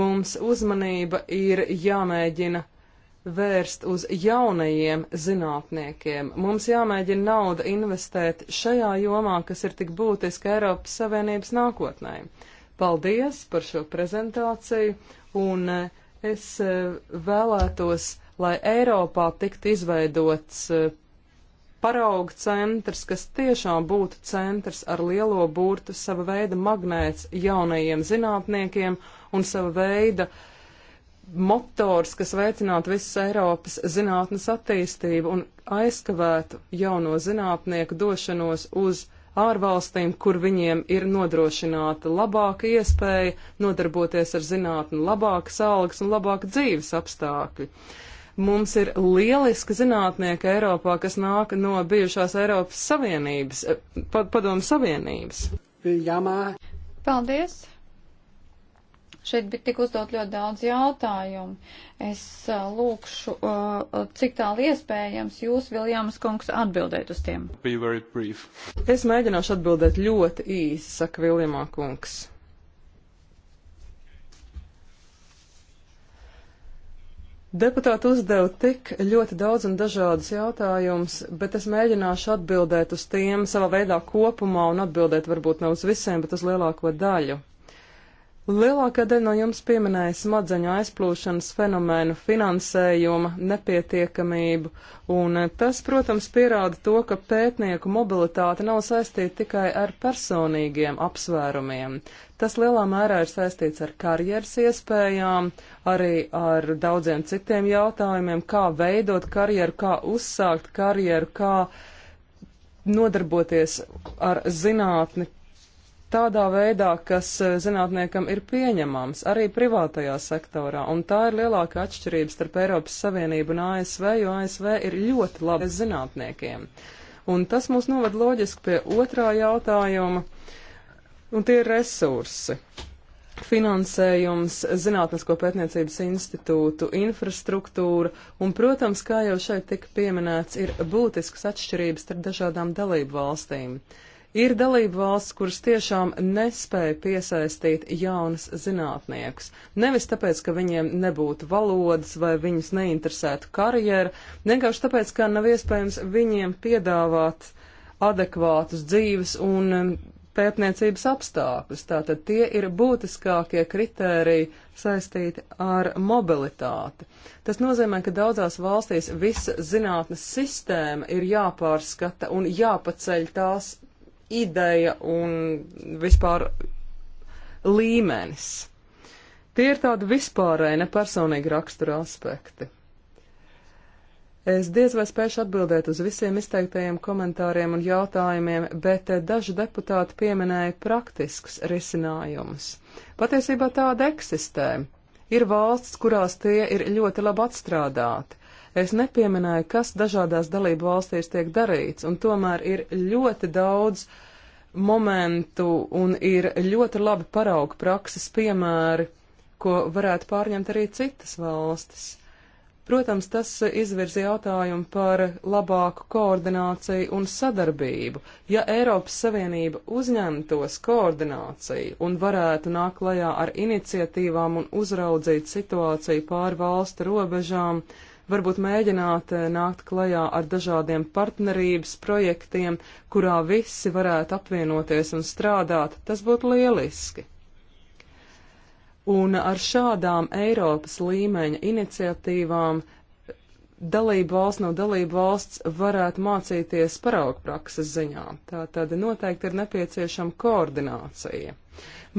mums uzmanība ir jāmēģina vērst uz jaunajiem zinātniekiem. Mums jāmēģina nauda investēt šajā jomā, kas ir tik būtiska Eiropas Savienības nākotnē. Paldies par šo prezentāciju, un eh, es eh, vēlētos, lai Eiropā tiktu izveidots eh, parauga centrs, kas tiešām būtu centrs ar lielo burtu, sava veida magnēts jaunajiem zinātniekiem un sava veida motors, kas veicinātu visas Eiropas zinātnes attīstību un aizkavētu jauno zinātnieku došanos uz ārvalstīm, kur viņiem ir nodrošināta labāka iespēja nodarboties ar zinātni, labākas algas un labāka dzīves apstākļi. Uh, Mums ir lieliski zinātnieki Eiropā, kas nāk no bijušās Eiropas Savienības, eh, padomu Savienības. Jamā. Paldies! Šeit bija tik uzdot ļoti daudz jautājumu. Es eh, lūkšu, eh, cik tālu iespējams jūs, Viljāmas kungs, atbildēt uz tiem. Es mēģināšu atbildēt ļoti īsi, saka Viljamā kungs. Deputāti uzdeva tik ļoti daudz un dažādus jautājumus, bet es mēģināšu atbildēt uz tiem savā veidā kopumā un atbildēt varbūt ne uz visiem, bet uz lielāko daļu. Lielākā daļa no jums pieminēja smadzeņu aizplūšanas fenomenu, finansējuma, nepietiekamību, un tas, protams, pierāda to, ka pētnieku mobilitāte nav saistīta tikai ar personīgiem apsvērumiem. Tas lielā mērā ir saistīts ar karjeras iespējām, arī ar daudziem citiem jautājumiem, kā veidot karjeru, kā uzsākt karjeru, kā nodarboties ar zinātni tādā veidā, kas eh, zinātniekam ir pieņemams arī privātajā sektorā, un tā ir lielāka atšķirība starp Eiropas Savienību un ASV, jo ASV ir ļoti labi zinātniekiem. Un tas mūs noved loģiski pie otrā jautājuma. Uh, Un tie ir resursi. Finansējums, Zinātnesko pētniecības institūtu, infrastruktūra un, protams, kā jau šeit tika pieminēts, ir būtiskas atšķirības starp dažādām dalību valstīm. Ir dalību valsts, kuras tiešām nespēja piesaistīt jaunas zinātniekus. Nevis tāpēc, ka viņiem nebūtu valodas vai viņus neinteresētu karjera, vienkārši tāpēc, ka nav iespējams viņiem piedāvāt adekvātus dzīves un pētniecības apstākļus. Tātad tie ir būtiskākie kritēriji saistīti ar mobilitāti. Tas nozīmē, ka daudzās valstīs visa zinātnes sistēma ir jāpārskata un jāpaceļ tās ideja un vispār līmenis. Tie ir tādi vispārēji nepersonīgi rakstura aspekti. Es diez vai spēšu atbildēt uz visiem izteiktajiem komentāriem un jautājumiem, bet eh, daži deputāti pieminēja praktiskus risinājumus. Patiesībā tāda eksistē. Ir valsts, kurās tie ir ļoti labi atstrādāti. Es nepieminēju, kas dažādās dalību valstīs tiek darīts, un tomēr ir ļoti daudz momentu un ir ļoti labi parauga prakses piemēri, ko varētu pārņemt arī citas valstis. Protams, tas izvirza jautājumu par labāku koordināciju un sadarbību. Ja Eiropas Savienība uzņemtos koordināciju un varētu nākt klajā ar iniciatīvām un uzraudzīt situāciju pāri valstu robežām, varbūt mēģināt eh, nākt klajā ar dažādiem partnerības projektiem, kurā visi varētu apvienoties un strādāt, tas būtu lieliski. Un ar šādām Eiropas līmeņa iniciatīvām dalību valsts no dalību valsts varētu mācīties paraugprakses ziņā. Tā tad noteikti ir nepieciešama koordinācija.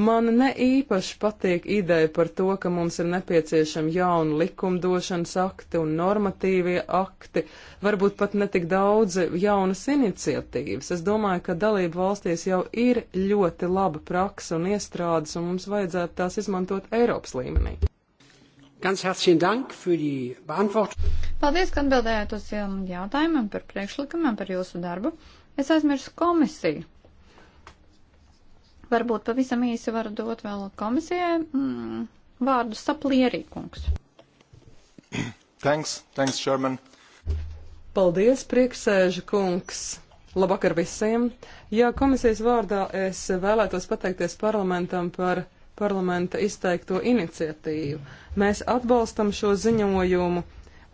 Man ne īpaši patīk ideja par to, ka mums ir nepieciešama jauna likumdošanas akti un normatīvie akti, varbūt pat netik daudz jaunas iniciatīvas. Es domāju, ka dalību valstīs jau ir ļoti laba praksa un iestrādes, un mums vajadzētu tās izmantot Eiropas līmenī. Ganz herzlichen Dank für die Beantwortung. Paldies, ka atbildējāt uz jautājumiem par priekšlikumiem, par jūsu darbu. Es aizmirsu komisiju. Varbūt pavisam īsi varu dot vēl komisijai mm, vārdu saplierīkungs. Thanks, thanks, Chairman. Paldies, prieksēža kungs. Labvakar visiem! Jā, komisijas vārdā es vēlētos pateikties parlamentam par parlamenta izteikto iniciatīvu. Mēs atbalstam šo ziņojumu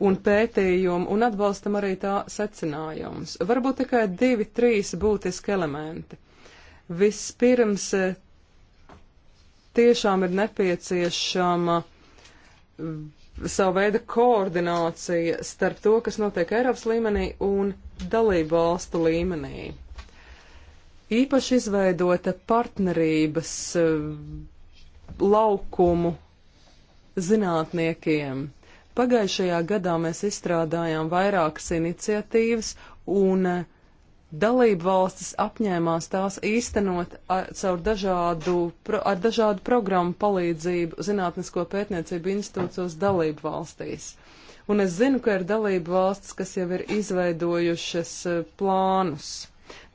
un pētījumu un atbalstam arī tā secinājumus. Varbūt tikai divi, trīs būtiski elementi. Vispirms tiešām ir nepieciešama mm, savu veidu koordinācija starp to, kas notiek Eiropas līmenī un dalību valstu līmenī. Īpaši izveidota partnerības mm, laukumu zinātniekiem. Pagājušajā gadā mēs izstrādājām vairākas iniciatīvas un eh, dalību valstis apņēmās tās īstenot ar, caur dažādu, pro, ar dažādu programmu palīdzību Zinātnisko pētniecību institūcijos dalību valstīs. Un es zinu, ka ir dalību valstis, kas jau ir izveidojušas eh, plānus.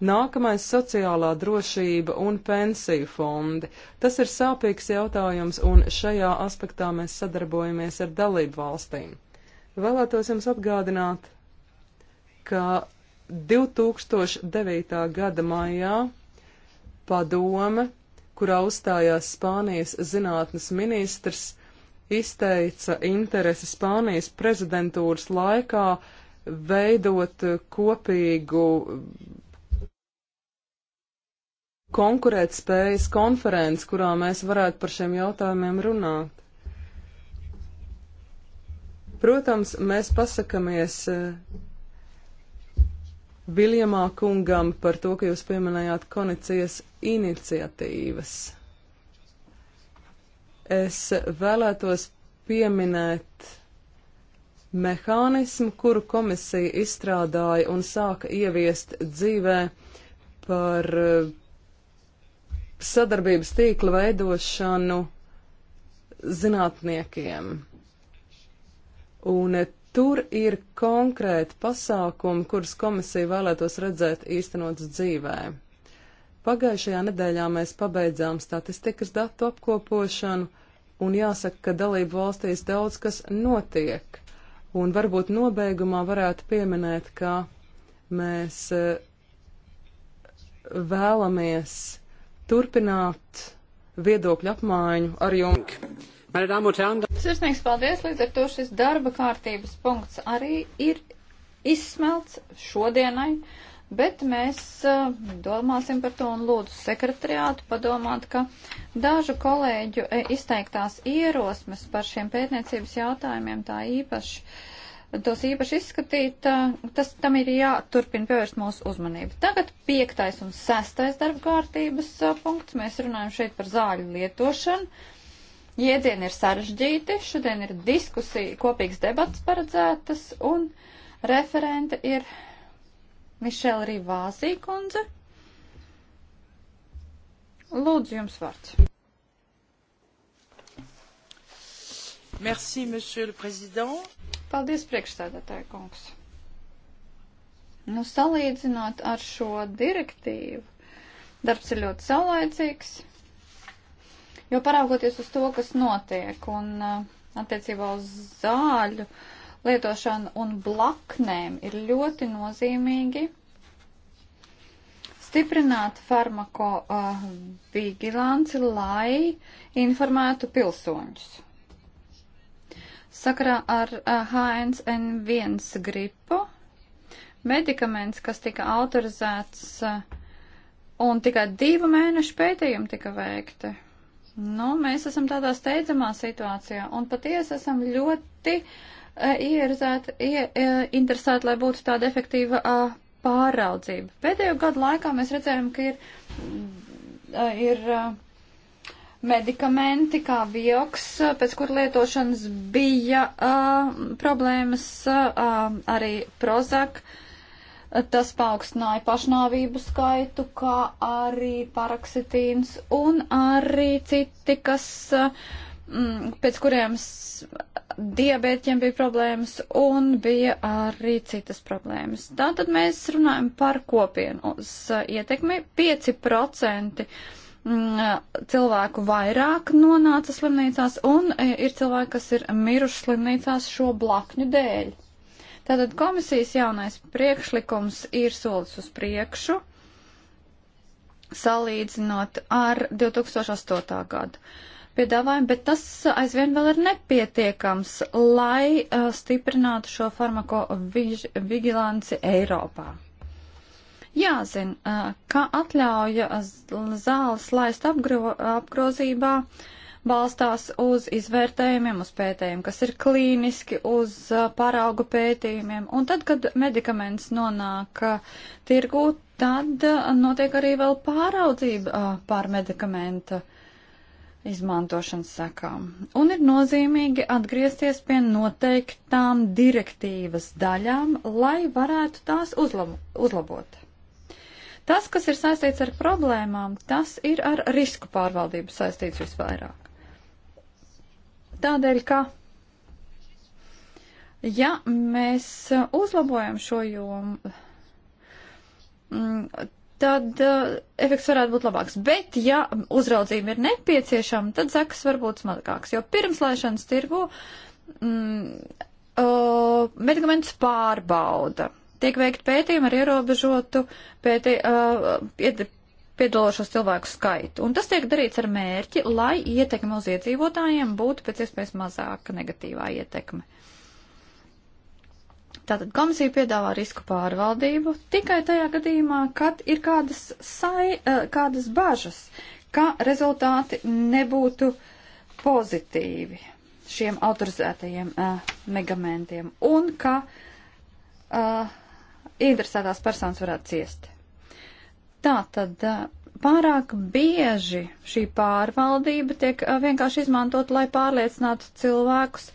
Nākamais - sociālā drošība un pensiju fondi. Tas ir sāpīgs jautājums, un šajā aspektā mēs sadarbojamies ar dalību valstīm. Vēlētos jums atgādināt, ka 2009. gada maijā padome, kurā uzstājās Spānijas zinātnes ministrs, izteica interesi Spānijas prezidentūras laikā veidot kopīgu konkurētspējas konferenci, kurā mēs varētu par šiem jautājumiem runāt. Protams, mēs pasakamies eh, Viljamā kungam par to, ka jūs pieminējāt konicijas iniciatīvas. Es vēlētos pieminēt mehānismu, kuru komisija izstrādāja un sāka ieviest dzīvē par eh, sadarbības tīkla veidošanu zinātniekiem. Un eh, tur ir konkrēti pasākumi, kurus komisija vēlētos redzēt īstenotas dzīvē. Pagājušajā nedēļā mēs pabeidzām statistikas datu apkopošanu, un jāsaka, ka dalību valstīs daudz kas notiek. Un varbūt nobeigumā varētu pieminēt, ka mēs eh, vēlamies turpināt viedokļu apmaiņu ar jums. Sirsnīgs paldies, līdz ar to šis darba kārtības punkts arī ir izsmelts šodienai, bet mēs uh, domāsim par to un lūdzu sekretariātu padomāt, ka dažu kolēģu eh, izteiktās ierosmes par šiem pētniecības jautājumiem tā īpaši tos īpaši izskatīt, tas tam ir jāturpina pievērst mūsu uzmanību. Tagad piektais un sestais darba kārtības punkts. Mēs runājam šeit par zāļu lietošanu. Jēdzieni ir sarežģīti, šodien ir diskusija, kopīgs debats paredzētas, un referente ir Mišela Rivāzī kundze. Lūdzu, jums vārds. Merci, monsieur le président. Paldies, priekšsēdētāja kungs. Nu, salīdzinot ar šo direktīvu, darbs ir ļoti saulaicīgs, jo paraugoties uz to, kas notiek un uh, attiecībā uz zāļu lietošanu un blaknēm ir ļoti nozīmīgi stiprināt farmako uh, vigilanci, lai informētu pilsoņus sakarā ar HNN1 eh, gripu. Medikaments, kas tika autorizēts eh, un tikai divu mēnešu pētījumi tika veikti. Nu, mēs esam tādā steidzamā situācijā un patiesi esam ļoti uh, eh, ierzēti, ie, uh, interesēti, lai būtu tāda efektīva uh, pāraudzība. Pēdējo gadu laikā mēs redzējām, ka ir, uh, ir uh, medikamenti, kā bioks, pēc kur lietošanas bija uh, problēmas, uh, arī prozak. Tas paaugstināja pašnāvību skaitu, kā arī paraksitīns un arī citi, kas, mm, pēc kuriem diabētiem bija problēmas un bija arī citas problēmas. Tātad mēs runājam par kopienu uz ietekmi 5% Mm, cilvēku vairāk nonāca slimnīcās, un e, ir cilvēki, kas ir miruši slimnīcās šo blakņu dēļ. Tātad komisijas jaunais priekšlikums ir solis uz priekšu, salīdzinot ar 2008. gadu piedāvājumu, bet tas aizvien vēl ir nepietiekams, lai uh, stiprinātu šo farmako vigilanci Eiropā jāzina, ka atļauja zāles laist apgro, apgrozībā balstās uz izvērtējumiem, uz pētējumiem, kas ir klīniski, uz parauga pētījumiem. Un tad, kad medikaments nonāk tirgū, tad notiek arī vēl pāraudzība pār medikamenta izmantošanas sekām. Un ir nozīmīgi atgriezties pie noteiktām direktīvas daļām, lai varētu tās uzlabo, uzlabot. Tas, kas ir saistīts ar problēmām, tas ir ar risku pārvaldību saistīts visvairāk. Tādēļ, ka ja mēs uzlabojam šo jomu, mm, tad uh, efekts varētu būt labāks. Bet, ja uzraudzība ir nepieciešama, tad sekas var būt smagāks. Jo pirms laišanas tirgu mm, uh, medikamentus pārbauda. Tiek veikt pētījumi ar ierobežotu pētī, uh, pied, piedalošos cilvēku skaitu. Un tas tiek darīts ar mērķi, lai ietekme uz iedzīvotājiem būtu pēc iespējas mazāka negatīvā ietekme. Tātad komisija piedāvā risku pārvaldību tikai tajā gadījumā, kad ir kādas, sai, uh, kādas bažas, ka rezultāti nebūtu pozitīvi šiem autorizētajiem uh, megamentiem un ka uh, interesētās personas varētu ciest. Tā tad pārāk bieži šī pārvaldība tiek vienkārši izmantot, lai pārliecinātu cilvēkus,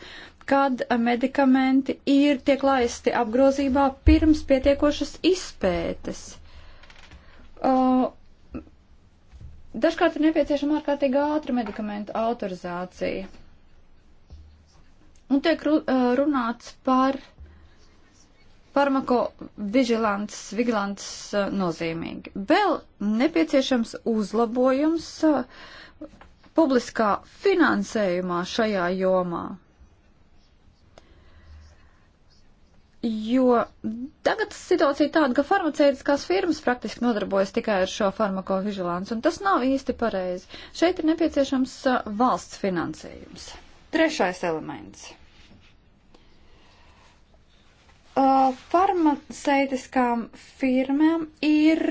kad medikamenti ir tiek laisti apgrozībā pirms pietiekošas izpētes. Uh, Dažkārt ir nepieciešama ārkārtīgi ātra medikamentu autorizācija. Un tiek runāts par uh, farmako vigilants, vigilants eh, nozīmīgi. Vēl nepieciešams uzlabojums eh, publiskā finansējumā šajā jomā. Jo tagad situācija tāda, ka farmaceitiskās firmas praktiski nodarbojas tikai ar šo farmakovigilants, un tas nav īsti pareizi. Šeit ir nepieciešams eh, valsts finansējums. Trešais elements farmaceitiskām firmām ir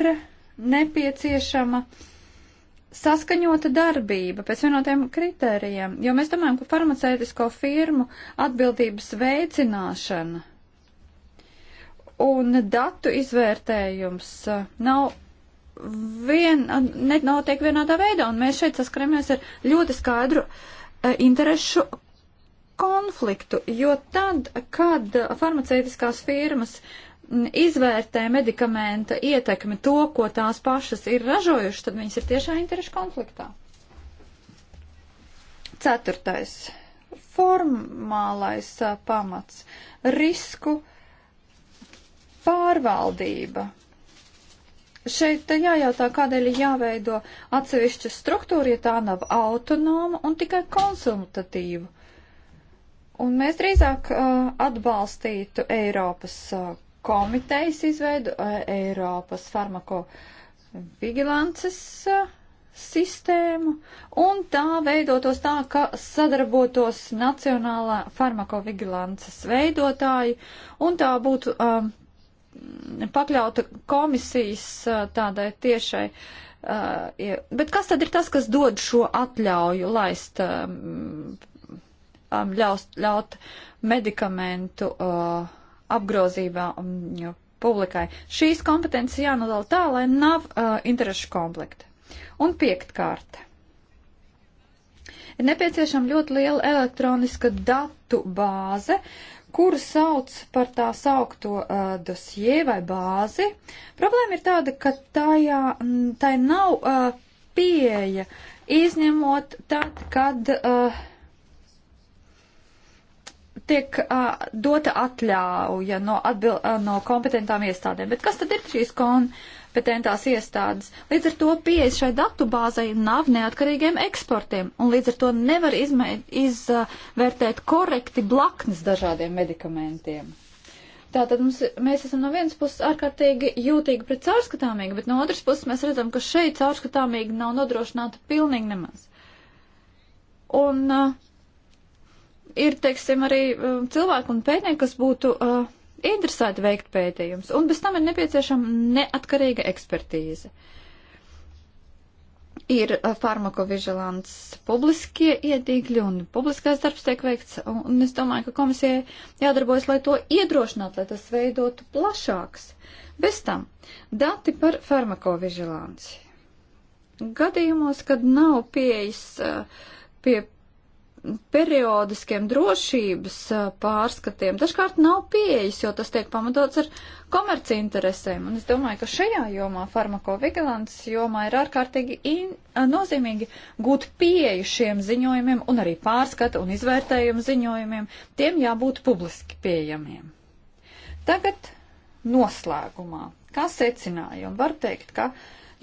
nepieciešama saskaņota darbība pēc vienotiem kritērijiem, jo mēs domājam, ka farmaceitisko firmu atbildības veicināšana un datu izvērtējums nav vien, nenotiek vienādā veidā, un mēs šeit saskaramies ar ļoti skaidru uh, interešu konfliktu, jo tad, kad farmaceitiskās firmas izvērtē medikamenta ietekmi to, ko tās pašas ir ražojušas, tad viņas ir tiešā interešu konfliktā. Ceturtais. Formālais a, pamats. Risku pārvaldība. Šeit jājautā, kādēļ jāveido atsevišķa struktūra, ja tā nav autonoma un tikai konsultatīva. Un mēs drīzāk uh, atbalstītu Eiropas uh, komitejas izveidu, uh, Eiropas farmako vigilances uh, sistēmu, un tā veidotos tā, ka sadarbotos Nacionālā farmakovigilances veidotāji, un tā būtu um, pakļauta komisijas uh, tādai tiešai. Uh, bet kas tad ir tas, kas dod šo atļauju laist um, um, ļaus, ļaut medikamentu uh, apgrozībā um, publikai. Šīs kompetences jānodala tā, lai nav uh, interešu konflikta. Un piektkārt. Ir nepieciešama ļoti liela elektroniska datu bāze, kuru sauc par tā saukto uh, dosie vai bāzi. Problēma ir tāda, ka tajā, tai nav uh, pieeja, izņemot tad, kad uh, tiek uh, dota atļauja no, atbil, uh, no kompetentām iestādēm. Bet kas tad ir šīs kompetentās iestādes? Līdz ar to pieejas šai datubāzai nav neatkarīgiem eksportiem, un līdz ar to nevar izvērtēt korekti blaknes dažādiem medikamentiem. Tātad mums, mēs esam no vienas puses ārkārtīgi jūtīgi pret caurskatāmību, bet no otras puses mēs redzam, ka šeit caurskatāmība nav nodrošināta pilnīgi nemaz. Un uh, ir, teiksim, arī um, cilvēki un pētnieki, kas būtu uh, interesēti veikt pētījumus, un bez tam ir nepieciešama neatkarīga ekspertīze. Ir uh, farmakovižilants publiskie iedīgļi un publiskais darbs tiek veikts, un, un es domāju, ka komisijai jādarbojas, lai to iedrošinātu, lai tas veidotu plašāks. Bez tam dati par farmakovižilanci. Gadījumos, kad nav pieejas uh, pie periodiskiem drošības pārskatiem dažkārt nav pieejas, jo tas tiek pamatots ar komerci interesēm. Un es domāju, ka šajā jomā, farmakovigilants jomā, ir ārkārtīgi in, nozīmīgi gūt pieeju šiem ziņojumiem un arī pārskata un izvērtējumu ziņojumiem. Tiem jābūt publiski pieejamiem. Tagad noslēgumā. Kā secinājumu var teikt, ka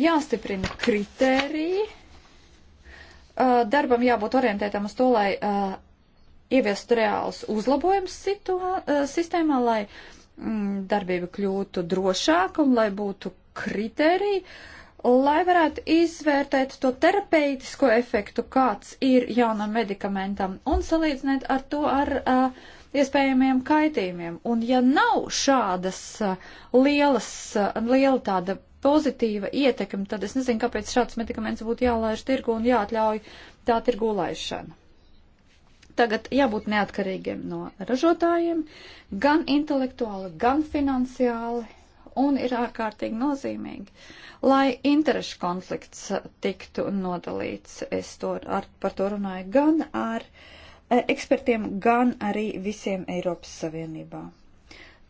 jāstiprina kritēriji Uh, darbam jābūt orientētam uz to, lai uh, ieviestu reāls uzlabojums uh, sistēmā, lai mm, darbība kļūtu drošāka un lai būtu kriteriji, lai varētu izvērtēt to terapeitisko efektu, kāds ir jaunam medikamentam, un salīdzināt ar to ar uh, iespējamiem kaitījumiem. Un ja nav šādas uh, lielas, uh, liela tāda pozitīva ietekme, tad es nezinu, kāpēc šāds medikaments būtu jālaiž tirgu un jāatļauj tā tirgu laišana. Tagad jābūt neatkarīgiem no ražotājiem, gan intelektuāli, gan finansiāli, un ir ārkārtīgi nozīmīgi, lai interešu konflikts tiktu nodalīts. Es to ar, par to runāju gan ar eh, ekspertiem, gan arī visiem Eiropas Savienībā.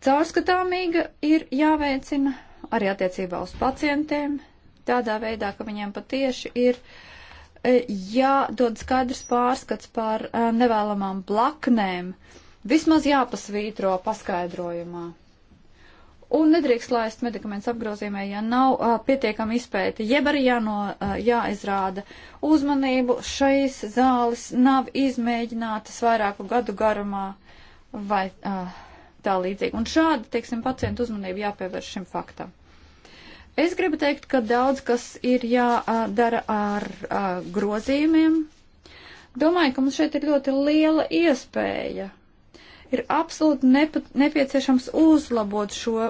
Caurskatāmīga ir jāveicina arī attiecībā uz pacientiem, tādā veidā, ka viņiem patieši ir e, jādod skaidrs pārskats par e, nevēlamām blaknēm, vismaz jāpasvītro paskaidrojumā. Un nedrīkst laist medikamentus apgrozīmē, ja nav uh, pietiekama izpēta, jeb arī jāno, uh, jāizrāda uzmanību. Šīs zāles nav izmēģinātas vairāku gadu garumā vai uh, tā līdzīgi. Un šādi, teiksim, pacientu uzmanību jāpievērš šim faktam. Es gribu teikt, ka daudz kas ir jādara ar, ar grozījumiem. Domāju, ka mums šeit ir ļoti liela iespēja. Ir absolūti nepat, nepieciešams uzlabot šo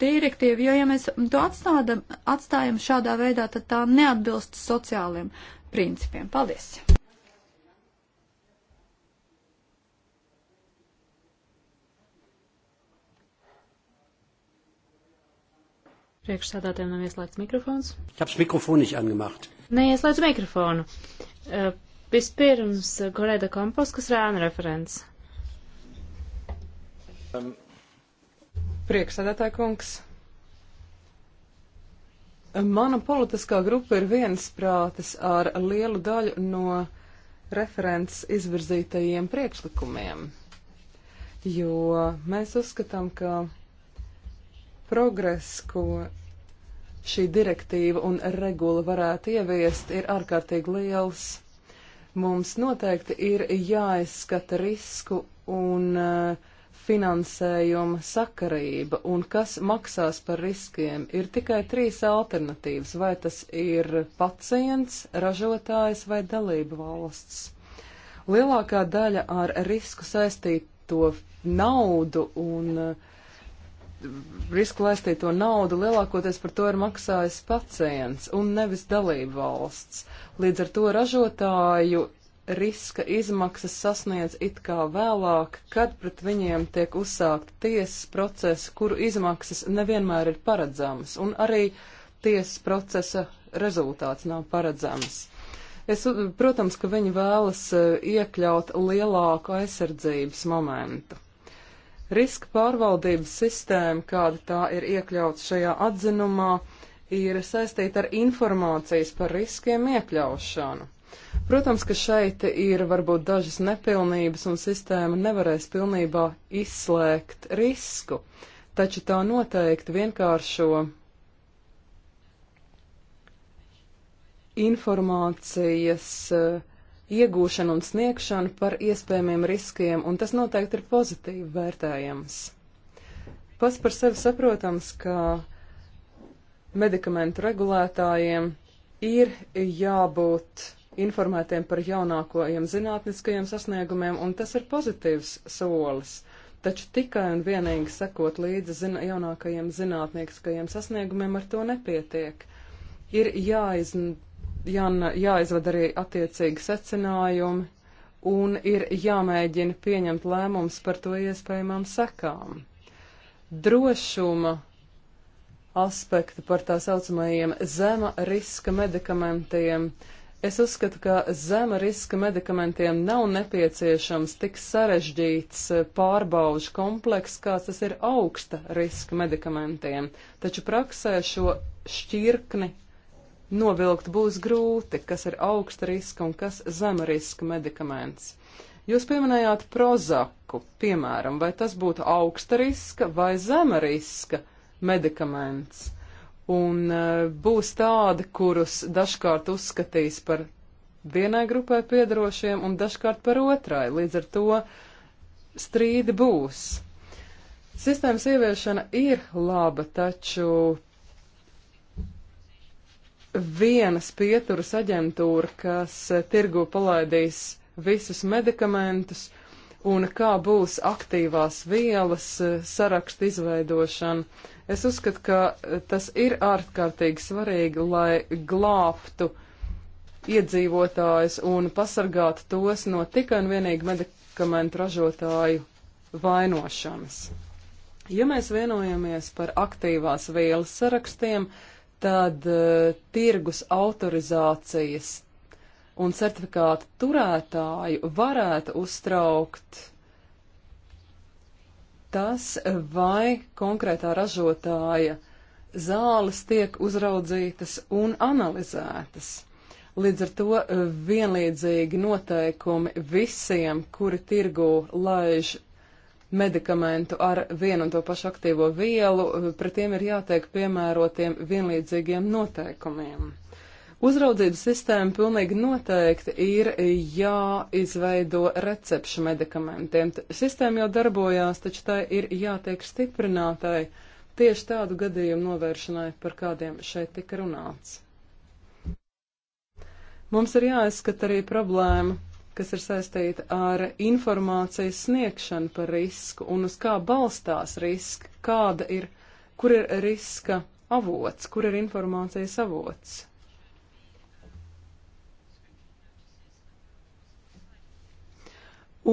direktīvu, jo ja mēs to atstādam, atstājam šādā veidā, tad tā neatbilst sociāliem principiem. Paldies! Priekšsādātājiem nav ieslēgts mikrofons. Taps mikrofonu nicht angemacht. Neieslēdz mikrofonu. Uh, vispirms Goreda Kompos, kas rēna referents. Um. Priekšsādātāja kungs. Mana politiskā grupa ir viensprātis ar lielu daļu no referents izvirzītajiem priekšlikumiem, jo mēs uzskatām, ka progress, ko šī direktīva un regula varētu ieviest, ir ārkārtīgi liels. Mums noteikti ir jāizskata risku un uh, finansējuma sakarība un kas maksās par riskiem, ir tikai trīs alternatīvas. Vai tas ir pacients, ražotājs vai dalība valsts. Lielākā daļa ar risku saistīto naudu un uh, risku laistīto naudu lielākoties par to ir maksājis pacients un nevis dalību valsts. Līdz ar to ražotāju riska izmaksas sasniedz it kā vēlāk, kad pret viņiem tiek uzsākta tiesas procesa, kuru izmaksas nevienmēr ir paredzamas, un arī tiesas procesa rezultāts nav paredzams. Es, protams, ka viņi vēlas eh, iekļaut lielāku aizsardzības momentu. Riska pārvaldības sistēma, kāda tā ir iekļauts šajā atzinumā, ir saistīta ar informācijas par riskiem iekļaušanu. Protams, ka šeit ir varbūt dažas nepilnības un sistēma nevarēs pilnībā izslēgt risku, taču tā noteikti vienkāršo informācijas uh, iegūšanu un sniegšanu par iespējamiem riskiem, un tas noteikti ir pozitīvi vērtējams. Pats par sevi saprotams, ka medikamentu regulētājiem ir jābūt informētiem par jaunākajiem zinātniskajiem sasniegumiem, un tas ir pozitīvs solis. Taču tikai un vienīgi sekot līdzi zin jaunākajiem zinātniskajiem sasniegumiem ar to nepietiek. Ir jāiz jāna, jāizved arī attiecīgi secinājumi un ir jāmēģina pieņemt lēmums par to iespējamām sekām. Drošuma aspekti par tā saucamajiem zema riska medikamentiem. Es uzskatu, ka zema riska medikamentiem nav nepieciešams tik sarežģīts eh, pārbaužu komplekss, kāds tas ir augsta riska medikamentiem, taču praksē šo šķirkni novilkt būs grūti, kas ir augsta riska un kas zema riska medikaments. Jūs pieminējāt prozaku, piemēram, vai tas būtu augsta riska vai zema riska medikaments. Un eh, būs tādi, kurus dažkārt uzskatīs par vienai grupai piedarošiem un dažkārt par otrai. Līdz ar to strīdi būs. Sistēmas ieviešana ir laba, taču vienas pieturas aģentūra, kas eh, tirgu palaidīs visus medikamentus, un kā būs aktīvās vielas eh, sarakstu izveidošana. Es uzskatu, ka eh, tas ir ārkārtīgi svarīgi, lai glābtu iedzīvotājus un pasargātu tos no tikai un vienīgi medikamentu ražotāju vainošanas. Ja mēs vienojamies par aktīvās vielas sarakstiem, uh, tad uh, tirgus autorizācijas un certifikātu turētāju varētu uztraukt tas, vai konkrētā ražotāja zāles tiek uzraudzītas un analizētas. Līdz ar to eh, vienlīdzīgi noteikumi visiem, kuri tirgu laiž medikamentu ar vienu un to pašu aktīvo vielu, pret tiem ir jātiek piemērotiem vienlīdzīgiem noteikumiem. Uzraudzības sistēma pilnīgi noteikti ir jāizveido recepšu medikamentiem. Sistēma jau darbojās, taču tai ir jātiek stiprinātai tieši tādu gadījumu novēršanai, par kādiem šeit tika runāts. Mums ir jāizskata arī problēma kas ir saistīta ar informācijas sniegšanu par risku un uz kā balstās riska, kāda ir, kur ir riska avots, kur ir informācijas avots.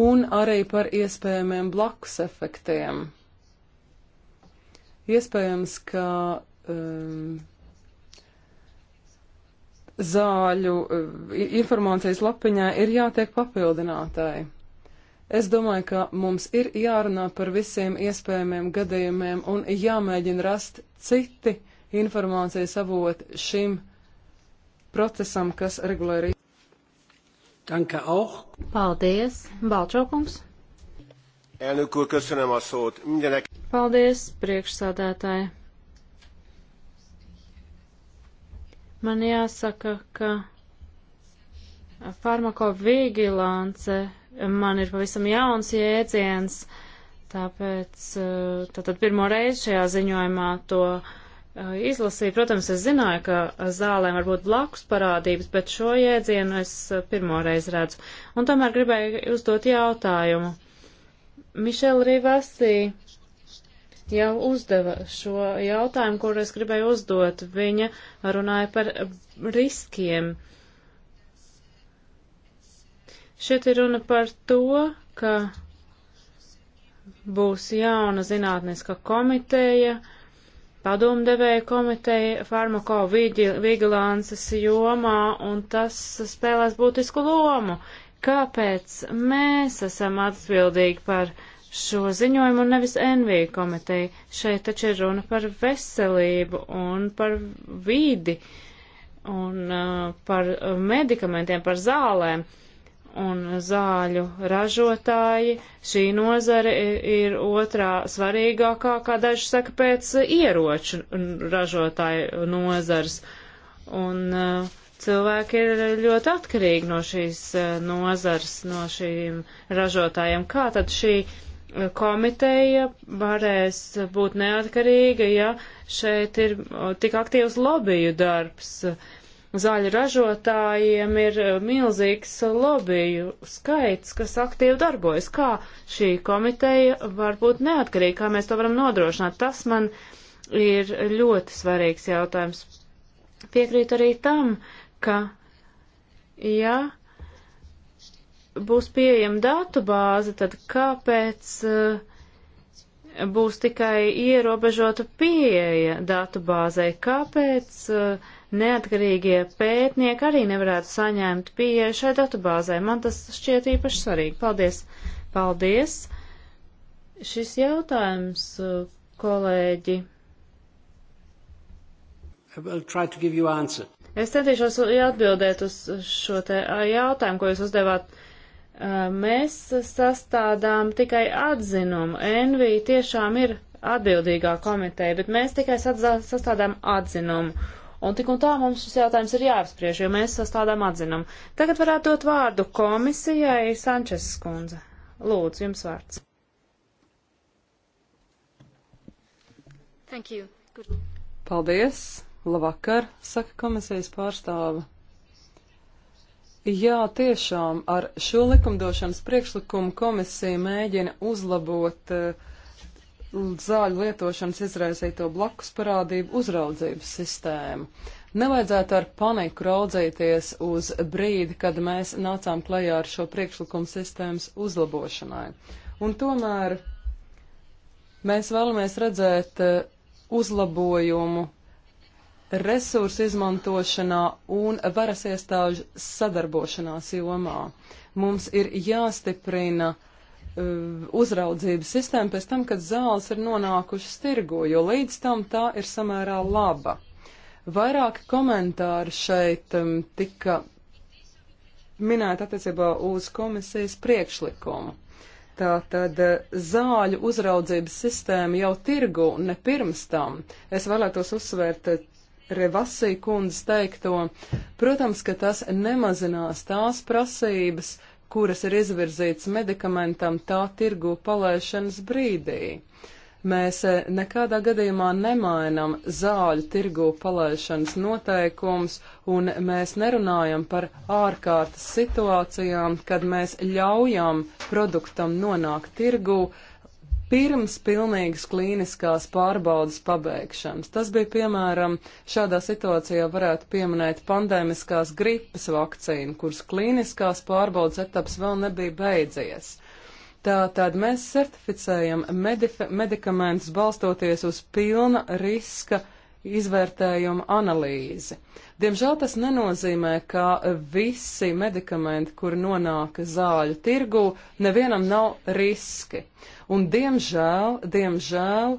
Un arī par iespējamiem blakus efektiem. Iespējams, ka um, zāļu eh, informācijas lapiņai ir jātiek papildinātai. Es domāju, ka mums ir jārunā par visiem iespējamiem gadījumiem un jāmēģina rast citi informācijas avoti šim procesam, kas regulē arī. Danke auch. Paldies, Balčokums. Elnök úr, köszönöm a szót. Mindenek... Paldies, priekšsādātāji. Man jāsaka, ka farmakovigilance man ir pavisam jauns jēdziens, tāpēc eh, tātad pirmo reizi šajā ziņojumā to eh, izlasīju. Protams, es zināju, ka zālēm var būt blakus parādības, bet šo jēdzienu es eh, pirmo reizi redzu. Un tomēr gribēju uzdot jautājumu. Mišela Rivasī jau uzdeva šo jautājumu, kur es gribēju uzdot. Viņa runāja par riskiem. Šeit ir runa par to, ka būs jauna zinātniska komiteja, padomdevēja komiteja farmako vigilances jomā, un tas spēlēs būtisku lomu. Kāpēc mēs esam atbildīgi par uh, šo ziņojumu un nevis NV komiteju. Šeit taču ir runa par veselību un par vīdi un uh, par medikamentiem, par zālēm. Un zāļu ražotāji šī nozare ir otrā svarīgākā, kā daži saka, pēc ieroču ražotāju nozars. Un uh, cilvēki ir ļoti atkarīgi no šīs uh, nozars, no šīm ražotājiem. Kā tad šī uh, komiteja varēs būt neatkarīga, ja šeit ir tik aktīvs lobiju darbs. Zaļu ražotājiem ir milzīgs lobiju skaits, kas aktīvi darbojas. Kā šī komiteja var būt neatkarīga, kā mēs to varam nodrošināt? Tas man ir ļoti svarīgs jautājums. Piekrītu arī tam, ka, ja būs pieejama datu bāze, tad kāpēc uh, būs tikai ierobežota pieeja datu bāzei? Kāpēc uh, neatkarīgie pētnieki arī nevarētu saņemt pieeju šai datu bāzē? Man tas šķiet īpaši svarīgi. Paldies! Paldies! Šis jautājums, uh, kolēģi. Es centīšos atbildēt uz šo te jautājumu, ko jūs uzdevāt mēs sastādām tikai atzinumu. NV tiešām ir atbildīgā komiteja, bet mēs tikai sastādām atzinumu. Un tik un tā mums šis jautājums ir jāapspriež, jo mēs sastādām atzinumu. Tagad varētu dot vārdu komisijai Sančes skundze. Lūdzu, jums vārds. Thank you. Good. Paldies. Labvakar, saka komisijas pārstāve. Jā, tiešām ar šo likumdošanas priekšlikumu komisija mēģina uzlabot uh, zāļu lietošanas izraisīto blakus parādību uzraudzības sistēmu. Nevajadzētu ar paniku raudzīties uz brīdi, kad mēs nācām klajā ar šo priekšlikumu sistēmas uzlabošanai. Un tomēr mēs vēlamies redzēt uh, uzlabojumu resursu izmantošanā un varas iestāžu sadarbošanās jomā. Mums ir jāstiprina uh, uzraudzības sistēma pēc tam, kad zāles ir nonākušas tirgu, jo līdz tam tā ir samērā laba. Vairāki komentāri šeit um, tika minēti attiecībā uz komisijas priekšlikumu. Tātad uh, zāļu uzraudzības sistēma jau tirgu ne pirms tam. Es vēlētos uzsvērt uh, Revasī kundzes teikto. Protams, ka tas nemazinās tās prasības, kuras ir izvirzītas medikamentam tā tirgu palaišanas brīdī. Mēs e, nekādā gadījumā nemainam zāļu tirgu palaišanas noteikums, un mēs nerunājam par ārkārtas situācijām, kad mēs ļaujam produktam nonākt tirgu, uh, pirms pilnīgas klīniskās pārbaudas pabeigšanas. Tas bija piemēram, šādā situācijā varētu pieminēt pandēmiskās gripas vakcīnu, kuras klīniskās pārbaudas etaps vēl nebija beidzies. Tātad mēs certificējam medikamentus balstoties uz pilna riska izvērtējuma analīzi. Diemžēl tas nenozīmē, ka visi medikamenti, kur nonāk zāļu tirgū, nevienam nav riski. Un diemžēl, diemžēl,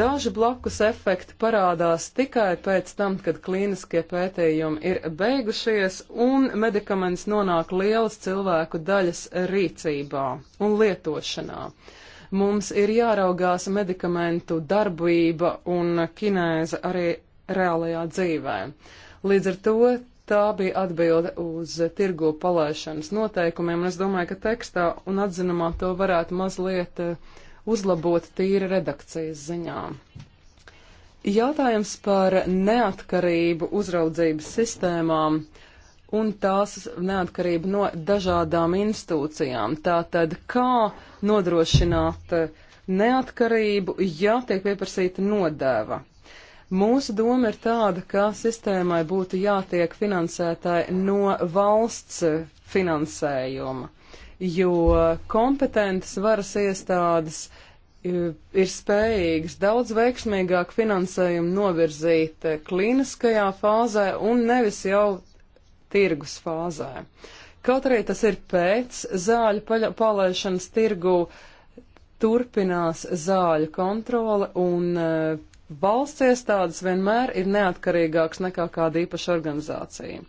daži blakus efekti parādās tikai pēc tam, kad klīniskie pētījumi ir beigušies un medikaments nonāk lielas cilvēku daļas rīcībā un lietošanā. Mums ir jāraugās medikamentu darbība un kinēze arī reālajā dzīvē. Līdz ar to Tā bija atbilde uz tirgo palaišanas noteikumiem, un es domāju, ka tekstā un atzinumā to varētu mazliet eh, uzlabot tīri redakcijas ziņā. Jautājums par neatkarību uzraudzības sistēmām un tās neatkarību no dažādām institūcijām. Tātad, kā nodrošināt eh, neatkarību, ja tiek pieprasīta nodeva? Mūsu doma ir tāda, ka sistēmai būtu jātiek finansētai no valsts finansējuma, jo kompetentas varas iestādes eh, ir spējīgas daudz veiksmīgāk finansējumu novirzīt eh, klīniskajā fāzē un nevis jau tirgus fāzē. Kaut arī tas ir pēc zāļu palaišanas tirgu, turpinās zāļu kontrole un eh, Valsts iestādes vienmēr ir neatkarīgāks nekā kāda īpaša organizācija.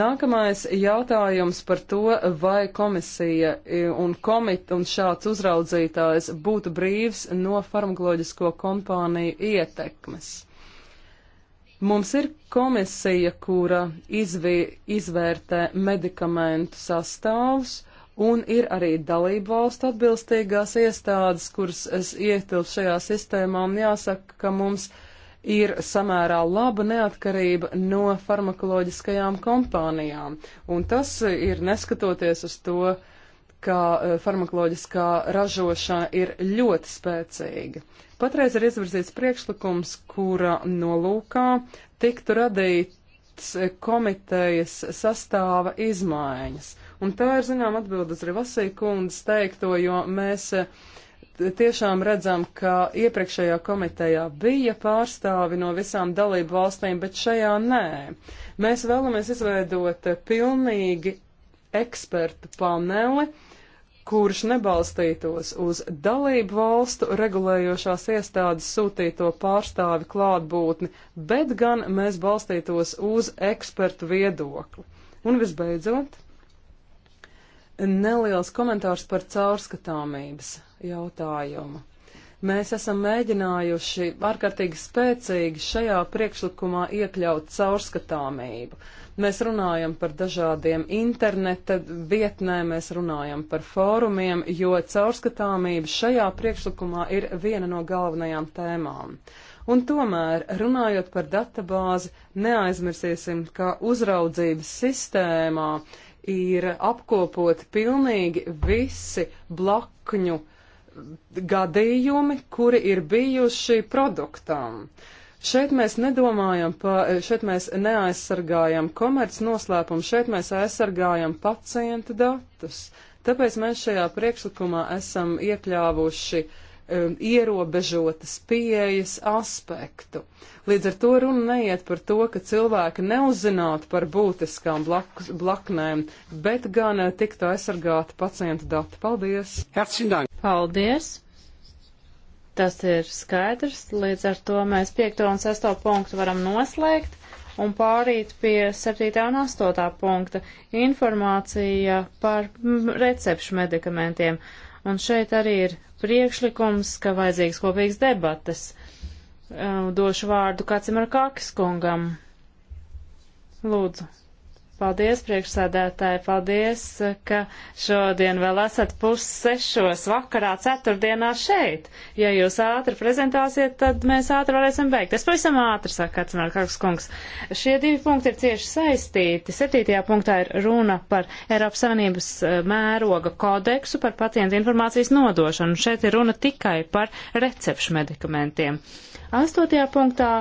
Nākamais jautājums par to, vai komisija e, un komit un šāds uzraudzītājs būtu brīvs no farmakoloģisko kompāniju ietekmes. Mums ir komisija, kura izvī, izvērtē medikamentu sastāvus un ir arī dalību valstu atbilstīgās iestādes, kuras es ietilpšu šajā sistēmā, un jāsaka, ka mums ir samērā laba neatkarība no farmakoloģiskajām kompānijām, un tas ir neskatoties uz to, ka eh, farmakoloģiskā ražošana ir ļoti spēcīga. Patreiz ir izvirzīts priekšlikums, kura nolūkā tiktu radīts eh, komitejas sastāva izmaiņas. Un tā ir, zinām, atbildes arī Vasija kundas teikto, jo mēs eh, tiešām redzam, ka iepriekšējā komitejā bija pārstāvi no visām dalību valstīm, bet šajā nē. Mēs vēlamies izveidot eh, pilnīgi ekspertu paneli, kurš nebalstītos uz dalību valstu regulējošās iestādes sūtīto pārstāvi klātbūtni, bet gan mēs balstītos uz ekspertu viedokli. Un visbeidzot, neliels komentārs par caurskatāmības jautājumu. Mēs esam mēģinājuši ārkārtīgi spēcīgi šajā priekšlikumā iekļaut caurskatāmību. Mēs runājam par dažādiem interneta vietnēm, mēs runājam par fórumiem, jo caurskatāmība šajā priekšlikumā ir viena no galvenajām tēmām. Un tomēr, runājot par databāzi, neaizmirsīsim, ka uzraudzības sistēmā ir apkopot pilnīgi visi blakņu gadījumi, kuri ir bijuši produktam. Šeit mēs nedomājam par, šeit mēs neaizsargājam komerc noslēpumu, šeit mēs aizsargājam pacienta datus. Tāpēc mēs šajā priekšlikumā esam iekļāvuši uh, um, ierobežotas pieejas aspektu. Līdz ar to runa neiet par to, ka cilvēki neuzzinātu par būtiskām blak blaknēm, bet gan uh, tiktu aizsargāti pacientu dati. Paldies! Paldies! Tas ir skaidrs, līdz ar to mēs 5. un 6. punktu varam noslēgt un pārīt pie 7. un 8. punkta - informācija par recepšu medikamentiem. Un šeit arī ir priekšlikums, ka vajadzīgs kopīgs debatas. Došu vārdu Kacimar Kākis kungam. Lūdzu. Paldies, priekšsādētāji, paldies, ka šodien vēl esat pussešos vakarā ceturtdienā šeit. Ja jūs ātri prezentāsiet, tad mēs ātri varēsim beigt. Es pavisam ātri saku, Katrināra Kakas kungs. Šie divi punkti ir cieši saistīti. Septītajā punktā ir runa par Eiropas Savienības eh, mēroga kodeksu par pacientu informācijas nodošanu. Šeit ir runa tikai par recepšu medikamentiem. Astotajā punktā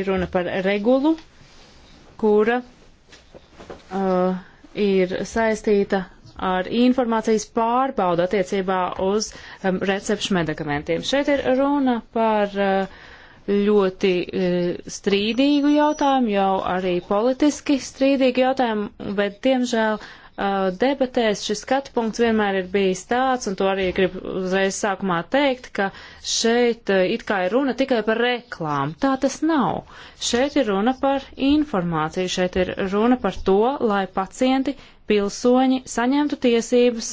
ir runa par regulu, kura uh, ir saistīta ar informācijas pārbaudu attiecībā uz um, recepšu medikamentiem. Šeit ir runa par uh, ļoti uh, strīdīgu jautājumu, jau arī politiski strīdīgu jautājumu, bet, diemžēl, Uh, debatēs šis skatu punkts vienmēr ir bijis tāds, un to arī gribu uzreiz sākumā teikt, ka šeit uh, it kā ir runa tikai par reklāmu. Tā tas nav. Šeit ir runa par informāciju, šeit ir runa par to, lai pacienti, pilsoņi saņemtu tiesības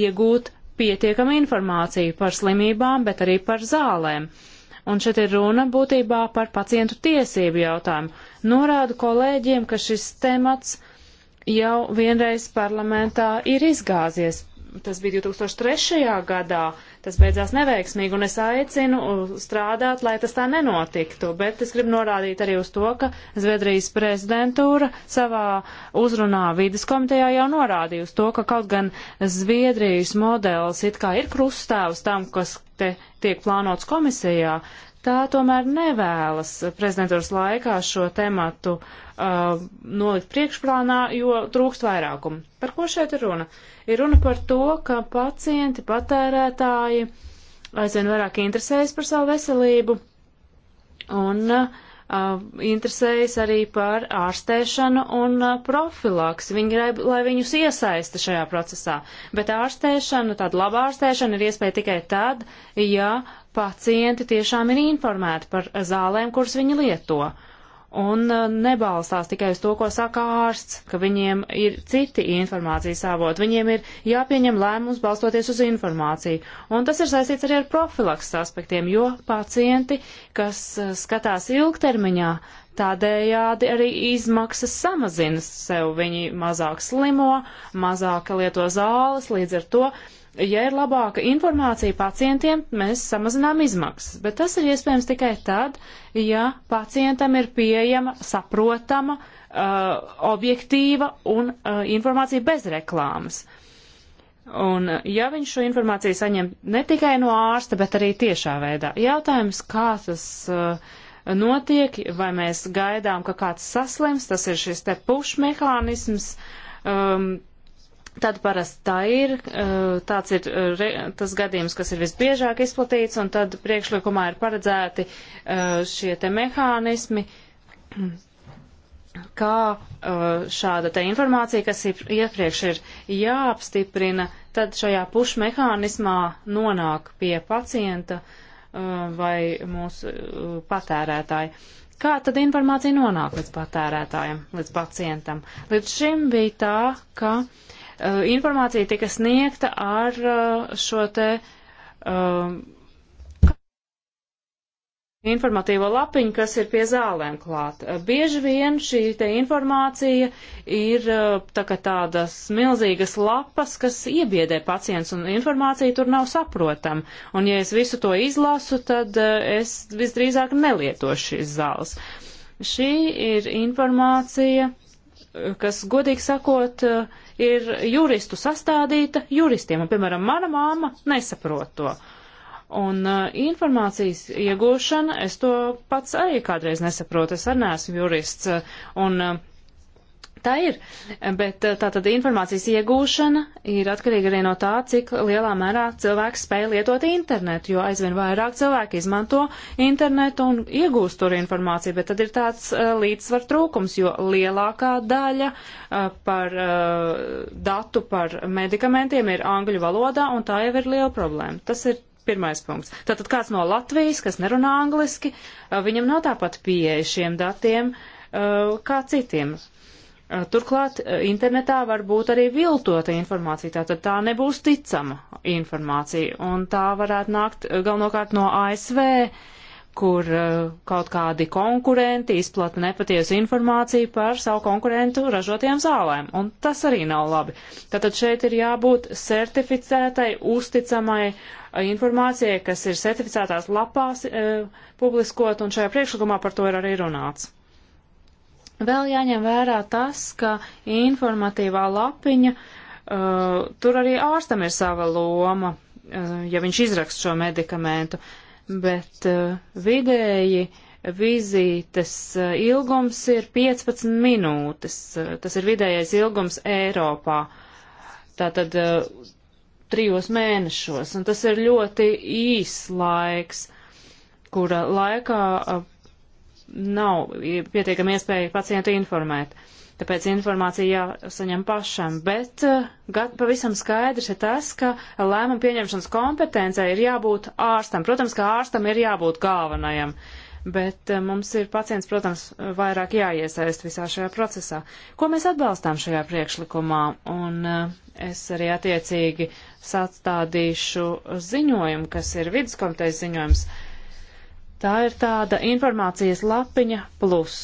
iegūt pietiekamu informāciju par slimībām, bet arī par zālēm. Un šeit ir runa būtībā par pacientu tiesību jautājumu. Norādu kolēģiem, ka šis temats uh, jau vienreiz parlamentā ir izgāzies. Tas bija 2003. gadā, tas beidzās neveiksmīgi, un es aicinu uh, strādāt, lai tas tā nenotiktu. Bet es gribu norādīt arī uz to, ka Zviedrijas prezidentūra savā uzrunā vidas komitejā jau norādīja uz to, ka kaut gan Zviedrijas modelis it kā ir krustāvs tam, kas te tiek plānots komisijā, tā tomēr nevēlas prezidentūras laikā šo tematu uh, uh, nolikt priekšplānā, jo trūkst vairākumu. Par ko šeit ir runa? Ir runa par to, ka pacienti, patērētāji aizvien vairāk interesējas par savu veselību un uh, interesējas arī par ārstēšanu un uh, profilaks. Viņi grib, lai viņus iesaista šajā procesā. Bet ārstēšana, tāda laba ārstēšana ir iespēja tikai tad, ja pacienti tiešām ir informēti par zālēm, kuras viņi lieto un uh, nebalstās tikai uz to, ko saka ārsts, ka viņiem ir citi informācijas avoti, viņiem ir jāpieņem lēmums balstoties uz informāciju. Un tas ir saistīts arī ar profilaks aspektiem, jo pacienti, kas uh, skatās ilgtermiņā, tādējādi arī izmaksas samazinas sev, viņi mazāk slimo, mazāk lieto zāles, līdz ar to Ja ir labāka informācija pacientiem, mēs samazinām izmaksas, bet tas ir iespējams tikai tad, ja pacientam ir pieejama, saprotama, uh, objektīva un uh, informācija bez reklāmas. Un uh, ja viņš šo informāciju saņem ne tikai no ārsta, bet arī tiešā veidā, jautājums, kā tas uh, notiek, vai mēs gaidām, ka kāds saslims, tas ir šis te puš mehānisms, um, tad parasti tā ir, tāds ir tas gadījums, kas ir visbiežāk izplatīts, un tad priekšlikumā ir paredzēti šie te mehānismi, kā šāda te informācija, kas ir iepriekš ir jāapstiprina, tad šajā pušu mehānismā nonāk pie pacienta vai mūsu patērētāja. Kā tad informācija nonāk līdz patērētājiem, līdz pacientam? Līdz šim bija tā, ka uh, Eh, informācija tika sniegta ar eh, šo te um, informatīvo lapiņu, kas ir pie zālēm klāt. Bieži vien šī te informācija ir tā kā tādas milzīgas lapas, kas iebiedē pacients, un informācija tur nav saprotama. Un ja es visu to izlasu, tad es visdrīzāk nelietošu šīs zāles. Šī ir informācija, kas, godīgi sakot, uh, ir juristu sastādīta juristiem, un, piemēram, mana māma nesaprot to. Un uh, informācijas iegūšana, es to pats arī kādreiz nesaprotu, es arī neesmu jurists, uh, un uh, tā ir. Bet eh, tātad informācijas iegūšana ir atkarīga arī no tā, cik lielā mērā cilvēks spēj lietot internetu, jo aizvien vairāk cilvēki izmanto internetu un iegūst tur informāciju, bet tad ir tāds uh, līdzsvar trūkums, jo lielākā daļa uh, par uh, datu par medikamentiem ir angļu valodā, un tā jau ir liela problēma. Tas ir pirmais punkts. Tātad kāds no Latvijas, kas nerunā angliski, viņam nav tāpat pieeja šiem datiem kā citiem Eh, turklāt eh, internetā var būt arī viltota informācija, tātad tā nebūs ticama informācija, un tā varētu nākt eh, galvenokārt no ASV, kur kaut kādi konkurenti izplata nepatiesu informāciju par savu konkurentu ražotajām zālēm, un tas arī nav labi. Tātad šeit ir jābūt certificētai, uzticamai informācijai, kas ir certificētās lapās e, publiskot, un šajā priekšlikumā par to ir arī runāts. Vēl jāņem vērā tas, ka informatīvā lapiņa, uh, tur arī ārstam ir sava loma, uh, ja viņš izrakst šo medikamentu, bet uh, vidēji vizītes uh, ilgums ir 15 minūtes. Uh, tas ir vidējais ilgums Eiropā. Tātad uh, trijos mēnešos, un tas ir ļoti īs laiks, kura laikā nav pietiekama iespēja pacientu informēt. Tāpēc informācija jāsaņem pašam. Bet eh, gat, pavisam skaidrs ir tas, ka lēmumu pieņemšanas kompetencē ir jābūt ārstam. Protams, ka ārstam ir jābūt galvenajam. Bet eh, mums ir pacients, protams, vairāk jāiesaist visā šajā procesā. Ko mēs atbalstām šajā priekšlikumā? Un eh, es arī attiecīgi sastādīšu ziņojumu, kas ir viduskomitejas ziņojums. Uh, Tā ir tāda informācijas lapiņa plus,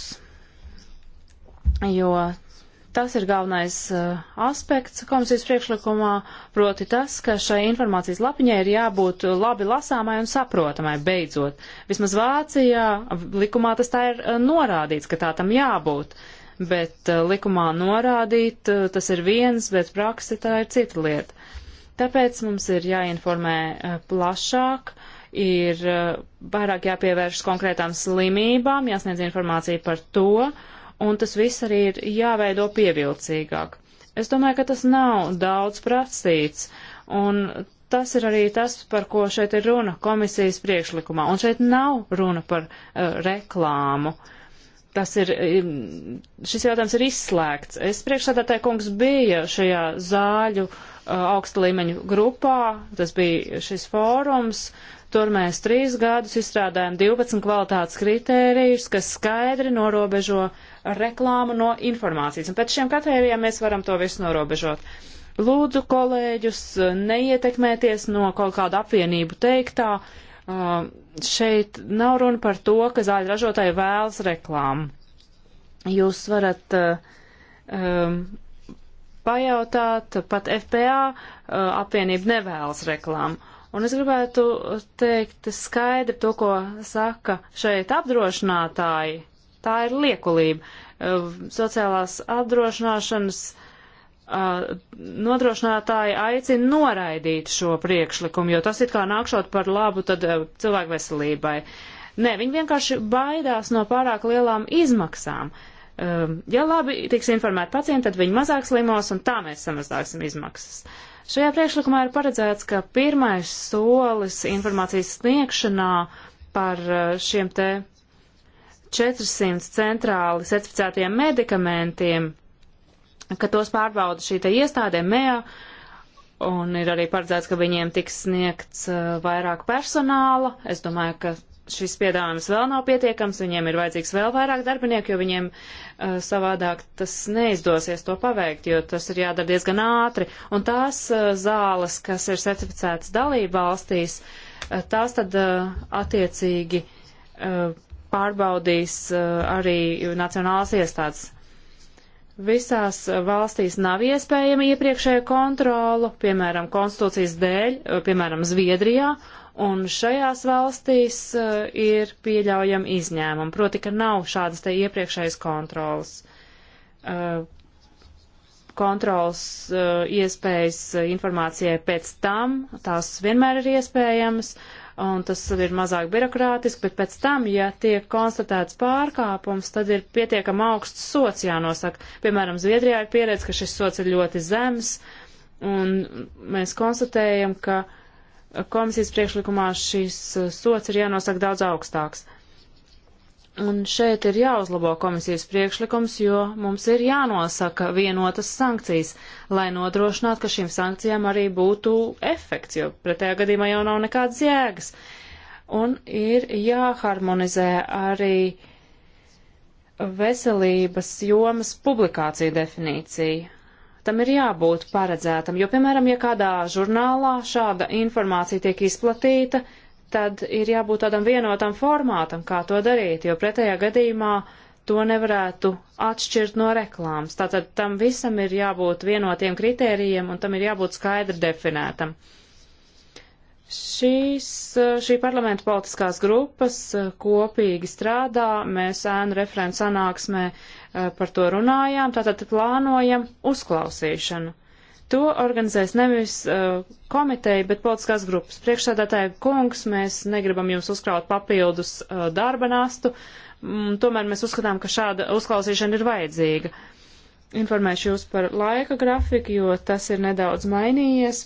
jo tas ir galvenais uh, aspekts komisijas priekšlikumā, proti tas, ka šai informācijas lapiņai ir jābūt labi lasāmai un saprotamai beidzot. Vismaz Vācijā likumā tas tā ir uh, norādīts, ka tā tam jābūt, bet uh, likumā norādīt uh, tas ir viens, bet praksi tā ir cita lieta. Tāpēc mums ir jāinformē uh, plašāk ir eh, vairāk jāpievērš konkrētām slimībām, jāsniedz informācija par to, un tas viss arī ir jāveido pievilcīgāk. Es domāju, ka tas nav daudz prasīts, un tas ir arī tas, par ko šeit ir runa komisijas priekšlikumā, un šeit nav runa par uh, reklāmu. Tas ir, šis jautājums ir izslēgts. Es priekšsādātāju kungs bija šajā zāļu uh, augsta līmeņu grupā, tas bija šis fórums, uh, Tur mēs trīs gadus izstrādājam 12 kvalitātes kritērijus, kas skaidri norobežo reklāmu no informācijas. Un pēc šiem kritērijiem mēs varam to visu norobežot. Lūdzu kolēģus neietekmēties no kaut kāda apvienību teiktā. Uh, šeit nav runa par to, ka zāļu ražotāji vēlas reklāmu. Jūs varat uh, um, pajautāt, pat FPA uh, apvienība nevēlas reklāmu. Un es gribētu teikt skaidri to, ko saka šeit apdrošinātāji. Tā ir liekulība. Uh, sociālās apdrošināšanas uh, nodrošinātāji aicina noraidīt šo priekšlikumu, jo tas it kā nākšot par labu tad uh, cilvēku veselībai. Nē, viņi vienkārši baidās no pārāk lielām izmaksām. Um, ja labi tiks informēti pacienti, tad viņi mazāk slimos un tā mēs samazāsim izmaksas. Uh, Šajā priekšlikumā ir paredzēts, ka pirmais solis informācijas sniegšanā par uh, šiem te 400 centrāli certificētiem medikamentiem, ka tos pārbauda šī te iestādē MEA, un ir arī paredzēts, ka viņiem tiks sniegts uh, vairāk personāla. Es domāju, ka šis piedāvājums vēl nav pietiekams, viņiem ir vajadzīgs vēl vairāk darbinieku, jo viņiem uh, savādāk tas neizdosies to paveikt, jo tas ir jādara diezgan ātri. Un tās uh, zāles, kas ir certificētas dalība valstīs, uh, tās tad uh, attiecīgi uh, pārbaudīs uh, arī nacionālās iestādes. Visās valstīs nav iespējama iepriekšēja kontrola, piemēram, konstitūcijas dēļ, piemēram, Zviedrijā, Un šajās valstīs uh, ir pieļaujama izņēmuma, proti, ka nav šādas te iepriekšējas kontrolas. Uh, eh, kontrolas uh, eh, iespējas informācijai pēc tam, tās vienmēr ir iespējamas, un tas ir mazāk birokrātiski, bet pēc tam, ja tiek konstatēts pārkāpums, tad ir pietiekam augsts sots jānosaka. Piemēram, Zviedrijā ir pieredze, ka šis sots ir ļoti zems, un mēs konstatējam, ka uh, komisijas priekšlikumā šis uh, sots ir jānosaka daudz augstāks. Un šeit ir jāuzlabo komisijas priekšlikums, jo mums ir jānosaka vienotas sankcijas, lai nodrošinātu, ka šīm sankcijām arī būtu efekts, jo pretējā gadījumā jau nav nekādas jēgas. Un ir jāharmonizē arī veselības jomas publikācija definīcija tam ir jābūt paredzētam, jo, piemēram, ja kādā žurnālā šāda informācija tiek izplatīta, tad ir jābūt tādam vienotam formātam, kā to darīt, jo pretējā gadījumā to nevarētu atšķirt no reklāmas. Tātad tam visam ir jābūt vienotiem kritērijiem un tam ir jābūt skaidri definētam. Šīs, šī parlamenta politiskās grupas kopīgi strādā, mēs ēnu referents sanāksmē uh, Eh, par to runājām, tātad plānojam uzklausīšanu. To organizēs nevis uh, komiteja, bet politiskās grupas. Priekšsēdētāja kungs, mēs negribam jums uzkraut papildus uh, darba nastu, mm, tomēr mēs uzskatām, ka šāda uzklausīšana ir vajadzīga. Informēšu jūs par laika grafiku, jo tas ir nedaudz mainījies.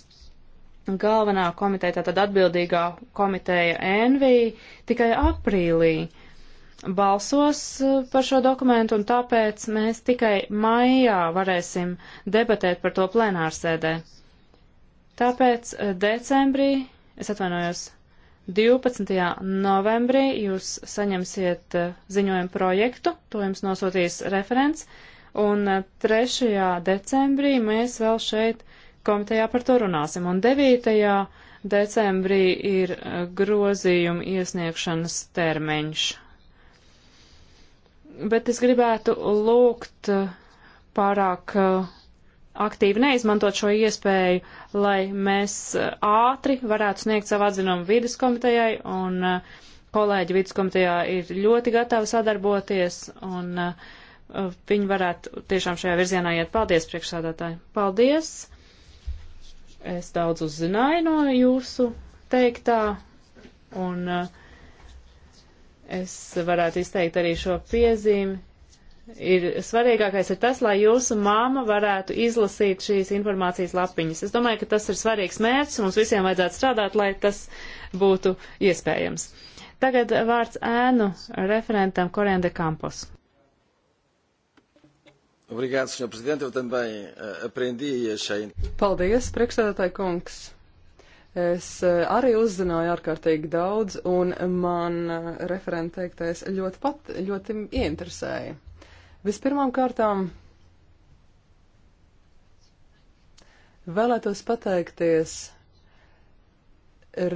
Galvenā komiteja, tātad atbildīgā komiteja NV, tikai aprīlī uh, balsos eh, par šo dokumentu, un tāpēc mēs tikai maijā varēsim debatēt par to plenārsēdē. Tāpēc eh, decembrī, es atvainojos, 12. novembrī jūs saņemsiet eh, ziņojumu projektu, to jums nosūtīs referents, un 3. decembrī mēs vēl šeit komitejā par to runāsim, un 9. decembrī ir grozījuma iesniegšanas termiņš bet es gribētu lūgt uh, pārāk uh, aktīvi neizmantot šo iespēju, lai mēs uh, ātri varētu sniegt savu atzinumu vidas komitejai, un kolēģi vidas komitejā ir ļoti gatavi sadarboties, un viņi varētu tiešām šajā virzienā iet. Paldies, priekšsādātāji! Paldies! Es daudz uzzināju no jūsu teiktā, un uh, Es varētu izteikt arī šo piezīmi. Ir svarīgākais ir tas, lai jūsu māma varētu izlasīt šīs informācijas lapiņas. Es domāju, ka tas ir svarīgs mērķis, mums visiem vajadzētu strādāt, lai tas būtu iespējams. Tagad vārds ēnu referentam Korende Kampos. Obrigado, Sr. Presidente. Eu também eh, aprendi e achei. Paldies, priekšsēdētāji kungs. Es eh, arī uzzināju ārkārtīgi daudz, un man eh, referenta teiktais ļoti pat, ļoti ieinteresēja. Vispirmām kārtām vēlētos pateikties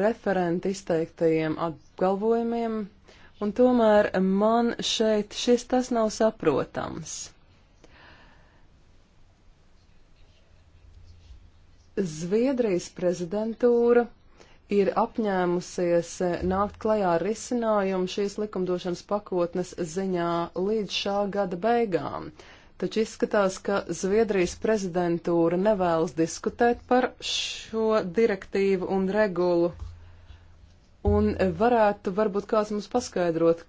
referenta izteiktajiem apgalvojumiem, un tomēr man šeit šis tas nav saprotams. Zviedrijas prezidentūra ir apņēmusies eh, nākt klajā ar risinājumu šīs likumdošanas pakotnes ziņā līdz šā gada beigām. Taču izskatās, ka Zviedrijas prezidentūra nevēlas diskutēt par šo direktīvu un regulu. Un varētu varbūt kāds mums paskaidrot,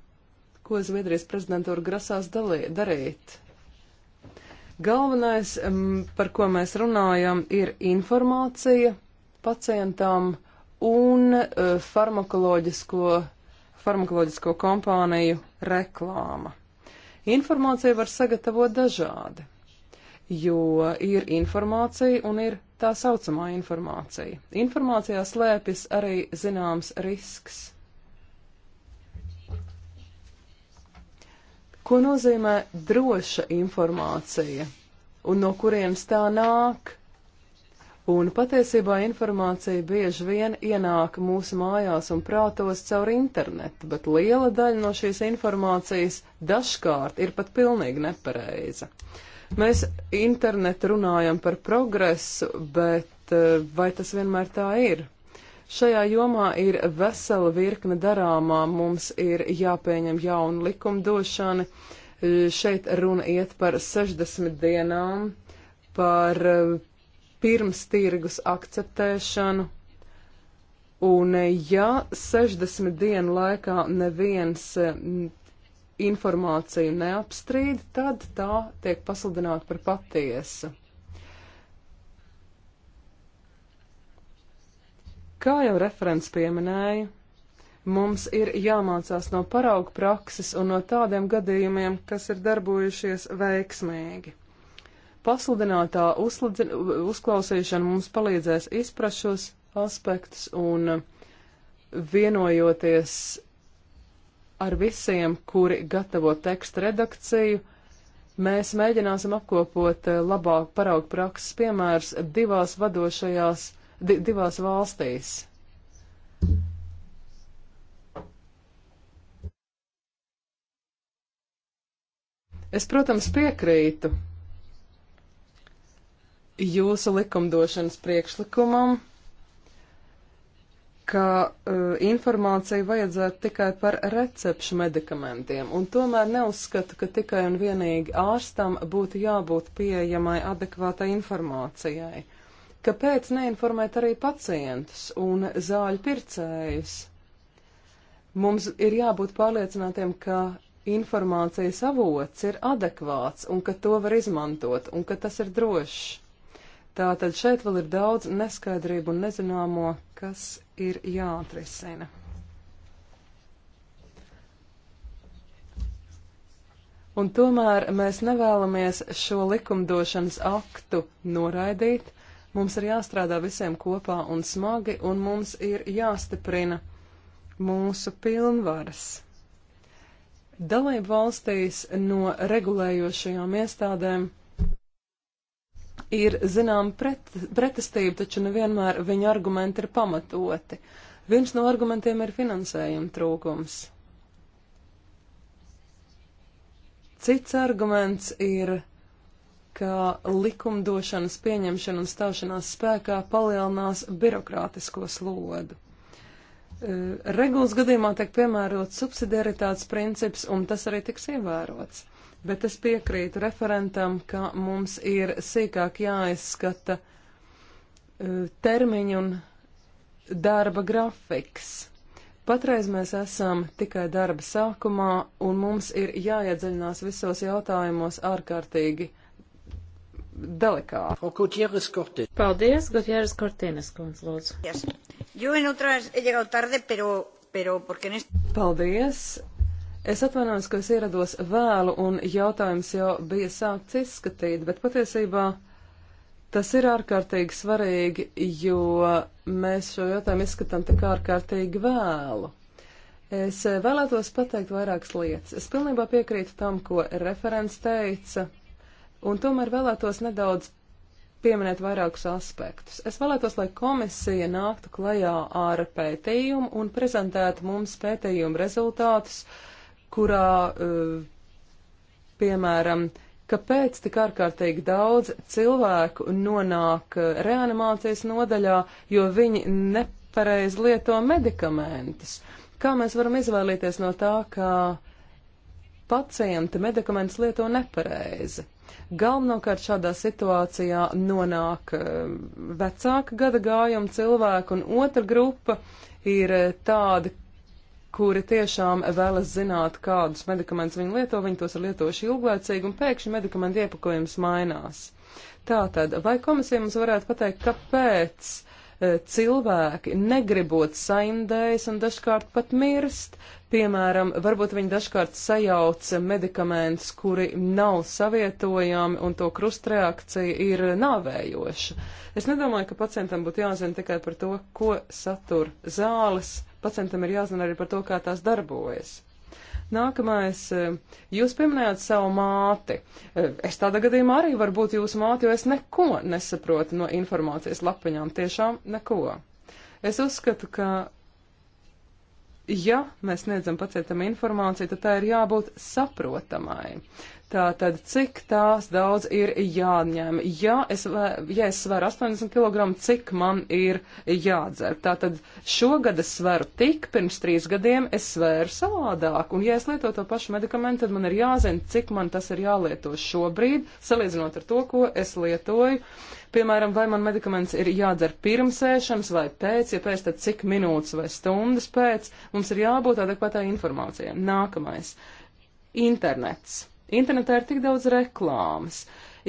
ko Zviedrijas prezidentūra grasās dalī, darīt. Galvenais, par ko mēs runājam, ir informācija pacientam un e, farmakoloģisko, farmakoloģisko kompāniju reklāma. Informāciju var sagatavot dažādi, jo ir informācija un ir tā saucamā informācija. Informācijā slēpjas arī zināms risks. Ko nozīmē droša informācija un no kurienes tā nāk? Un patiesībā informācija bieži vien ienāk mūsu mājās un prātos caur internetu, bet liela daļa no šīs informācijas dažkārt ir pat pilnīgi nepareiza. Mēs internetu runājam par progresu, bet eh, vai tas vienmēr tā ir? Šajā jomā ir vesela virkne darāmā, mums ir jāpieņem jauna likumdošana. Šeit runa iet par 60 dienām, par eh, pirms tirgus akceptēšanu. Un eh, ja 60 dienu laikā neviens eh, informāciju neapstrīd, tad tā tiek pasludināta par patiesu. Kā jau referents pieminēja, mums ir jāmācās no paraugu prakses un no tādiem gadījumiem, kas ir darbojušies veiksmīgi. Pasludinātā uzklausīšana mums palīdzēs izprast šos aspektus un vienojoties ar visiem, kuri gatavo tekstu redakciju, mēs mēģināsim apkopot eh, labāk paraugu prakses piemērs divās vadošajās di, divās valstīs. Es, protams, piekrītu jūsu likumdošanas priekšlikumam, ka uh, informācija vajadzētu tikai par recepšu medikamentiem, un tomēr neuzskatu, ka tikai un vienīgi ārstam būtu jābūt pieejamai adekvātai informācijai. Uh, Kāpēc neinformēt arī pacientus un zāļu pircējus? Mums ir jābūt pārliecinātiem, ka informācijas avots ir adekvāts un ka to var izmantot un ka tas ir drošs. Tātad šeit vēl ir daudz neskaidrību un nezināmo, kas ir jāatrisina. Un tomēr mēs nevēlamies šo likumdošanas aktu noraidīt, Mums ir jāstrādā visiem kopā un smagi, un mums ir jāstiprina mūsu pilnvaras. Dalību valstīs no regulējošajām iestādēm ir zinām pret, pretestība, taču nevienmēr viņa argumenti ir pamatoti. Viens no argumentiem ir finansējuma trūkums. Cits arguments ir ka likumdošanas pieņemšana un stāšanās spēkā palielinās birokrātisko slodu. E, regulas gadījumā tiek piemērots subsidiaritātes princips, un tas arī tiks ievērots. Bet es piekrītu referentam, ka mums ir sīkāk jāizskata e, termiņi un darba grafiks. Patreiz mēs esam tikai darba sākumā, un mums ir jāiedziļinās visos jautājumos ārkārtīgi delikāti. Paldies, Gutieres Kortīnes, kundz, lūdzu. Yes. Paldies. Es atvainojos, ka es ierados vēlu un jautājums jau bija sākts izskatīt, bet patiesībā tas ir ārkārtīgi svarīgi, jo mēs šo jautājumu izskatām tik ārkārtīgi vēlu. Es vēlētos pateikt vairākas lietas. Es pilnībā piekrītu tam, ko referents teica un tomēr vēlētos nedaudz pieminēt vairākus aspektus. Es vēlētos, lai komisija nāktu klajā ar pētījumu un prezentētu mums pētījumu rezultātus, kurā, eh, piemēram, kāpēc tik ārkārtīgi daudz cilvēku nonāk eh, reanimācijas nodaļā, jo viņi nepareiz lieto medikamentus. Kā mēs varam izvēlīties no tā, ka pacienti medikamentus lieto nepareizi? Galvenokārt šādā situācijā nonāk eh, vecāka gada gājuma cilvēki, un otra grupa ir eh, tādi, kuri tiešām vēlas zināt, kādus medikamentus viņi lieto, viņi tos ir lietojuši ilglaicīgi, un pēkšņi medikamentu iepakojums mainās. Tātad, vai komisija mums varētu pateikt, kāpēc eh, cilvēki negribot saindējas un dažkārt pat mirst, Piemēram, varbūt viņi dažkārt sajauc medikamentus, kuri nav savietojami, un to krustreakcija ir nāvējoša. Es nedomāju, ka pacientam būtu jāzina tikai par to, ko satur zāles. Pacientam ir jāzina arī par to, kā tās darbojas. Nākamais, eh, jūs pieminējāt savu māti. Eh, es tādā gadījumā arī varu būt jūsu māte, jo es neko nesaprotu no informācijas lapiņām, tiešām neko. Es uzskatu, ka ja mēs sniedzam pacientam informāciju, tad tā ir jābūt saprotamai. Tātad, cik tās daudz ir jāņem? Ja es, ja es sveru 80 kg, cik man ir jādzer? Tātad, šogad es sveru tik, pirms trīs gadiem es sveru savādāk, un ja es lietotu to pašu medikamentu, tad man ir jāzina, cik man tas ir jālieto šobrīd, salīdzinot ar to, ko es lietoju. Piemēram, vai man medikaments ir jādzer pirms ēšanas vai pēc, ja pēc, tad cik minūtes vai stundas pēc. Mums ir jābūt adekvātai informācijai. Nākamais. Internets Internetā ir tik daudz reklāmas.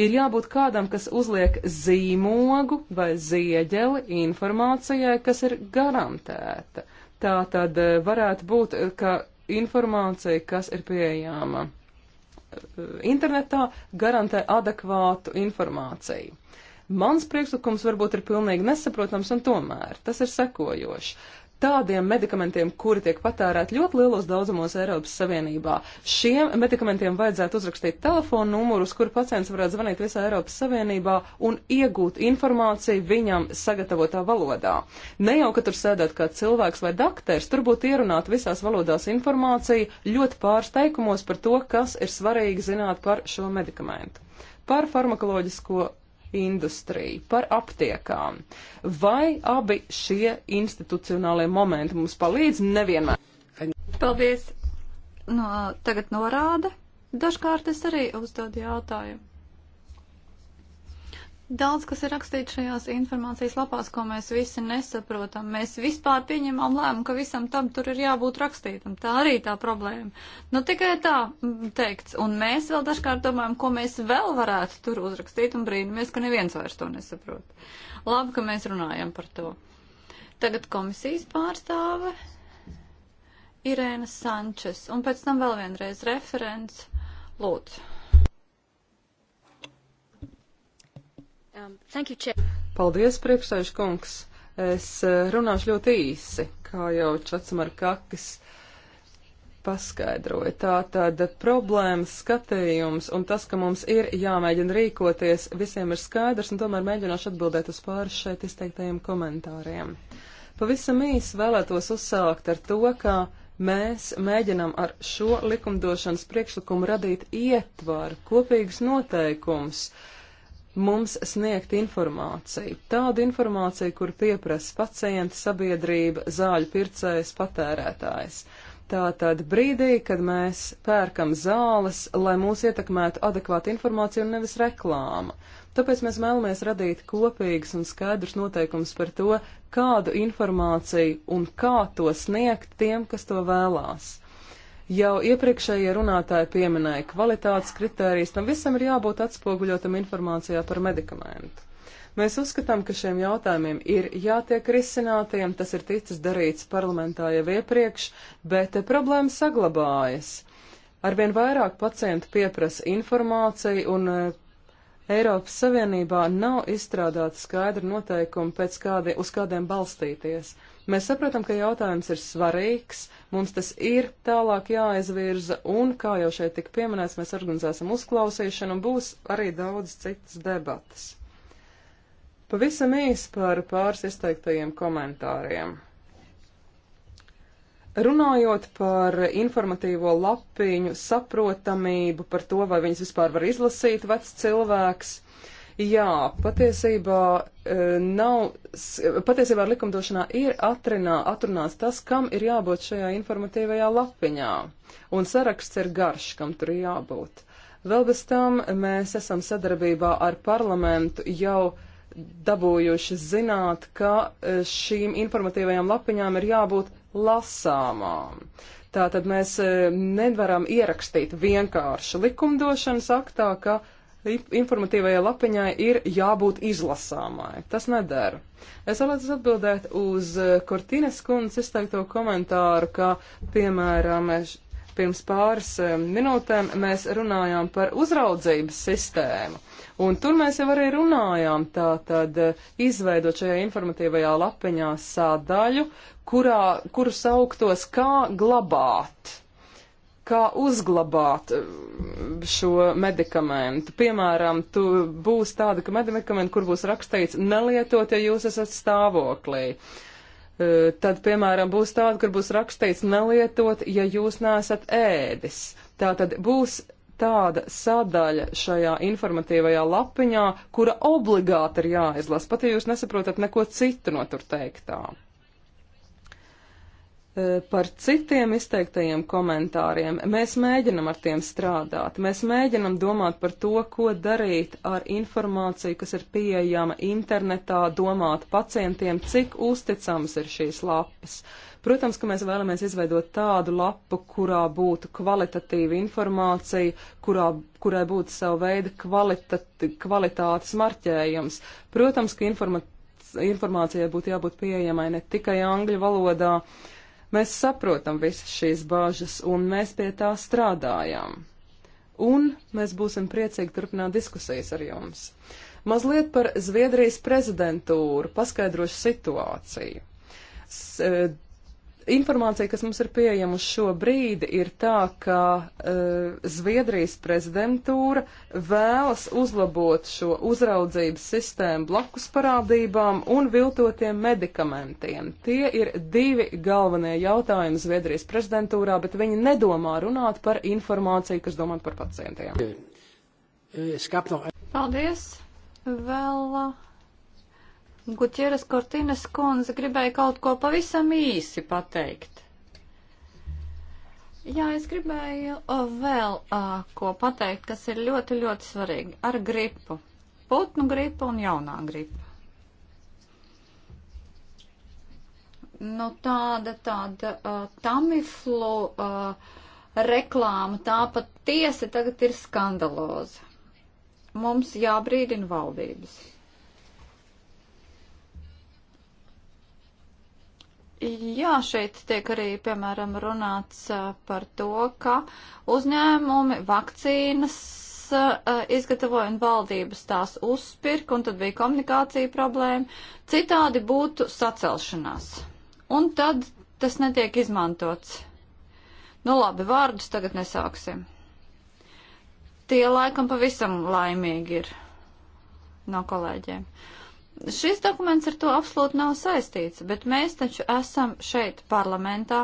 Ir jābūt kādam, kas uzliek zīmogu vai zieģeli informācijai, kas ir garantēta. Tā tad eh, varētu būt, eh, ka informācija, kas ir pieejama eh, internetā, garantē adekvātu informāciju. Mans priekšlikums varbūt ir pilnīgi nesaprotams, un tomēr tas ir sekojošs tādiem medikamentiem, kuri tiek patērēti ļoti lielos daudzumos Eiropas Savienībā. Šiem medikamentiem vajadzētu uzrakstīt telefonu numuru, uz kuru pacients varētu zvanīt visā Eiropas Savienībā un iegūt informāciju viņam sagatavotā valodā. Ne jau, ka tur sēdēt kā cilvēks vai dakteris, tur būtu ierunāt visās valodās informācija ļoti pārsteigumos par to, kas ir svarīgi zināt par šo medikamentu. Par farmakoloģisko industriju, par aptiekām. Vai abi šie institucionālie momenti mums palīdz nevienmēr? Paldies! No, tagad norāda. Dažkārt es arī uzdodu jautājumu. Daudz, kas ir rakstīts šajās informācijas lapās, ko mēs visi nesaprotam. Mēs vispār pieņemam lēmumu, ka visam tam tur ir jābūt rakstītam. Tā arī tā problēma. Nu, tikai tā mm, teikts. Un mēs vēl dažkārt domājam, ko mēs vēl varētu tur uzrakstīt un brīnamies, ka neviens vairs to nesaprot. Labi, ka mēs runājam par to. Tagad komisijas pārstāve Irēna Sančes un pēc tam vēl vienreiz referents Lūdzu. Um, Paldies, priekšsēž kungs. Es eh, runāšu ļoti īsi, kā jau Čacmar Kakis paskaidroja. Tā tad problēmas skatījums un tas, ka mums ir jāmēģina rīkoties, visiem ir skaidrs, un tomēr mēģināšu atbildēt uz pāris šeit izteiktajiem komentāriem. Pavisam īsi vēlētos uzsākt ar to, ka mēs mēģinam ar šo likumdošanas priekšlikumu radīt ietvaru, kopīgus noteikumus, uh, mums sniegt informāciju. Tādu informāciju, kur pieprasa pacienti, sabiedrība, zāļu pircējs, patērētājs. Tātad brīdī, kad mēs pērkam zāles, lai mūs ietekmētu adekvāta informācija un nevis reklāma. Tāpēc mēs vēlamies radīt kopīgas un skaidrs noteikums par to, kādu informāciju un kā to sniegt tiem, kas to vēlās. Jau iepriekšējie runātāji pieminēja kvalitātes kritērijas, tam visam ir jābūt atspoguļotam informācijā par medikamentu. Mēs uzskatām, ka šiem jautājumiem ir jātiek risinātiem, tas ir ticis darīts parlamentā jau iepriekš, bet problēma saglabājas. Arvien vairāk pacienti pieprasa informāciju un eh, Eiropas Savienībā nav izstrādāta skaidra noteikuma, pēc kādi, uz kādiem balstīties. Mēs saprotam, ka jautājums ir svarīgs, mums tas ir tālāk jāizvirza, un, kā jau šeit tika pieminēts, mēs organizēsim uzklausīšanu, un būs arī daudz citas debatas. Pavisam īsi par pāris izteiktajiem komentāriem. Runājot par informatīvo lapiņu saprotamību, par to, vai viņas vispār var izlasīt vecs cilvēks, Jā, patiesībā e, nav, patiesībā likumdošanā ir atrinā, atrunāts tas, kam ir jābūt šajā informatīvajā lapiņā. Un saraksts ir garš, kam tur ir jābūt. Vēl bez tam mēs esam sadarbībā ar parlamentu jau dabūjuši zināt, ka e, šīm informatīvajām lapiņām ir jābūt lasāmām. Tātad mēs e, nevaram ierakstīt vienkārši likumdošanas aktā, ka informatīvajai lapiņai ir jābūt izlasāmai. Tas nedara. Es vēlētos atbildēt uz eh, Kortīnes kundzes izteikto komentāru, ka, piemēram, pirms pāris eh, minūtēm mēs runājām par uzraudzības sistēmu. Un tur mēs jau arī runājām tā tad eh, izveidot šajā informatīvajā lapiņā sādaļu, kurā, kuru sauktos kā glabāt kā uzglabāt eh, šo medikamentu. Piemēram, tu būs tāda, ka medikamenti, kur būs rakstīts nelietot, ja jūs esat stāvoklī. Eh, tad, piemēram, būs tāda, kur būs rakstīts nelietot, ja jūs nesat ēdis. Tā tad būs tāda sadaļa šajā informatīvajā lapiņā, kura obligāti ir jāizlas, pat ja jūs nesaprotat neko citu no tur teiktām. Par citiem izteiktajiem komentāriem mēs mēģinam ar tiem strādāt. Mēs mēģinam domāt par to, ko darīt ar informāciju, kas ir pieejama internetā, domāt pacientiem, cik uzticams ir šīs lapas. Protams, ka mēs vēlamies izveidot tādu lapu, kurā būtu kvalitatīva informācija, kurā, kurai būtu sava veida kvalitat, kvalitātes marķējums. Protams, ka informa, informācijai būtu jābūt pieejamai ne tikai angļu valodā, uh, Mēs saprotam visas šīs bāžas un mēs pie tā strādājam. Un mēs būsim priecīgi turpināt diskusijas ar jums. Mazliet par Zviedrijas prezidentūru paskaidrošu situāciju. S e, Informācija, kas mums ir pieejama šo brīdi, ir tā, ka uh, Zviedrijas prezidentūra vēlas uzlabot šo uzraudzības sistēmu blakus parādībām un viltotiem medikamentiem. Tie ir divi galvenie jautājumi Zviedrijas prezidentūrā, bet viņi nedomā runāt par informāciju, kas domā par pacientiem. Paldies! Vēl Gutieres Kortīnas kundze gribēja kaut ko pavisam īsi pateikt. Jā, es gribēju vēl uh, ko pateikt, kas ir ļoti, ļoti svarīgi ar gripu. Putnu gripa un jaunā gripa. Nu, tāda, tāda uh, tamiflu uh, reklāma, tā pat tiesa tagad ir skandaloza. Mums jābrīdina valdības. Jā, šeit tiek arī, piemēram, runāts par to, ka uzņēmumi vakcīnas izgatavoja un valdības tās uzpirka, un tad bija komunikācija problēma. Citādi būtu sacelšanās. Un tad tas netiek izmantots. Nu labi, vārdus tagad nesāksim. Tie laikam pavisam laimīgi ir no kolēģiem. Uh, Šis dokuments ar to absolūti nav saistīts, bet mēs taču esam šeit parlamentā,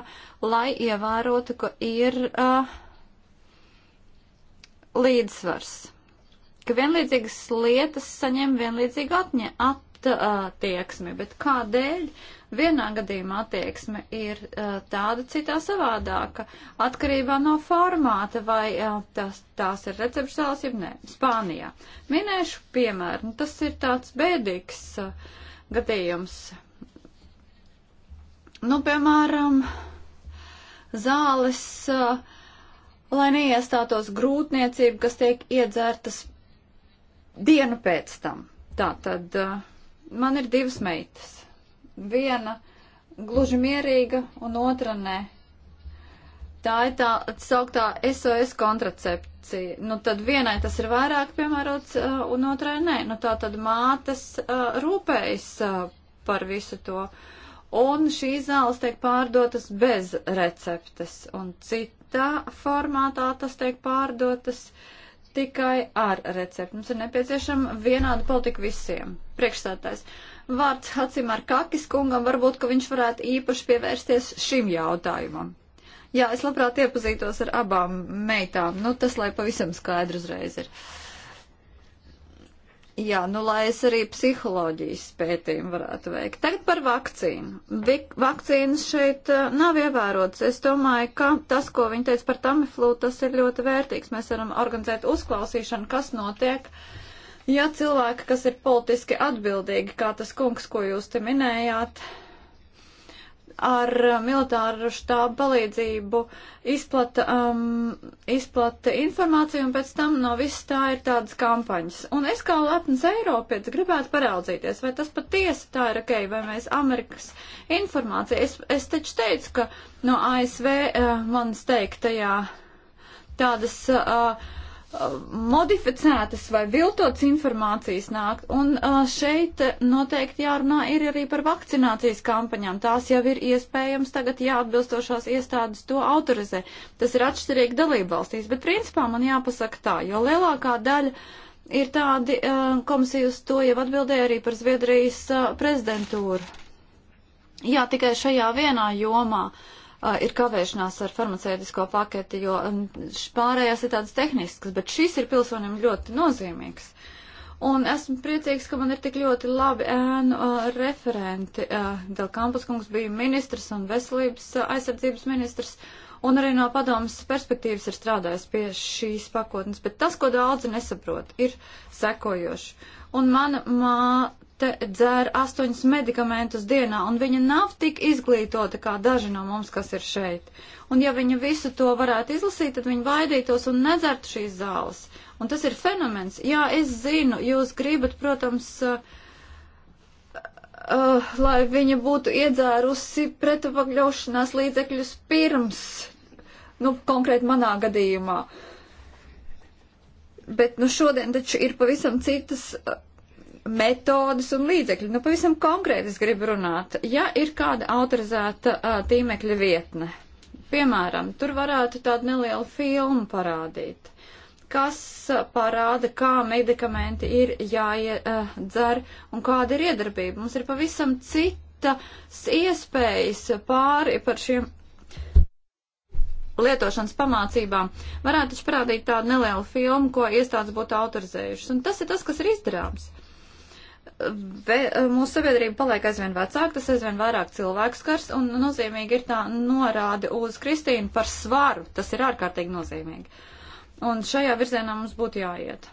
lai ievērotu, ka ir uh, līdzsvars, ka vienlīdzīgas lietas saņem vienlīdzīgu attieksmi, bet kādēļ Vienā gadījumā attieksme ir uh, tāda, citā savādāka, atkarībā no formāta, vai uh, tas, tās ir recepšāls, jeb nē. Spānijā. Minēšu piemēru, nu, tas ir tāds bēdīgs uh, gadījums. Nu, piemēram, zāles. Uh, lai neiestātos grūtniecība, kas tiek iedzertas dienu pēc tam. Tā tad uh, man ir divas meitas. Viena gluži mierīga un otra nē. Tā ir tā sauktā SOS kontracepcija. Nu, tad vienai tas ir vairāk piemērots un otrai nē. Nu, tā tad mātes rūpējas par visu to. Un šīs zāles tiek pārdotas bez receptes. Un citā formātā tas tiek pārdotas tikai ar recepti. Mums ir nepieciešama vienāda politika visiem. Priekšstātais. Uh, vārds Hacim ar Kakis kungam, varbūt, ka viņš varētu īpaši pievērsties šim jautājumam. Jā, es labprāt iepazītos ar abām meitām, nu tas, lai pavisam skaidrs uzreiz ir. Jā, nu lai es arī psiholoģijas pētījumu varētu veikt. Tagad par vakcīnu. Vik, vakcīnas šeit uh, nav ievērotas. Es domāju, ka tas, ko viņi teica par Tamiflu, tas ir ļoti vērtīgs. Mēs varam organizēt uzklausīšanu, kas notiek uh, Ja cilvēki, kas ir politiski atbildīgi, kā tas kungs, ko jūs te minējāt, ar uh, militāru štābu palīdzību izplata, um, izplata informāciju, un pēc tam no viss tā ir tādas kampaņas. Un es kā lepns Eiropietis gribētu paraudzīties, vai tas patiesi tā ir ok, vai mēs Amerikas informācija. Es, es taču teicu, ka no ASV uh, manas teiktajā tādas. Uh, modificētas vai viltotas informācijas nāk. Un šeit noteikti jārunā ir arī par vakcinācijas kampaņām. Tās jau ir iespējams tagad jāatbilstošās iestādes to autorizē. Tas ir atšķirīgi dalību valstīs, bet principā man jāpasaka tā, jo lielākā daļa ir tādi, komisija uz to jau atbildēja arī par Zviedrijas prezidentūru. Jā, tikai šajā vienā jomā. Uh, ir kavēšanās ar farmaceitisko paketi, jo um, pārējās ir tādas tehniskas, bet šis ir pilsonim ļoti nozīmīgs. Un esmu priecīgs, ka man ir tik ļoti labi ēnu uh, referenti. Uh, Del Kampus kungs bija ministrs un veselības uh, aizsardzības ministrs, un arī no padomas perspektīvas ir strādājis pie šīs pakotnes. Bet tas, ko daudzi nesaprot, ir sekojoši. Un mana mā meita dzēra astoņus medikamentus dienā, un viņa nav tik izglītota kā daži no mums, kas ir šeit. Un ja viņa visu to varētu izlasīt, tad viņa vaidītos un nedzertu šīs zāles. Un tas ir fenomens. Jā, es zinu, jūs gribat, protams, uh, uh, lai viņa būtu iedzērusi pretapakļaušanās līdzekļus pirms, nu, konkrēti manā gadījumā. Bet, nu, šodien taču ir pavisam citas uh, metodas un līdzekļi. Nu, pavisam konkrēti es gribu runāt. Ja ir kāda autorizēta uh, tīmekļa vietne, piemēram, tur varētu tādu nelielu filmu parādīt, kas uh, parāda, kā medikamenti ir jāiedzer uh, un kāda ir iedarbība. Mums ir pavisam citas iespējas pāri par šiem lietošanas pamācībām, varētu taču parādīt tādu nelielu filmu, ko iestādes būtu autorizējušas. Un tas ir tas, kas ir izdarāms mūsu sabiedrība paliek aizvien vecāka, tas aizvien vairāk cilvēku skars, un nozīmīgi ir tā norāde uz Kristīnu par svaru. Tas ir ārkārtīgi nozīmīgi. Un šajā virzienā mums būtu jāiet.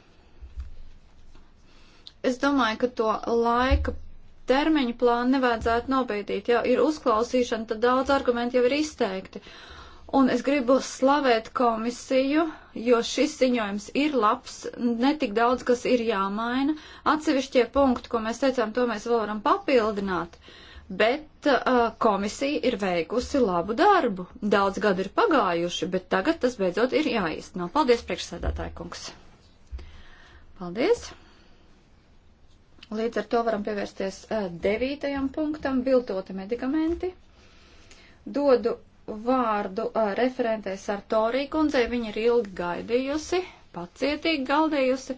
Es domāju, ka to laika termiņu plānu nevajadzētu nobeidīt. Ja ir uzklausīšana, tad daudz argumenti jau ir izteikti. Uh, Un es gribu slavēt komisiju, jo šis ziņojums ir labs, netik daudz, kas ir jāmaina. Atsevišķie punkti, ko mēs teicām, to mēs vēl varam papildināt. Bet uh, komisija ir veikusi labu darbu. Daudz gadu ir pagājuši, bet tagad tas beidzot ir jāīsteno. Paldies, priekšsēdētāji kungs. Paldies. Līdz ar to varam pievērsties uh, devītajam punktam - viltoti medikamenti. Dodu vārdu uh, referentēs ar Torī kundzei. Viņa ir ilgi gaidījusi, pacietīgi galdījusi.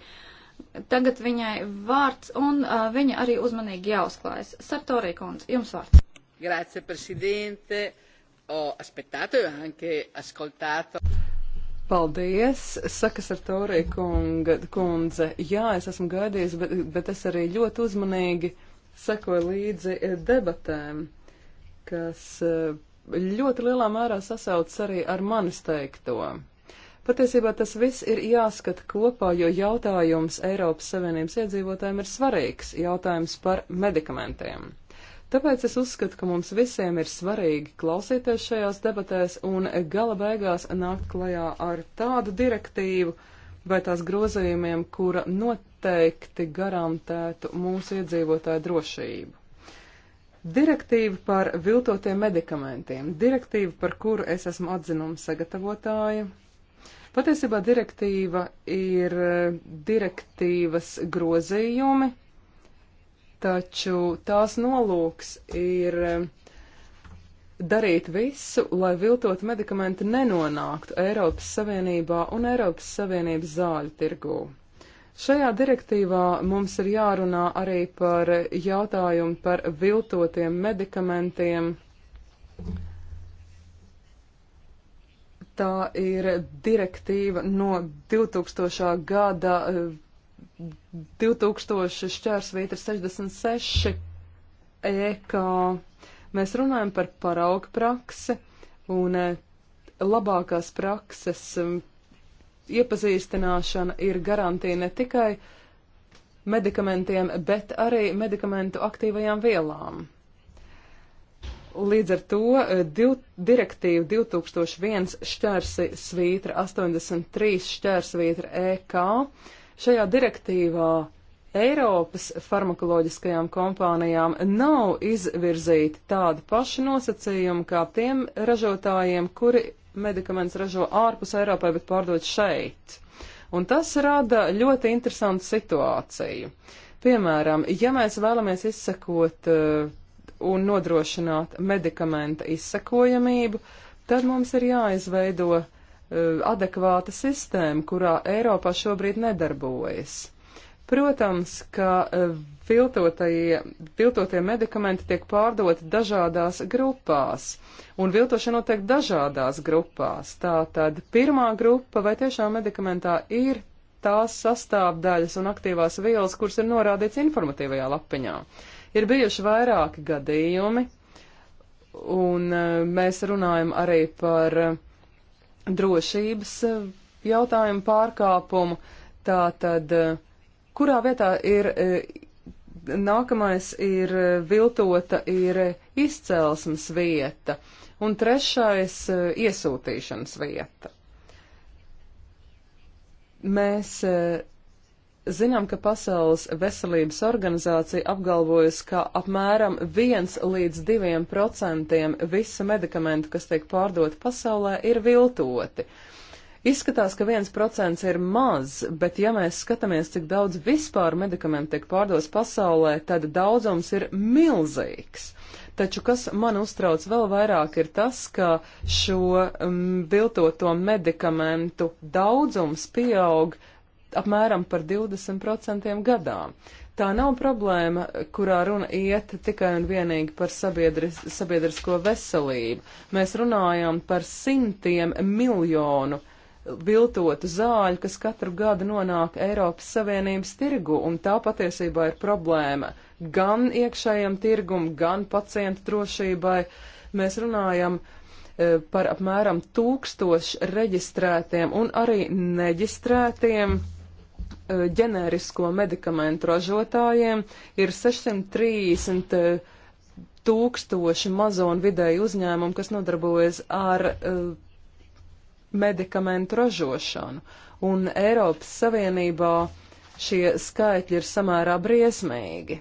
Tagad viņai vārds un uh, viņa arī uzmanīgi jāuzklājas. Sartorī kundze, jums vārds. Grazie, presidente. Ho aspettato e anche ascoltato. Paldies, saka Sartorī kundze. Jā, es esmu gaidījis, bet, bet es arī ļoti uzmanīgi sekoju līdzi e, debatēm, kas uh, ļoti lielā mērā sasaucas arī ar manis teikto. Patiesībā tas viss ir jāskata kopā, jo jautājums Eiropas Savienības iedzīvotājiem ir svarīgs - jautājums par medikamentiem. Tāpēc es uzskatu, ka mums visiem ir svarīgi klausīties šajās debatēs un gala beigās nākt klajā ar tādu direktīvu vai tās grozījumiem, kura noteikti garantētu mūsu iedzīvotāju drošību. Direktīva par viltotiem medikamentiem, direktīva, par kuru es esmu atzinuma sagatavotāja. Patiesībā direktīva ir e, direktīvas grozījumi, taču tās nolūks ir e, darīt visu, lai viltot medikamenti nenonāktu Eiropas Savienībā un Eiropas Savienības zāļu tirgū. Šajā direktīvā mums ir jārunā arī par jautājumu par viltotiem medikamentiem. Tā ir direktīva no 2000. gada 2000 eh, šķērsvītra 66 EK. Mēs runājam par paraugu praksi un eh, labākās prakses iepazīstināšana ir garantīja ne tikai medikamentiem, bet arī medikamentu aktīvajām vielām. Līdz ar to eh, div, direktīva 2001 šķērsi svītra 83 šķērsvītra EK. Šajā direktīvā Eiropas farmakoloģiskajām kompānijām nav izvirzīti tādi paši nosacījumi kā tiem ražotājiem, kuri medikaments ražo ārpus Eiropai, bet pārdod šeit. Un tas rada ļoti interesantu situāciju. Piemēram, ja mēs vēlamies izsekot uh, un nodrošināt medikamenta izsekojamību, tad mums ir jāizveido uh, adekvāta sistēma, kurā Eiropā šobrīd nedarbojas. Protams, ka e, viltotie medikamenti tiek pārdoti dažādās grupās, un viltošana notiek dažādās grupās. Tātad pirmā grupa vai tiešām medikamentā ir tās sastāvdaļas un aktīvās vielas, kuras ir norādīts informatīvajā lapiņā. Ir bijuši vairāki gadījumi, un e, mēs runājam arī par e, drošības jautājumu pārkāpumu. Tātad uh, Kurā vietā ir e, nākamais ir e, viltota, ir izcelsmes vieta, un trešais e, iesūtīšanas vieta. Mēs zinām, ka Pasaules veselības organizācija apgalvojas, ka apmēram 1 līdz 2 procentiem visu medikamentu, kas tiek pārdot pasaulē, ir viltoti. Uh, Izskatās, ka viens procents ir maz, bet ja mēs skatāmies, cik daudz vispār medikamentu tiek pārdos pasaulē, tad daudzums ir milzīgs. Taču kas man uztrauc vēl vairāk ir tas, ka šo um, viltoto medikamentu daudzums pieaug apmēram par 20% gadā. Tā nav problēma, kurā runa iet tikai un vienīgi par sabiedris, sabiedrisko veselību. Mēs runājam par simtiem miljonu viltotu zāļu, kas katru gadu nonāk Eiropas Savienības tirgu, un tā patiesībā ir problēma gan iekšējam tirgum, gan pacientu drošībai. Mēs runājam e, par apmēram tūkstošu reģistrētiem un arī neģistrētiem e, ģenerisko medikamentu ražotājiem. Ir 630 e, tūkstoši mazo un vidēju uzņēmumu, kas nodarbojas ar uh, medikamentu ražošanu, un Eiropas Savienībā šie skaitļi ir samērā briesmīgi.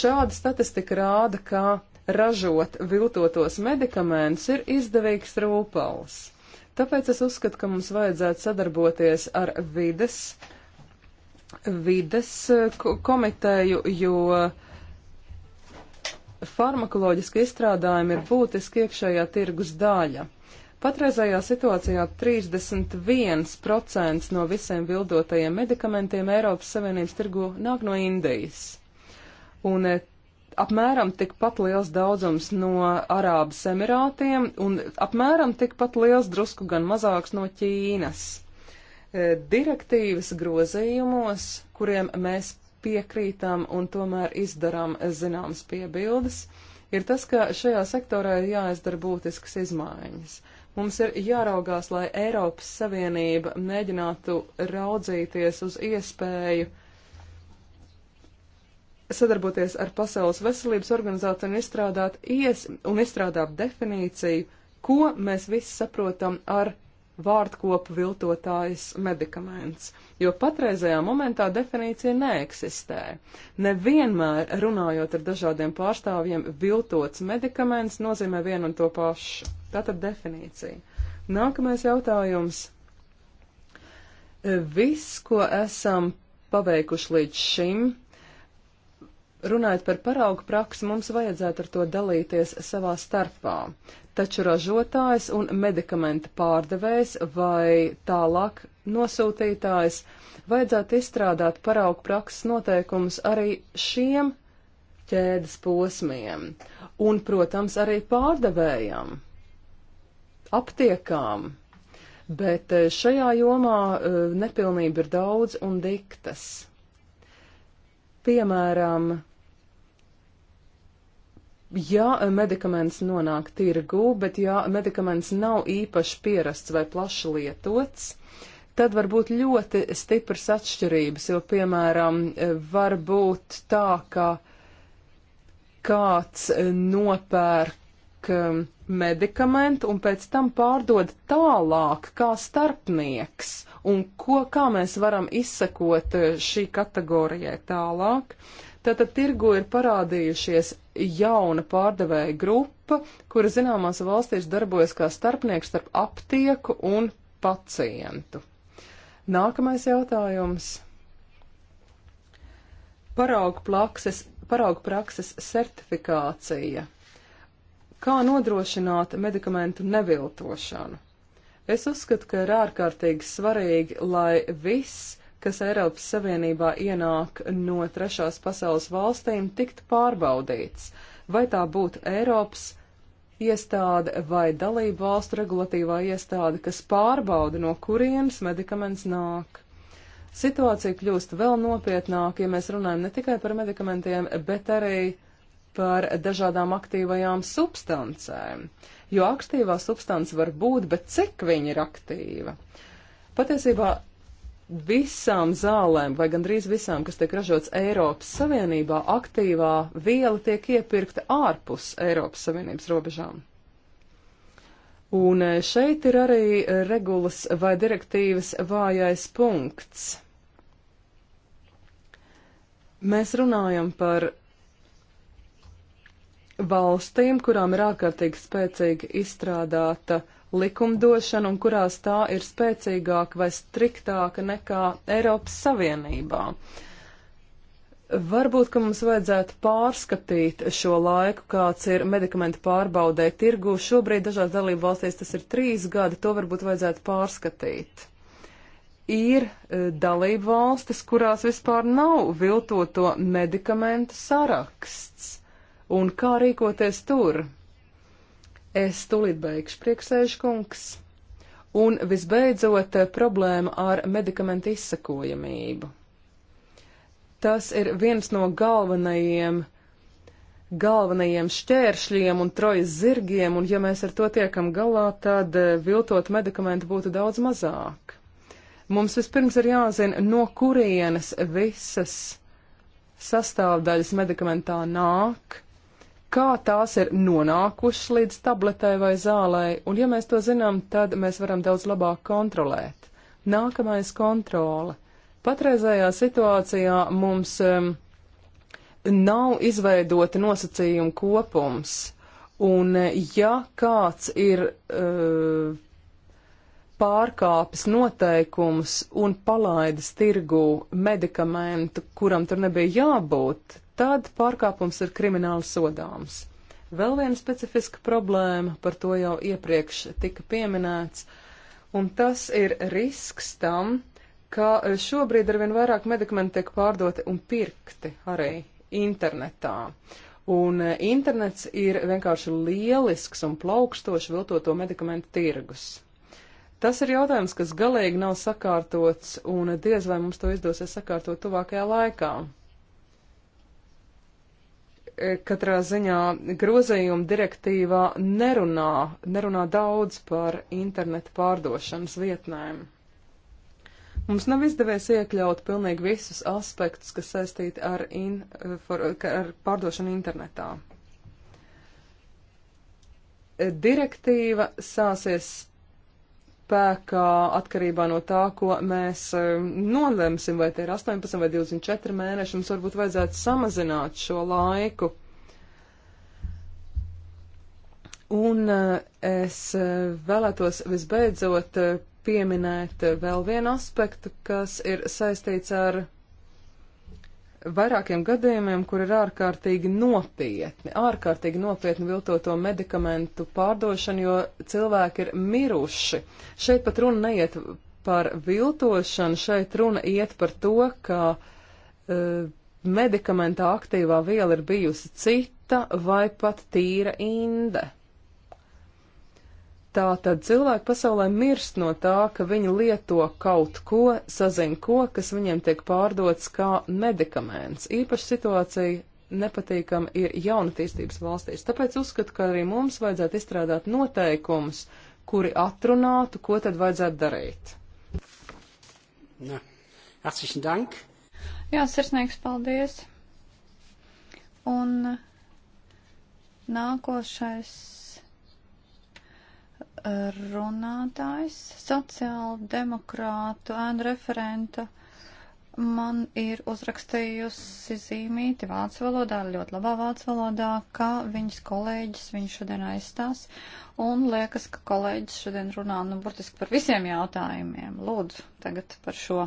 Šāda statistika rāda, ka ražot viltotos medikamentus ir izdevīgs rūpals. Tāpēc es uzskatu, ka mums vajadzētu sadarboties ar vides, vides eh, komiteju, jo farmakoloģiski izstrādājumi ir būtiski iekšējā tirgus daļa. Patreizajā situācijā 31% no visiem vildotajiem medikamentiem Eiropas Savienības tirgu nāk no Indijas. Un eh, apmēram tikpat liels daudzums no Arābas Emirātiem un apmēram tikpat liels drusku gan mazāks no Ķīnas. Eh, direktīvas grozījumos, kuriem mēs piekrītam un tomēr izdarām zināmas piebildes, ir tas, ka šajā sektorā ir jāizdara būtiskas izmaiņas. Mums ir jāraugās, lai Eiropas Savienība mēģinātu raudzīties uz iespēju sadarboties ar Pasaules veselības organizāciju un izstrādāt, ies, un izstrādāt definīciju, ko mēs visi saprotam ar vārdkopu viltotājs medikaments, jo patreizajā momentā definīcija neeksistē. Nevienmēr runājot ar dažādiem pārstāvjiem, viltots medikaments nozīmē vienu un to pašu. Tātad definīcija. Nākamais jautājums. Viss, ko esam paveikuši līdz šim, Runājot par paraugu praksi, mums vajadzētu ar to dalīties savā starpā. Taču ražotājs un medikamenta pārdevējs vai tālāk nosūtītājs vajadzētu izstrādāt paraugu prakses noteikumus arī šiem ķēdes posmiem un, protams, arī pārdevējam, aptiekām. Bet eh, šajā jomā eh, nepilnība ir daudz un diktas. Piemēram, ja medikaments nonāk tirgū, bet ja medikaments nav īpaši pierasts vai plaši lietots, tad var būt ļoti stipras atšķirības, jo, piemēram, var būt tā, ka kāds nopērk um, medikamentu un pēc tam pārdod tālāk kā starpnieks, un ko, kā mēs varam izsekot uh, šī kategorijai tālāk. Uh, Tātad tirgu ir parādījušies jauna pārdevēja grupa, kura zināmās valstīs darbojas kā starpnieks starp aptieku un pacientu. Nākamais jautājums. Paraugu, plakses, paraugu prakses certifikācija. Kā nodrošināt medikamentu neviltošanu? Es uzskatu, ka ir ārkārtīgi svarīgi, lai viss kas Eiropas Savienībā ienāk no trešās pasaules valstīm, tikt pārbaudīts, vai tā būtu Eiropas iestāde vai dalību valstu regulatīvā iestāde, kas pārbauda, no kurienes medikaments nāk. Situācija kļūst vēl nopietnāka, ja mēs runājam ne tikai par medikamentiem, bet arī par dažādām aktīvajām substancēm, jo aktīvā substance var būt, bet cik viņa ir aktīva? Patiesībā visām zālēm, vai gandrīz visām, kas tiek ražots Eiropas Savienībā, aktīvā viela tiek iepirkta ārpus Eiropas Savienības robežām. Un e, šeit ir arī e, regulas vai direktīvas vājais punkts. Mēs runājam par valstīm, kurām ir ārkārtīgi spēcīgi izstrādāta uh, likumdošana un kurās tā ir spēcīgāka vai striktāka nekā Eiropas Savienībā. Varbūt, ka mums vajadzētu pārskatīt šo laiku, kāds ir medikamentu pārbaudē tirgu. Šobrīd dažās dalību valstīs tas ir trīs gadi, to varbūt vajadzētu pārskatīt. Ir e, dalību valstis, kurās vispār nav viltoto medikamentu saraksts. Un kā rīkoties tur? Es tulīt beigšu prieksēžkungs. Un visbeidzot, problēma ar medikamentu izsakojamību. Tas ir viens no galvenajiem, galvenajiem šķēršļiem un trojas zirgiem, un ja mēs ar to tiekam galā, tad eh, viltot medikamentu būtu daudz mazāk. Mums vispirms ir jāzina, no kurienes visas sastāvdaļas medikamentā nāk, kā tās ir nonākušas līdz tabletē vai zālē, un ja mēs to zinām, tad mēs varam daudz labāk kontrolēt. Nākamais kontrole. Patreizējā situācijā mums um, nav izveidota nosacījuma kopums, un ja kāds ir uh, pārkāpis noteikumus un palaidis tirgu medikamentu, kuram tur nebija jābūt, tad pārkāpums ir krimināli sodāms. Vēl viena specifiska problēma, par to jau iepriekš tika pieminēts, un tas ir risks tam, ka šobrīd arvien vairāk medikamenti tiek pārdoti un pirkti arī internetā. Un e, internets ir vienkārši lielisks un plaukstoši viltoto medikamentu tirgus. Tas ir jautājums, kas galīgi nav sakārtots, un diez vai mums to izdosies sakārtot tuvākajā laikā katrā ziņā grozījuma direktīvā nerunā, nerunā daudz par internetu pārdošanas vietnēm. Mums nav izdevies iekļaut pilnīgi visus aspektus, kas saistīti ar, in, for, ar pārdošanu internetā. Direktīva sāsies spēkā atkarībā no tā, ko mēs um, nolemsim, vai tie ir 18 vai 24 mēneši. Mums varbūt vajadzētu samazināt šo laiku. Un uh, es uh, vēlētos visbeidzot uh, pieminēt vēl vienu aspektu, kas ir saistīts ar vairākiem gadījumiem, kur ir ārkārtīgi nopietni, ārkārtīgi nopietni viltoto medikamentu pārdošana, jo cilvēki ir miruši. Šeit pat runa neiet par viltošanu, šeit runa iet par to, ka uh, medikamentā aktīvā viela ir bijusi cita vai pat tīra inde. Tā tad cilvēki pasaulē mirst no tā, ka viņi lieto kaut ko, sazina ko, kas viņiem tiek pārdots kā medikaments. Īpaši situācija nepatīkama ir jaunatīstības valstīs. Tāpēc uzskatu, ka arī mums vajadzētu izstrādāt noteikumus, kuri atrunātu, ko tad vajadzētu darīt. Na, herzlichen Dank. Jā, sirsnīgs paldies. Un nākošais runātājs, sociāla demokrātu ēnu referenta. Man ir uzrakstījusi zīmīti vācu valodā, ļoti labā vācu valodā, ka viņas kolēģis viņu šodien aizstās. Un liekas, ka kolēģis šodien runā, nu, burtiski par visiem jautājumiem. Lūdzu, tagad par šo.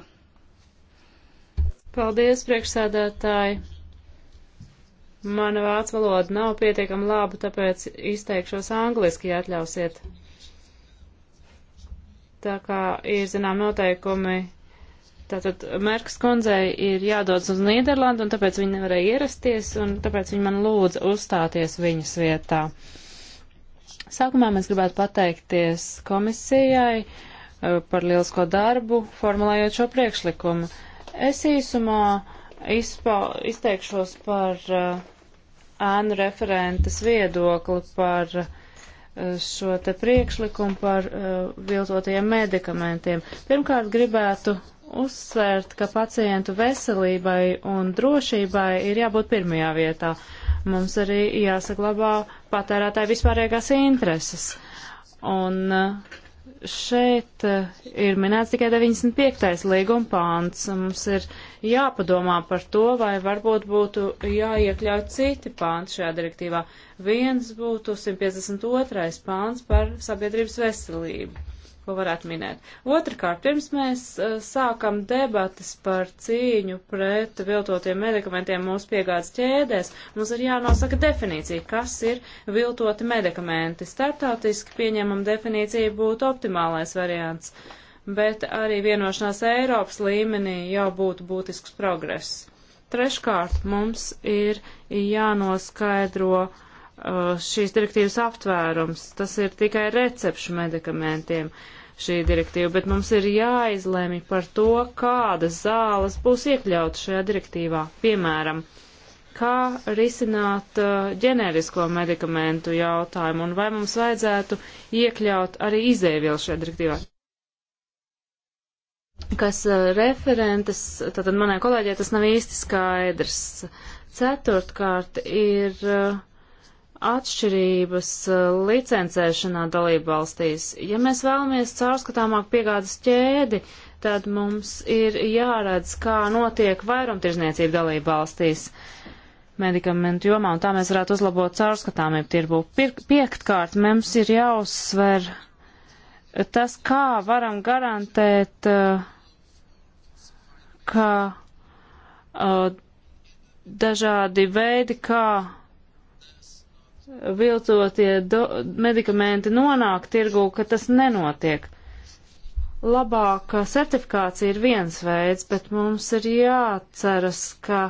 Paldies, priekšsēdētāji. Mana vācu valoda nav pietiekam laba, tāpēc izteikšos angliski, ja atļausiet tā kā ir, zinām, noteikumi. Tātad Merks kundzei ir jādodas uz Nīderlandu, un tāpēc viņa nevarēja ierasties, un tāpēc viņa man lūdza uzstāties viņas vietā. Sākumā mēs gribētu pateikties komisijai eh, par lielisko darbu, formulējot šo priekšlikumu. Es īsumā izpa, izteikšos par eh, ēnu referentes viedokli par uh, šo te priekšlikumu par eh, viltotajiem medikamentiem. Pirmkārt, gribētu uzsvērt, ka pacientu veselībai un drošībai ir jābūt pirmajā vietā. Mums arī jāsaglabā patērētāji vispārējās intereses. Un uh, šeit eh, ir minēts tikai 95. līguma pāns. Mums ir jāpadomā par to, vai varbūt būtu jāiekļauj citi pānti šajā direktīvā. Viens būtu 152. pāns par sabiedrības veselību ko varētu minēt. Otrakārt, pirms mēs eh, sākam debatas par cīņu pret viltotiem medikamentiem mūsu piegādes ķēdēs, mums ir jānosaka definīcija, kas ir viltoti medikamenti. Startautiski pieņemam definīcija būtu optimālais variants, bet arī vienošanās Eiropas līmenī jau būtu būtisks progress. Treškārt, mums ir jānoskaidro uh, šīs direktīvas aptvērums. Tas ir tikai recepšu medikamentiem. Uh, šī direktīva, bet mums ir jāizlēmi par to, kādas zāles būs iekļautas šajā direktīvā. Piemēram, kā risināt uh, ģenerisko medikamentu jautājumu un vai mums vajadzētu iekļaut arī izēvielu šajā direktīvā kas uh, referentes, tātad manai kolēģē tas nav īsti skaidrs. Ceturtkārt ir uh, atšķirības eh, licencēšanā dalību valstīs. Ja mēs vēlamies caurskatāmāk piegādas ķēdi, tad mums ir jāredz, kā notiek vairumtirzniecība dalību valstīs medikamentu jomā, un tā mēs varētu uzlabot caurskatāmību tirbu. Piektkārt, mums ir jāuzsver tas, kā varam garantēt, eh, ka eh, dažādi veidi, kā viltotie do, medikamenti nonāk tirgū, ka tas nenotiek. Labāka certifikācija ir viens veids, bet mums ir jāceras, ka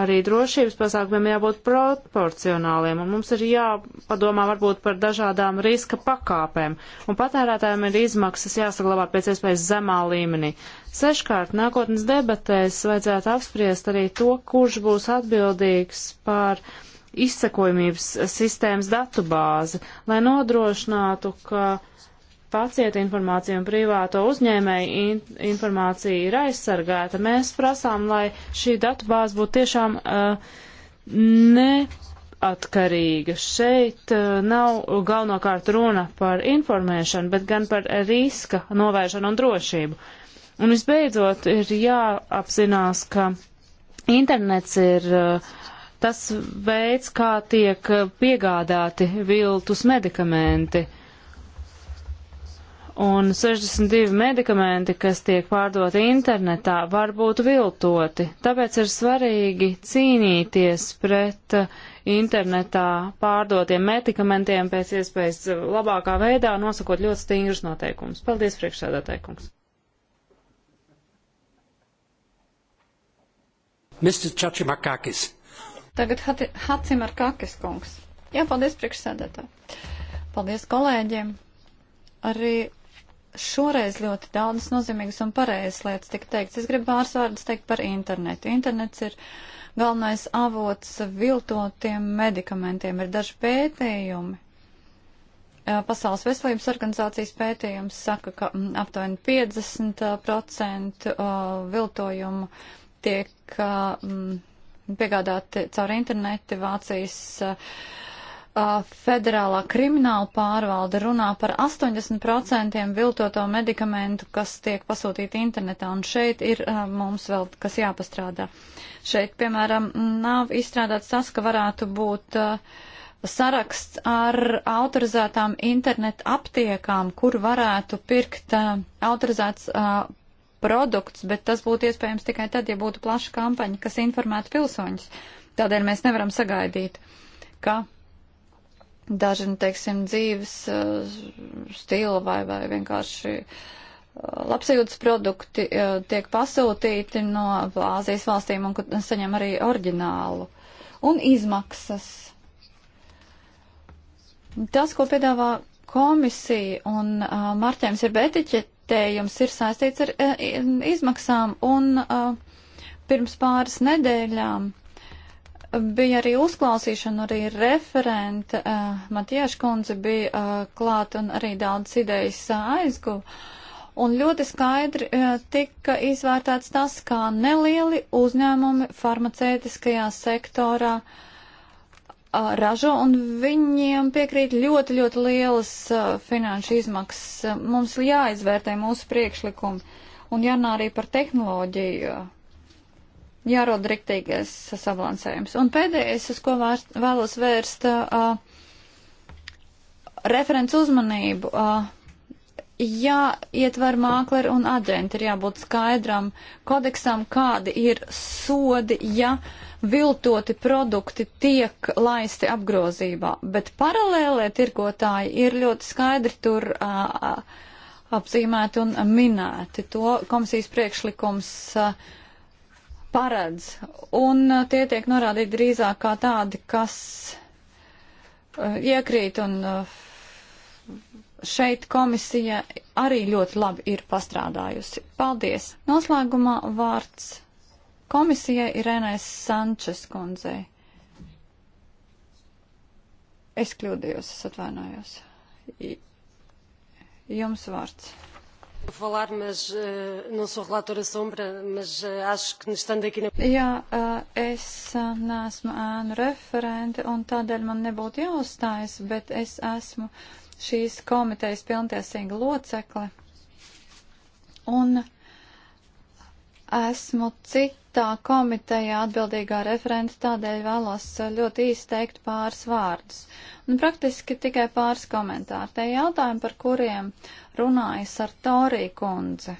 arī drošības pasākumiem jābūt proporcionāliem, un mums ir jāpadomā varbūt par dažādām riska pakāpēm, un patērētājiem ir izmaksas jāsaglabā pēc iespējas zemā līmenī. Seškārt nākotnes debatēs vajadzētu apspriest arī to, kurš būs atbildīgs par uh, izsakojumības sistēmas datubāzi, lai nodrošinātu, ka pacienta informācija un privāto uzņēmēju in informācija ir aizsargāta. Mēs prasām, lai šī datubāze būtu tiešām uh, neatkarīga. Šeit uh, nav galvenokārt runa par informēšanu, bet gan par riska novēršanu un drošību. Un visbeidzot, ir jāapzinās, ka internets ir uh, tas veids, kā tiek piegādāti viltus medikamenti. Un 62 medikamenti, kas tiek pārdoti internetā, var būt viltoti. Tāpēc ir svarīgi cīnīties pret internetā pārdotiem medikamentiem pēc iespējas labākā veidā, nosakot ļoti stingrus noteikumus. Paldies, priekšsēdētāj, kungs! Mr. Chachimakakis. Tagad Hacim ar Kakis kungs. Jā, paldies priekšsēdētāji. Paldies kolēģiem. Arī šoreiz ļoti daudz nozīmīgas un pareizas lietas tika teikts. Es gribu pāris vārdus teikt par internetu. Internets ir galvenais avots viltotiem medikamentiem. Ir daži pētījumi, Pasaules veselības organizācijas pētījums saka, ka mm, aptuveni 50% uh, uh, viltojumu tiek uh, mm, piegādāti caur internetu Vācijas. Uh, uh, federālā krimināla pārvalde runā par 80% viltoto medikamentu, kas tiek pasūtīti internetā, un šeit ir uh, mums vēl kas jāpastrādā. Šeit, piemēram, nav izstrādāts tas, ka varētu būt uh, saraksts ar autorizētām internetu aptiekām, kur varētu pirkt autorizēts produkts, bet tas būtu iespējams tikai tad, ja būtu plaša kampaņa, kas informētu pilsoņus. Tādēļ mēs nevaram sagaidīt, ka daži, nu, teiksim, dzīves uh, stila vai, vai vienkārši uh, labsajūtas produkti uh, tiek pasūtīti no Āzijas valstīm un saņem arī oriģinālu. Un izmaksas. Tas, ko piedāvā komisija un uh, marķējums ir betiķet, vērtējums ir saistīts ar eh, izmaksām un eh, pirms pāris nedēļām bija arī uzklausīšana, arī referente eh, Matieša kundze bija klāt un arī daudz idejas aizguva. Un ļoti skaidri tika izvērtēts tas, kā nelieli uzņēmumi farmaceitiskajā sektorā uh, ražo, un viņiem piekrīt ļoti, ļoti lielas uh, finanšu izmaksas. Mums jāizvērtē mūsu priekšlikumi un jārunā arī par tehnoloģiju. Jārod riktīgais sabalansējums. Un pēdējais, uz ko vērst, vēlos vērst uh, referents uzmanību, uh, jāietver mākleri un aģenti, ir jābūt skaidram kodeksam, kādi ir sodi, ja uh, viltoti produkti tiek laisti apgrozībā, bet paralēlē tirgotāji ir ļoti skaidri tur a, a, apzīmēti un minēti. To komisijas priekšlikums a, paredz, un a, tie tiek norādīti drīzāk kā tādi, kas a, iekrīt un. A, šeit komisija arī ļoti labi ir pastrādājusi. Paldies! Noslēgumā vārds komisijai Irēnai Sančes kundzei. Es kļūdījos, es atvainojos. Jums vārds. Falar, mas, eh, não sou relatora sombra, mas eh, acho que estando aqui na... Jā, eh, es neesmu ēnu referente un tādēļ man nebūtu jāuzstājas, bet es esmu šīs komitejas pilntiesīga locekle. Un uh, Esmu citā komitejā atbildīgā referenta, tādēļ vēlos uh, ļoti īsti teikt pāris vārdus. Un nu, praktiski tikai pāris komentāri. Tie jautājumi, par kuriem runājas ar Torī kundze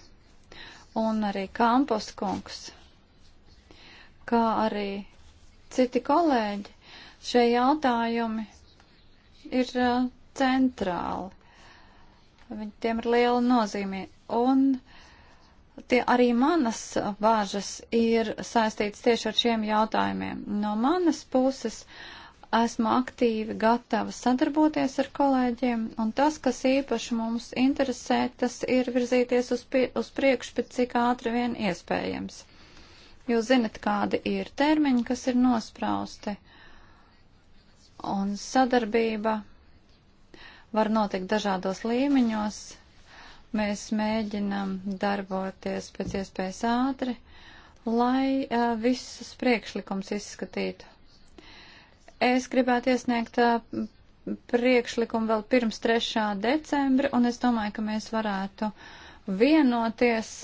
un arī Kampos kungs, kā arī citi kolēģi, šie jautājumi ir uh, centrāli. Viņ, tiem ir liela nozīme. Un tie arī manas bāžas ir saistīts tieši ar šiem jautājumiem. No manas puses esmu aktīvi gatava sadarboties ar kolēģiem, un tas, kas īpaši mums interesē, tas ir virzīties uz, pie, uz priekšu pēc cik ātri vien iespējams. Jūs zinat, kādi ir termiņi, kas ir nosprausti, un sadarbība var notikt dažādos līmeņos, Mēs mēģinam darboties pēc iespējas ātri, lai uh, visus priekšlikums izskatītu. Es gribētu iesniegt uh, priekšlikumu vēl pirms 3. decembra, un es domāju, ka mēs varētu vienoties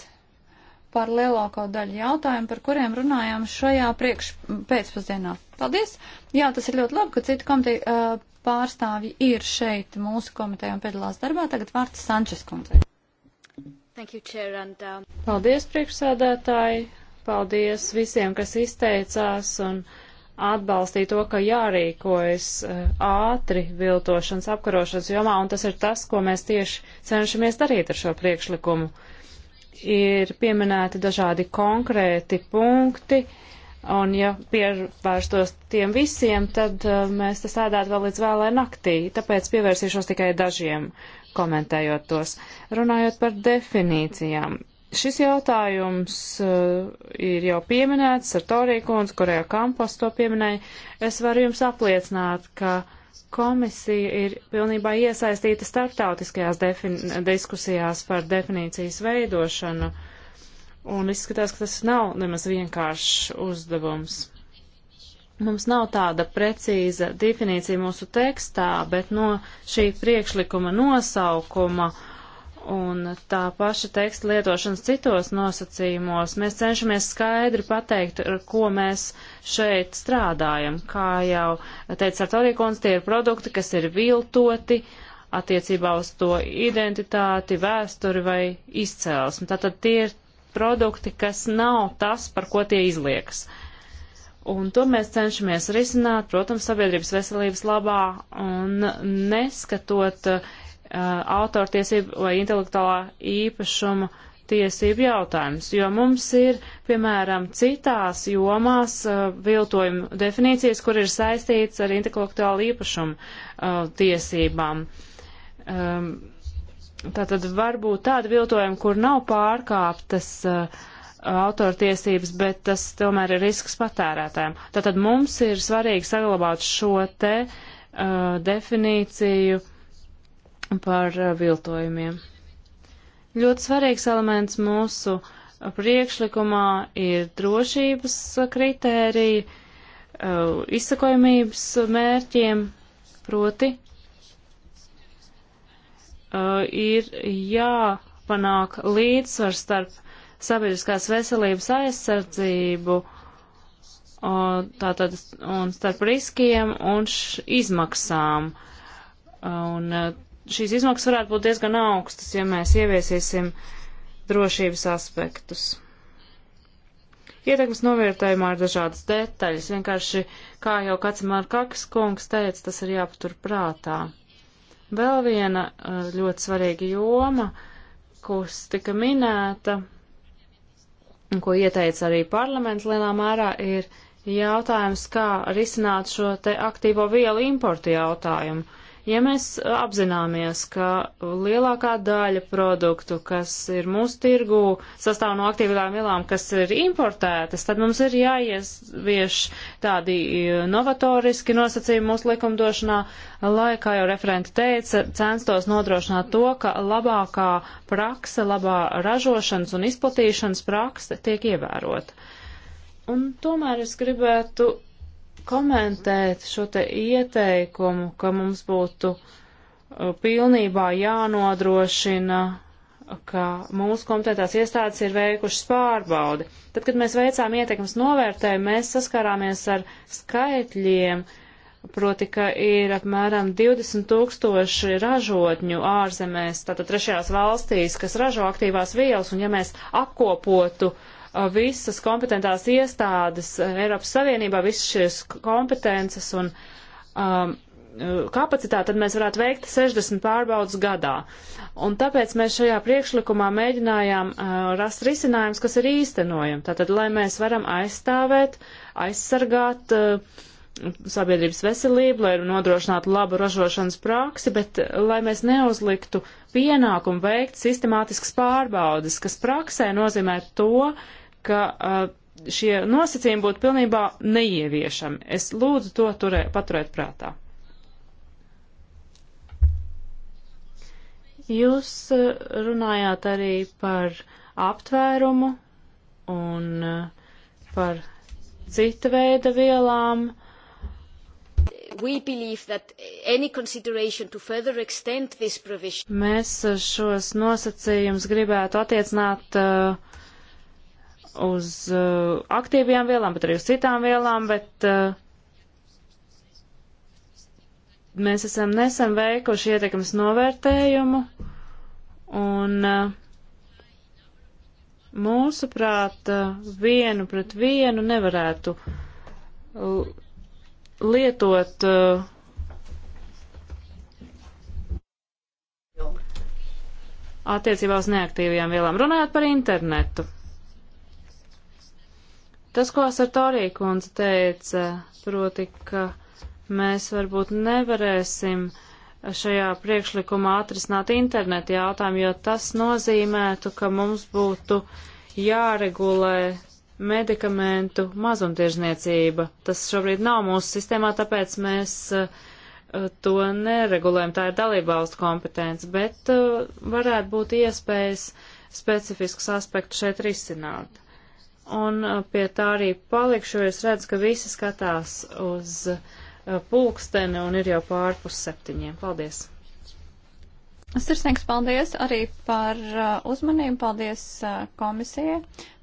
par lielāko daļu jautājumu, par kuriem runājām šajā priekš pēcpusdienā. Paldies! Jā, tas ir ļoti labi, ka citi komiteja uh, pārstāvji ir šeit mūsu komiteja un piedalās darbā. Tagad vārds Sančes kundzei. You, Chair, and, um... Paldies, priekšsēdētāji! Paldies visiem, kas izteicās un atbalstīja to, ka jārīkojas uh, ātri viltošanas apkarošanas jomā, un tas ir tas, ko mēs tieši cenšamies darīt ar šo priekšlikumu. Ir pieminēti dažādi konkrēti punkti, un ja pievērstos tiem visiem, tad uh, mēs tas ēdētu vēl līdz vēlai naktī, tāpēc pievērsīšos tikai dažiem komentējot tos. Runājot par definīcijām, šis jautājums uh, ir jau pieminēts ar Torīkons, kurējā kampos to pieminēja. Es varu jums apliecināt, ka komisija ir pilnībā iesaistīta starptautiskajās diskusijās par definīcijas veidošanu, un izskatās, ka tas nav nemaz vienkāršs uzdevums. Mums nav tāda precīza definīcija mūsu tekstā, bet no šī priekšlikuma nosaukuma un tā paša teksta lietošanas citos nosacījumos mēs cenšamies skaidri pateikt, ar ko mēs šeit strādājam. Kā jau teica Sartorīkons, tie ir produkti, kas ir viltoti attiecībā uz to identitāti, vēsturi vai izcēlesmi. Tātad tie ir produkti, kas nav tas, par ko tie izliekas. Uh, Un to mēs cenšamies risināt, protams, sabiedrības veselības labā un neskatot uh, autortiesību vai intelektuālā īpašuma tiesību jautājumus, jo mums ir, piemēram, citās jomās uh, viltojuma definīcijas, kur ir saistīts ar intelektuālu īpašumu uh, tiesībām. Um, tātad var būt tādi viltojumi, kur nav pārkāptas uh, autortiesības, bet tas tomēr ir risks patērētājiem. Tātad mums ir svarīgi saglabāt šo te uh, definīciju par uh, viltojumiem. Ļoti svarīgs elements mūsu priekšlikumā ir drošības kritērija, uh, izsakojamības mērķiem, proti uh, ir jāpanāk līdzsvars starp sabiedriskās veselības aizsardzību tātad un starp riskiem un izmaksām. Un e, šīs izmaksas varētu būt diezgan augstas, ja mēs ieviesīsim drošības aspektus. Ietekmes novērtējumā ir dažādas detaļas. Vienkārši, kā jau Kacimāra Kakas kungs teica, tas ir jāpatur prātā. Vēl viena e, ļoti svarīga joma, kas tika minēta, un ko ieteica arī parlaments lielā mērā, ir jautājums, kā risināt šo te aktīvo vielu importu jautājumu. Ja mēs uh, apzināmies, ka lielākā daļa produktu, kas ir mūsu tirgū, sastāv no aktīvām vielām, kas ir importētas, tad mums ir jāievieš tādi uh, novatoriski nosacījumi mūsu likumdošanā, lai, kā jau referenti teica, censtos nodrošināt to, ka labākā prakse, labā ražošanas un izplatīšanas prakse tiek ievērota. Un tomēr es gribētu komentēt šo te ieteikumu, ka mums būtu uh, pilnībā jānodrošina, ka mūsu komitētās iestādes ir veikušas pārbaudi. Tad, kad mēs veicām ieteikums novērtējumu, mēs saskārāmies ar skaitļiem, proti, ka ir apmēram 20 tūkstoši ražotņu ārzemēs, tātad trešajās valstīs, kas ražo aktīvās vielas, un ja mēs apkopotu uh, visas kompetentās iestādes Eiropas Savienībā, visas šīs kompetences un um, kapacitāti, tad mēs varētu veikt 60 pārbaudas gadā. Un tāpēc mēs šajā priekšlikumā mēģinājām uh, rast risinājums, kas ir īstenojami. Tātad, lai mēs varam aizstāvēt, aizsargāt uh, sabiedrības veselību, lai nodrošinātu labu ražošanas praksi, bet uh, lai mēs neuzliktu pienākumu veikt sistemātiskas pārbaudas, kas praksē nozīmē to, ka uh, šie nosacījumi būtu pilnībā neieviešami. Es lūdzu to turē, paturēt prātā. Jūs uh, runājāt arī par aptvērumu un uh, par cita veida vielām. Mēs uh, šos nosacījumus gribētu attiecināt uh, uz uh, aktīvajām vielām, bet arī uz citām vielām, bet uh, mēs esam nesen veikuši ietekmes novērtējumu un uh, mūsuprāt, uh, vienu pret vienu nevarētu uh, lietot. Uh, attiecībā uz neaktīvajām vielām runājot par internetu. Tas, ko Sartorija kundze teica, proti, ka mēs varbūt nevarēsim šajā priekšlikumā atrisināt internetu jautājumu, jo tas nozīmētu, ka mums būtu jāregulē medikamentu mazumtirdzniecība. Tas šobrīd nav mūsu sistēmā, tāpēc mēs uh, to neregulējam. Tā ir dalībvalstu kompetence, bet uh, varētu būt iespējas specifiskus aspektus šeit risināt un uh, pie tā arī palikšu, jo es redzu, ka visi skatās uz uh, pulksteni un ir jau pārpus septiņiem. Paldies! Sirsnīgs paldies arī par uh, uzmanību, paldies komisijai,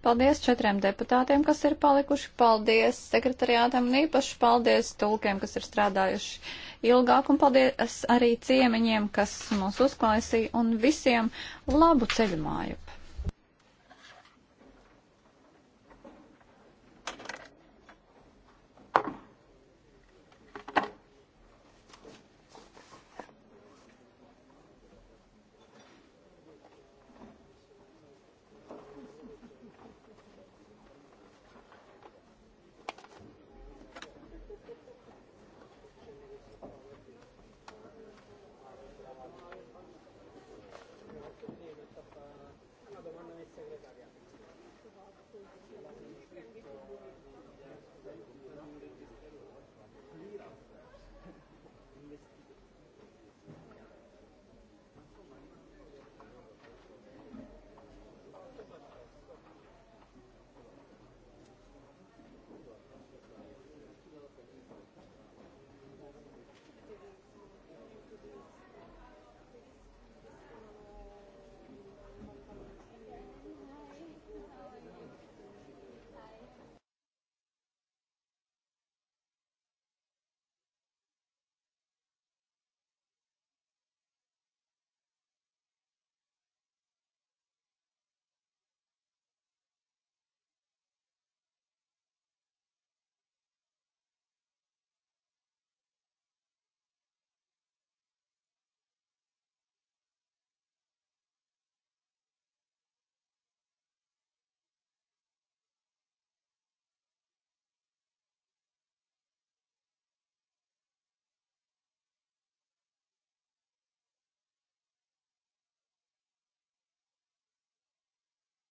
paldies četriem deputātiem, kas ir palikuši, paldies sekretariātam un īpaši paldies tulkiem, kas ir strādājuši ilgāk un paldies arī ciemiņiem, kas mūs uzklausīja un visiem labu ceļu mājup!